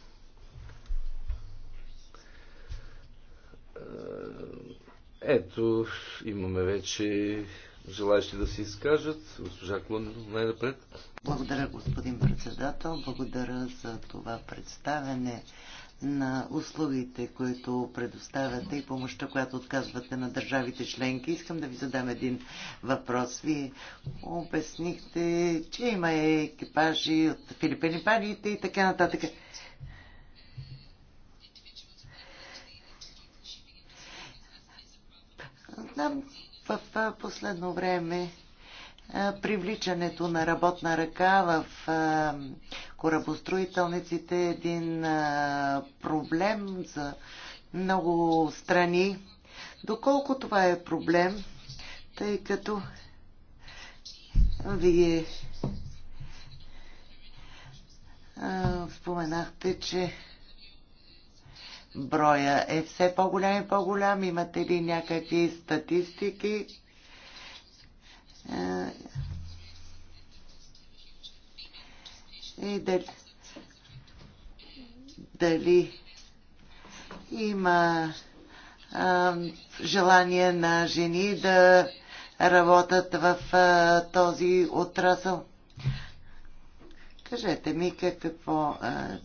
Ето, имаме вече желаящи да се изкажат. Госпожа Клон, най-напред. Благодаря, господин председател. Благодаря за това представене на услугите, които предоставяте и помощта, която отказвате на държавите членки. Искам да ви задам един въпрос. Вие обяснихте, че има екипажи от филипинипаните и така нататък. Знам, в последно време привличането на работна ръка в корабостроителниците е един проблем за много страни. Доколко това е проблем, тъй като вие споменахте, че броя е все по-голям и по-голям. Имате ли някакви статистики? и дали, дали има а, желание на жени да работят в а, този отрасъл. Кажете ми какво,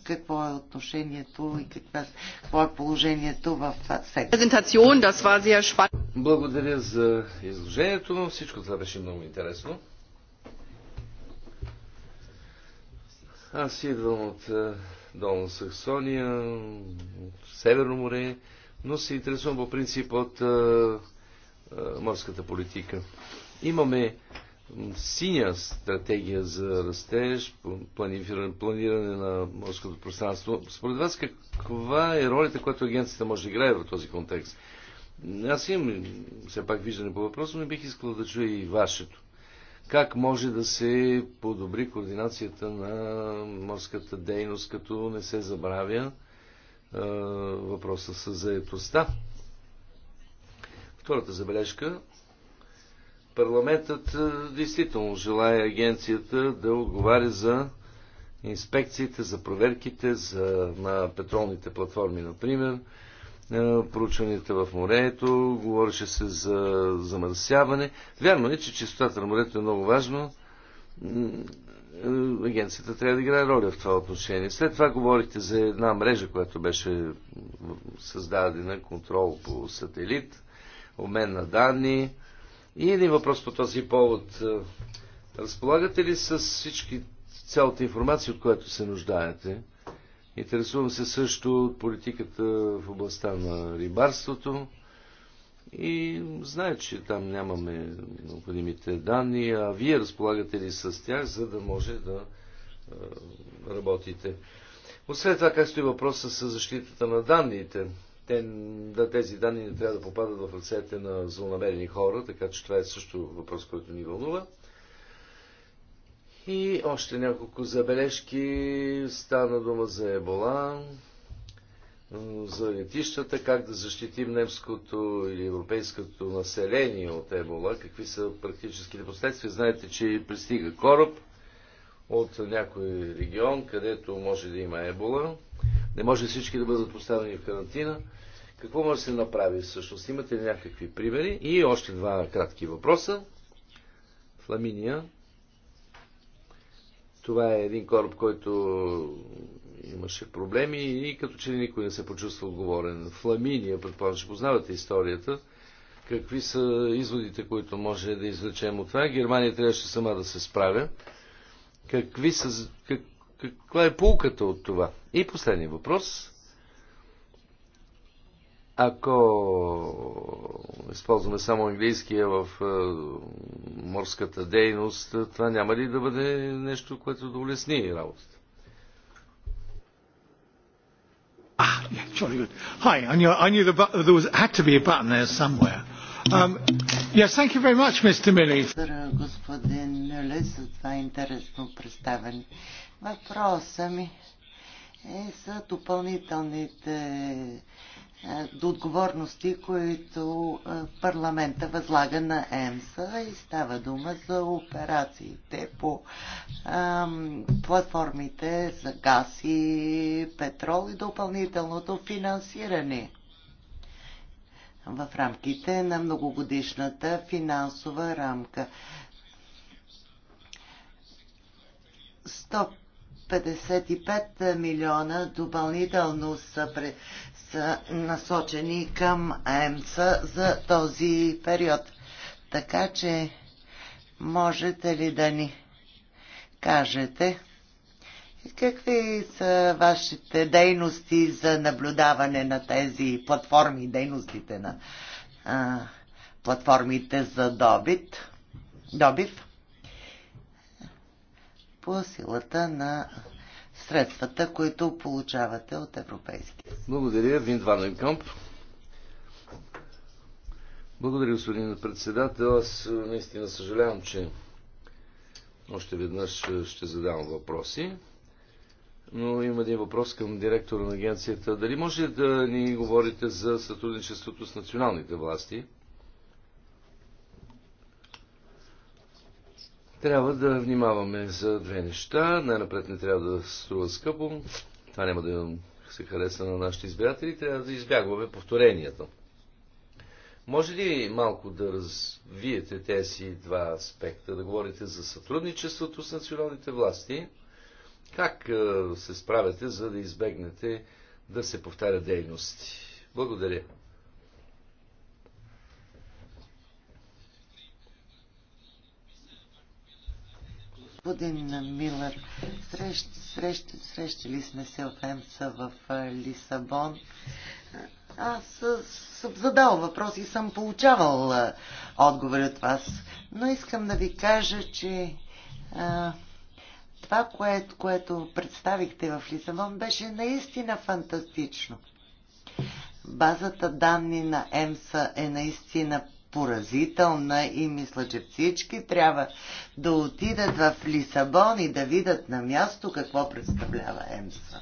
какво е отношението и какво, какво е положението в сектора. Благодаря за изложението. Всичко това беше много интересно. Аз идвам от е, Долна Саксония, от Северно море, но се интересувам по принцип от а, е, а, е, морската политика. Имаме синя стратегия за растеж, планиране, планиране на морското пространство. Според вас каква е ролята, която агенцията може да играе в този контекст? Аз имам все пак виждане по въпроса, но бих искал да чуя и вашето как може да се подобри координацията на морската дейност, като не се забравя е, въпроса с заедостта. Втората забележка. Парламентът действително желая агенцията да отговаря за инспекциите, за проверките за, на петролните платформи, например, проучванията в морето, говореше се за замърсяване. Вярно е, че чистотата на морето е много важно. Агенцията трябва да играе роля в това отношение. След това говорихте за една мрежа, която беше създадена, контрол по сателит, обмен на данни. И един въпрос по този повод. Разполагате ли с всички цялата информация, от която се нуждаете? Интересувам се също от политиката в областта на рибарството и знае, че там нямаме необходимите данни, а вие разполагате ли с тях, за да може да работите. Освен това, как стои въпроса с защитата на данните? Те, да, тези данни не трябва да попадат в ръцете на злонамерени хора, така че това е също въпрос, който ни вълнува. И още няколко забележки. Стана дума за ебола, за летищата, как да защитим немското или европейското население от ебола, какви са практическите последствия. Знаете, че пристига кораб от някой регион, където може да има ебола. Не може всички да бъдат поставени в карантина. Какво може да се направи всъщност? Имате ли някакви примери? И още два кратки въпроса. Фламиния това е един кораб, който имаше проблеми и като че ли никой не се почувства отговорен. Фламиния, предполагам, че познавате историята. Какви са изводите, които може да извлечем от това? Германия трябваше сама да се справя. Какви са, как, каква е полуката от това? И последния въпрос. Ако използваме само английския в е, морската дейност, е, това няма ли да бъде нещо, което да улесни работата? Ah, yeah, jolly good. Hi, I knew, I knew the, there was, had to be a button there somewhere. Um, yes, thank you very much, Mr. Milley. господин Мюле, за това интересно представяне. Въпросът ми е за допълнителните е, до отговорности, които е, парламента възлага на ЕМСА и става дума за операциите по ам, платформите за газ и петрол и допълнителното финансиране в рамките на многогодишната финансова рамка. СТОП. 55 милиона допълнително са, пре, са насочени към АМС за този период. Така че можете ли да ни кажете какви са вашите дейности за наблюдаване на тези платформи, дейностите на а, платформите за добит, добив? по силата на средствата, които получавате от европейските? Благодаря, Вин Ваненкамп. Благодаря, господин председател. Аз е, наистина съжалявам, че още веднъж е, ще задавам въпроси. Но има един въпрос към директора на агенцията. Дали може да ни говорите за сътрудничеството с националните власти? Трябва да внимаваме за две неща. Най-напред не трябва да струва скъпо. Това няма да се хареса на нашите избиратели. Трябва да избягваме повторението. Може ли малко да развиете тези два аспекта, да говорите за сътрудничеството с националните власти? Как е, се справяте, за да избегнете да се повтаря дейности? Благодаря. господин Милър, срещ, срещ, срещали сме се от Емса в Лисабон. Аз съм задал въпрос и съм получавал отговори от вас. Но искам да ви кажа, че а, това, което, което представихте в Лисабон, беше наистина фантастично. Базата данни на ЕМСА е наистина поразителна и мисля, че всички трябва да отидат в Лисабон и да видят на място какво представлява ЕМСА.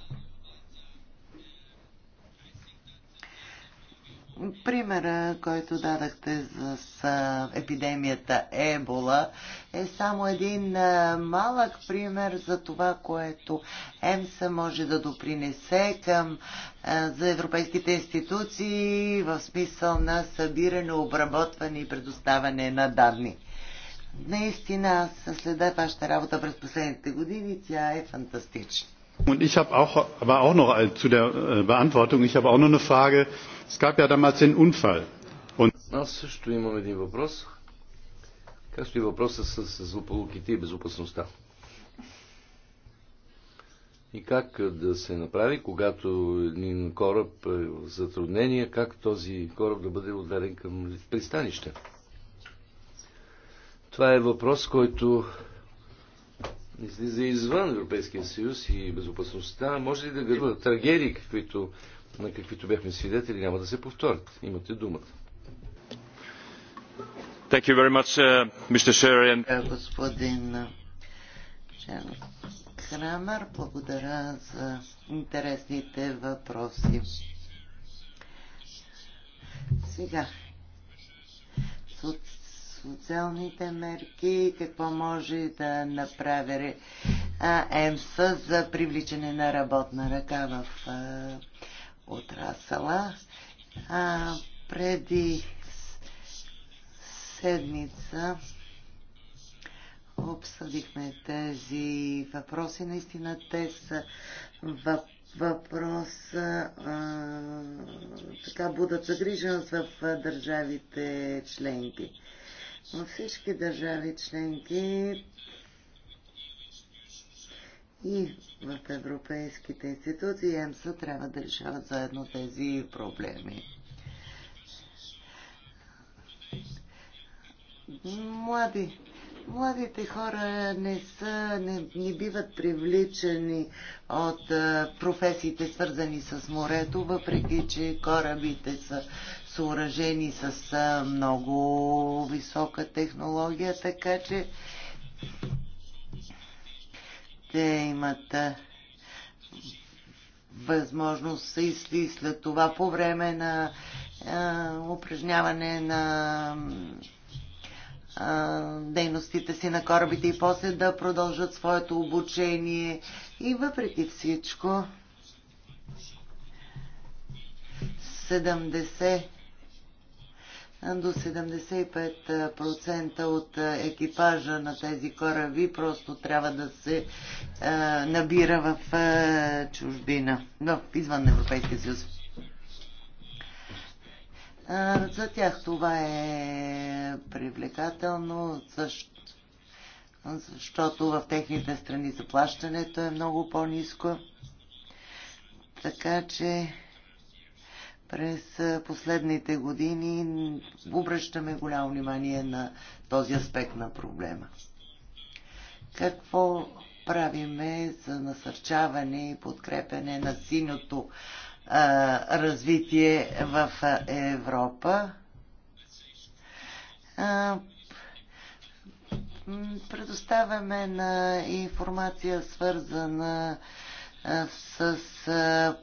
Примера, който дадахте с, с епидемията Ебола, е само един малък пример за това, което ЕМСА може да допринесе към за европейските институции в смисъл на събиране, обработване и предоставяне на данни. Наистина, аз следа вашата работа през последните години, тя е фантастична. Und ich habe auch, aber auch noch zu der äh, Beantwortung, ich habe auch noch eine Frage, Es gab ja damals den Unfall. Und... Аз също имам един въпрос. въпроса с, с злополуките и безопасността? И как да се направи, когато един кораб е в затруднение, как този кораб да бъде отведен към пристанище? Това е въпрос, който излиза извън Европейския съюз и безопасността. Може ли да гърба трагедии, каквито на каквито бяхме свидетели, няма да се повторят. Имате думата. Thank you very much, uh, Mr. Sherian. Е, господин uh, Крамер, благодаря за интересните въпроси. Сега, социалните мерки, какво може да направи ЕМСА за привличане на работна ръка в отрасъла. А, преди седмица обсъдихме тези въпроси. Наистина те са въпрос а, така будат загриженост в държавите членки. Във всички държави членки и в европейските институции ЕМСА трябва да решават заедно тези проблеми. Млади, младите хора не, са, не, не биват привличани от а, професиите, свързани с морето, въпреки че корабите са съоръжени с а, много висока технология, така че ще имат възможност и след това по време на упражняване на дейностите си на корабите и после да продължат своето обучение. И въпреки всичко, 70 до 75% от екипажа на тези кораби просто трябва да се а, набира в а, чужбина, в извън Европейския съюз. за тях това е привлекателно, защото в техните страни заплащането е много по-низко. Така че през последните години обръщаме голямо внимание на този аспект на проблема. Какво правиме за насърчаване и подкрепене на синото а, развитие в Европа? А, предоставяме на информация свързана а, с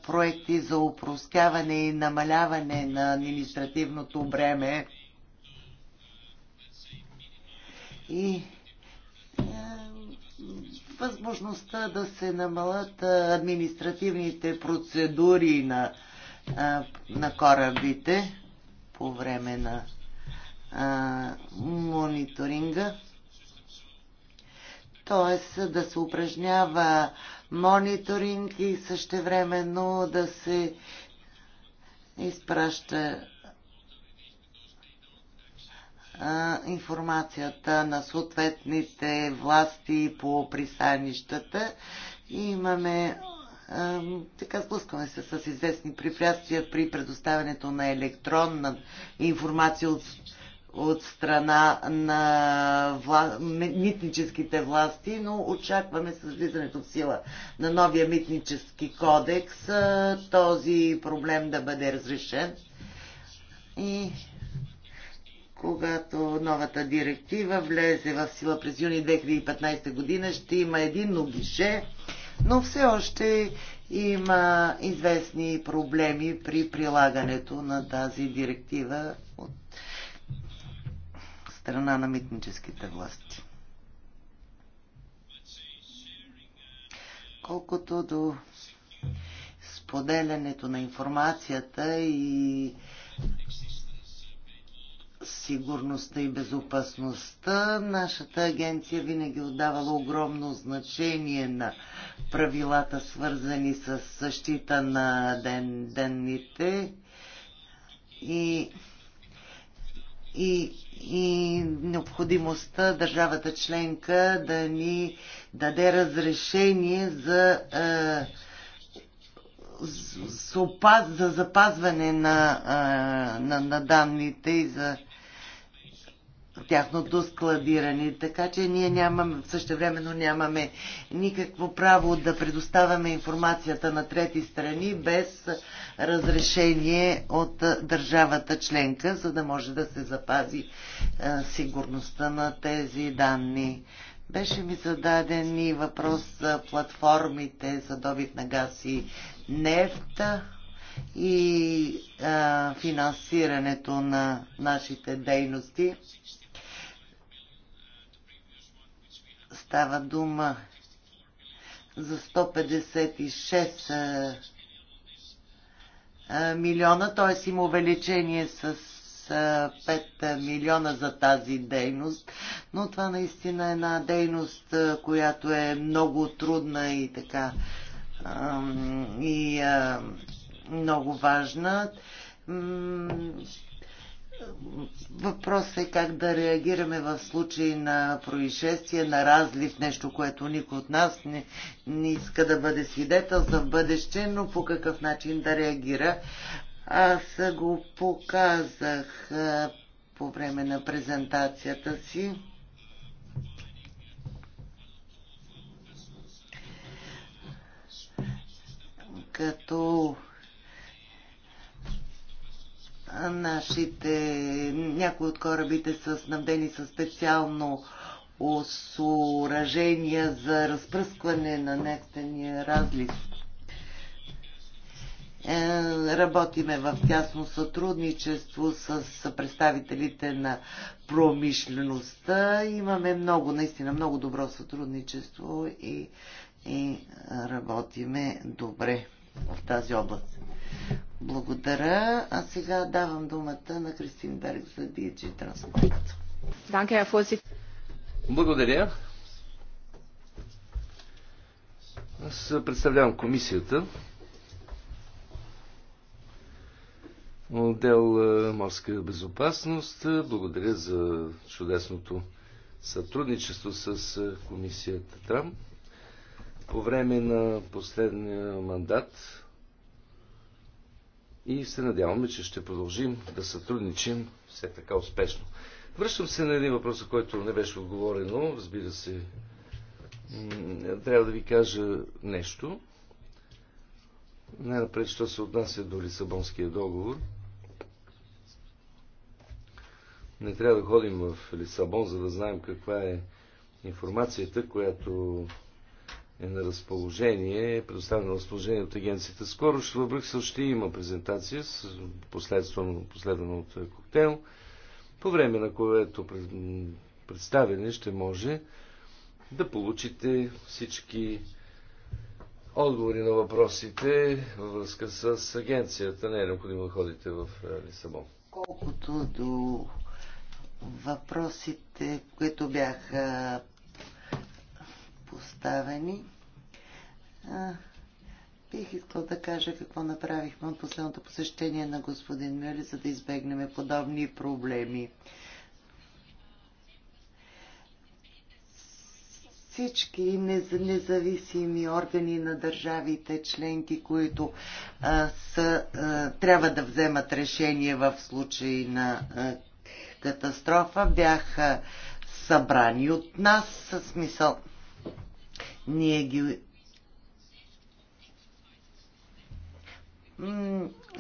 проекти за упростяване и намаляване на административното бреме. И възможността да се намалят административните процедури на, на корабите по време на а, мониторинга. Тоест да се упражнява мониторинг и същевременно да се изпраща информацията на съответните власти по пристанищата. И имаме така сблъскваме се с известни препятствия при предоставянето на електронна информация от от страна на вла... митническите власти, но очакваме с влизането в сила на новия митнически кодекс този проблем да бъде разрешен. И когато новата директива влезе в сила през юни 2015 година, ще има единно гише, но все още има известни проблеми при прилагането на тази директива от страна на митническите власти. Колкото до споделянето на информацията и сигурността и безопасността, нашата агенция винаги отдавала огромно значение на правилата, свързани с защита на ден, денните и, и и необходимостта държавата членка да ни даде разрешение за, е, за запазване на, е, на, на данните и за тяхното складиране. Така че ние нямаме, същевременно нямаме никакво право да предоставяме информацията на трети страни без разрешение от държавата членка, за да може да се запази е, сигурността на тези данни. Беше ми зададен и въпрос за платформите за добив на газ и нефта и а, е, финансирането на нашите дейности. Става дума за 156 милиона, т.е. има увеличение с 5 милиона за тази дейност, но това наистина е една дейност, която е много трудна и така и много важна. Въпросът е как да реагираме в случай на происшествие, на разлив, нещо, което никой от нас не, не иска да бъде свидетел за бъдеще, но по какъв начин да реагира. Аз го показах по време на презентацията си. Като Нашите, някои от корабите са снабдени със специално осуражение за разпръскване на нефтения разлив. Е, работиме в тясно сътрудничество с представителите на промишлеността. Имаме много, наистина много добро сътрудничество и, и работиме добре в тази област. Благодаря. А сега давам думата на Кристин Берг за DG Транспорт. Благодаря. Аз представлявам комисията. Отдел е, морска безопасност. Благодаря за чудесното сътрудничество с е, комисията Трам. По време на последния мандат и се надяваме, че ще продължим да сътрудничим все така успешно. Връщам се на един въпрос, за който не беше отговорено. Разбира се, трябва да ви кажа нещо. Най-напред, що се отнася до Лисабонския договор. Не трябва да ходим в Лисабон, за да знаем каква е информацията, която е на разположение, е предоставено на разположение от агенцията. Скоро в Брюксел ще има презентация, с последвано от е, коктейл, по време на което представяне ще може да получите всички отговори на въпросите във връзка с агенцията. Не е необходимо да ходите в е, Лисабон. Колкото до въпросите, които бяха поставени. А, бих искал да кажа какво направихме от последното посещение на господин Мюли, за да избегнем подобни проблеми. всички независими органи на държавите членки, които а, са, а, трябва да вземат решение в случай на а, катастрофа, бяха събрани от нас, в смисъл ние ги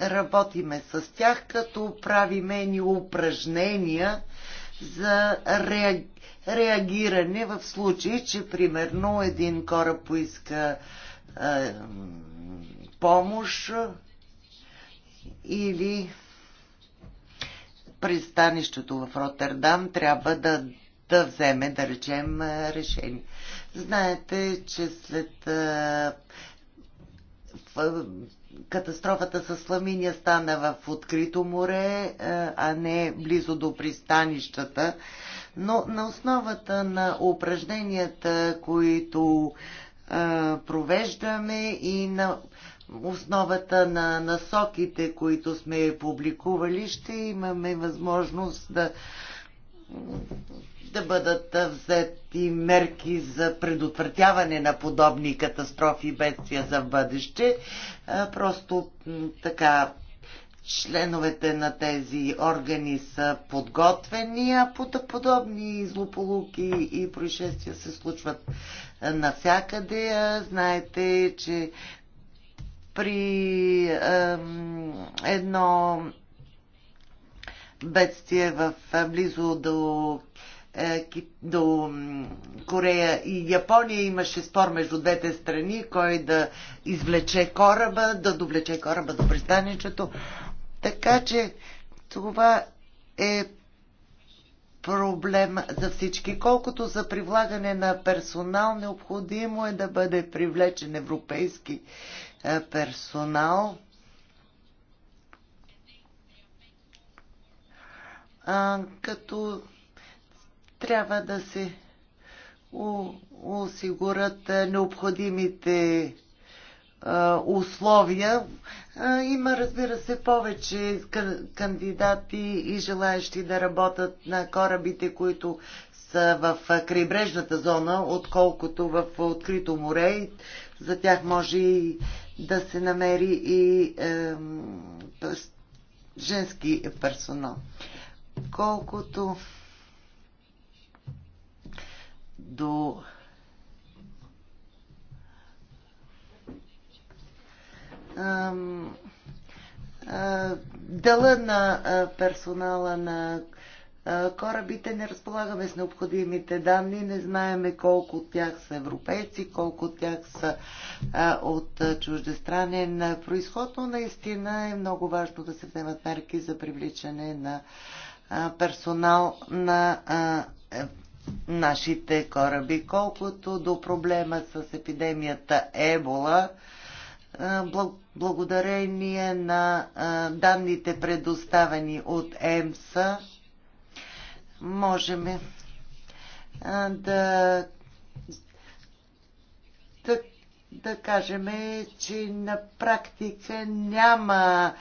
работиме с тях, като правиме ни упражнения за реагиране в случай, че примерно един кораб поиска е, помощ или пристанището в Роттердам трябва да, да вземе, да речем, решение. Знаете, че след а, в, катастрофата с Сламиния стана в открито море, а не близо до пристанищата. Но на основата на упражненията, които а, провеждаме и на основата на насоките, които сме публикували, ще имаме възможност да да бъдат взети мерки за предотвратяване на подобни катастрофи и бедствия за бъдеще. Просто така членовете на тези органи са подготвени, а подобни злополуки и происшествия се случват навсякъде. Знаете, че при едно бедствие в близо до е, до Корея и Япония имаше спор между двете страни, кой да извлече кораба, да довлече кораба до пристанището. Така че това е проблем за всички. Колкото за привлагане на персонал, необходимо е да бъде привлечен европейски е, персонал а, като трябва да се осигурят необходимите условия. Има, разбира се, повече кандидати и желаящи да работят на корабите, които са в крайбрежната зона, отколкото в открито море. За тях може и да се намери и е, женски персонал. Колкото до ам, а, дела на а, персонала на а, корабите не разполагаме с необходимите данни, не знаеме колко от тях са европейци, колко от тях са а, от чуждестранен происход, но наистина е много важно да се вземат мерки за привличане на а, персонал на е, нашите кораби. Колкото до проблема с епидемията Ебола, благодарение на данните предоставени от ЕМСА, можем да, да, кажем, че на практика няма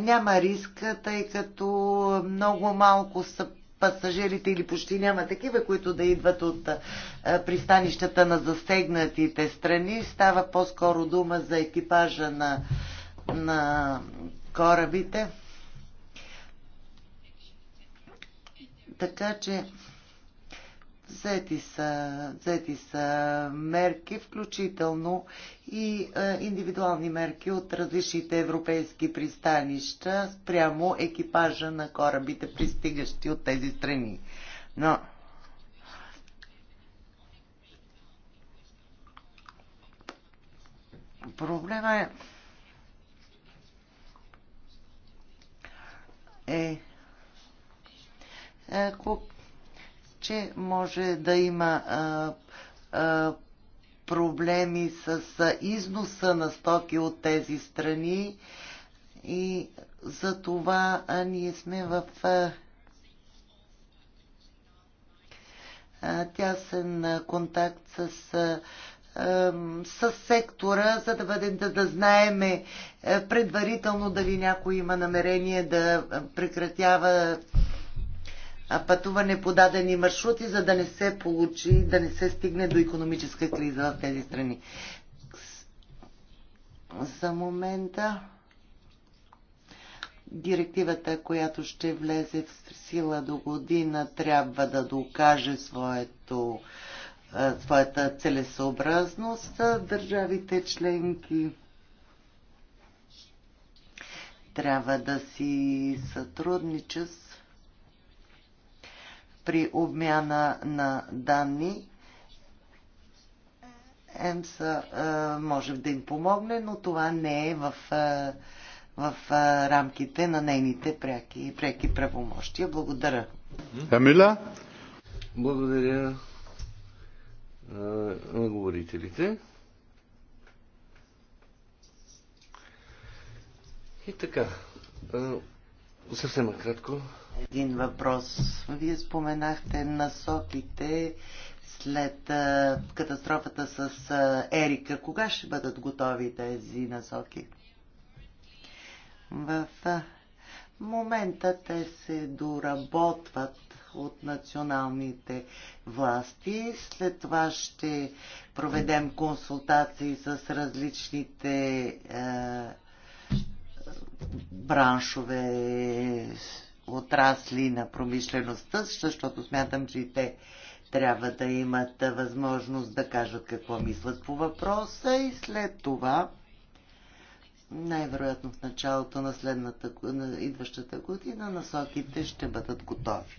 няма риск, тъй като много малко са пасажирите или почти няма такива, които да идват от пристанищата на застегнатите страни. Става по-скоро дума за екипажа на, на корабите. Така че Взети са, взети са мерки, включително и е, индивидуални мерки от различните европейски пристанища спрямо екипажа на корабите, пристигащи от тези страни. Но проблема е е, е че може да има а, а, проблеми с износа на стоки от тези страни и за това а, ние сме в а, тясен контакт с а, с сектора, за да, бъдем, да, да знаеме предварително дали някой има намерение да прекратява пътуване по дадени маршрути, за да не се получи, да не се стигне до економическа криза в тези страни. За момента директивата, която ще влезе в сила до година, трябва да докаже своето, своята целесообразност. Държавите членки трябва да си сътрудничат при обмяна на данни. ЕМСА а, е, може да им помогне, но това не е в, а, е, в а, е, рамките на нейните преки, преки правомощия. Благодаря. Камила? Благодаря на говорителите. И така, съвсем кратко един въпрос. Вие споменахте насоките след а, катастрофата с а, Ерика. Кога ще бъдат готови тези насоки? В а, момента те се доработват от националните власти. След това ще проведем консултации с различните а, браншове отрасли на промишлеността, защото смятам, че и те трябва да имат възможност да кажат какво мислят по въпроса и след това най-вероятно в началото на следната, на идващата година насоките ще бъдат готови.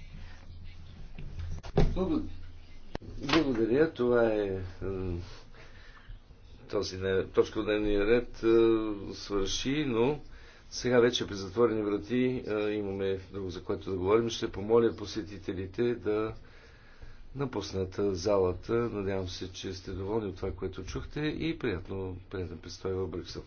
Благодаря. Това е този точка дневния ред е, свърши, но сега вече при затворени врати имаме друго, за което да говорим. Ще помоля посетителите да напуснат залата. Надявам се, че сте доволни от това, което чухте и приятно, приятен престой в Брюксел.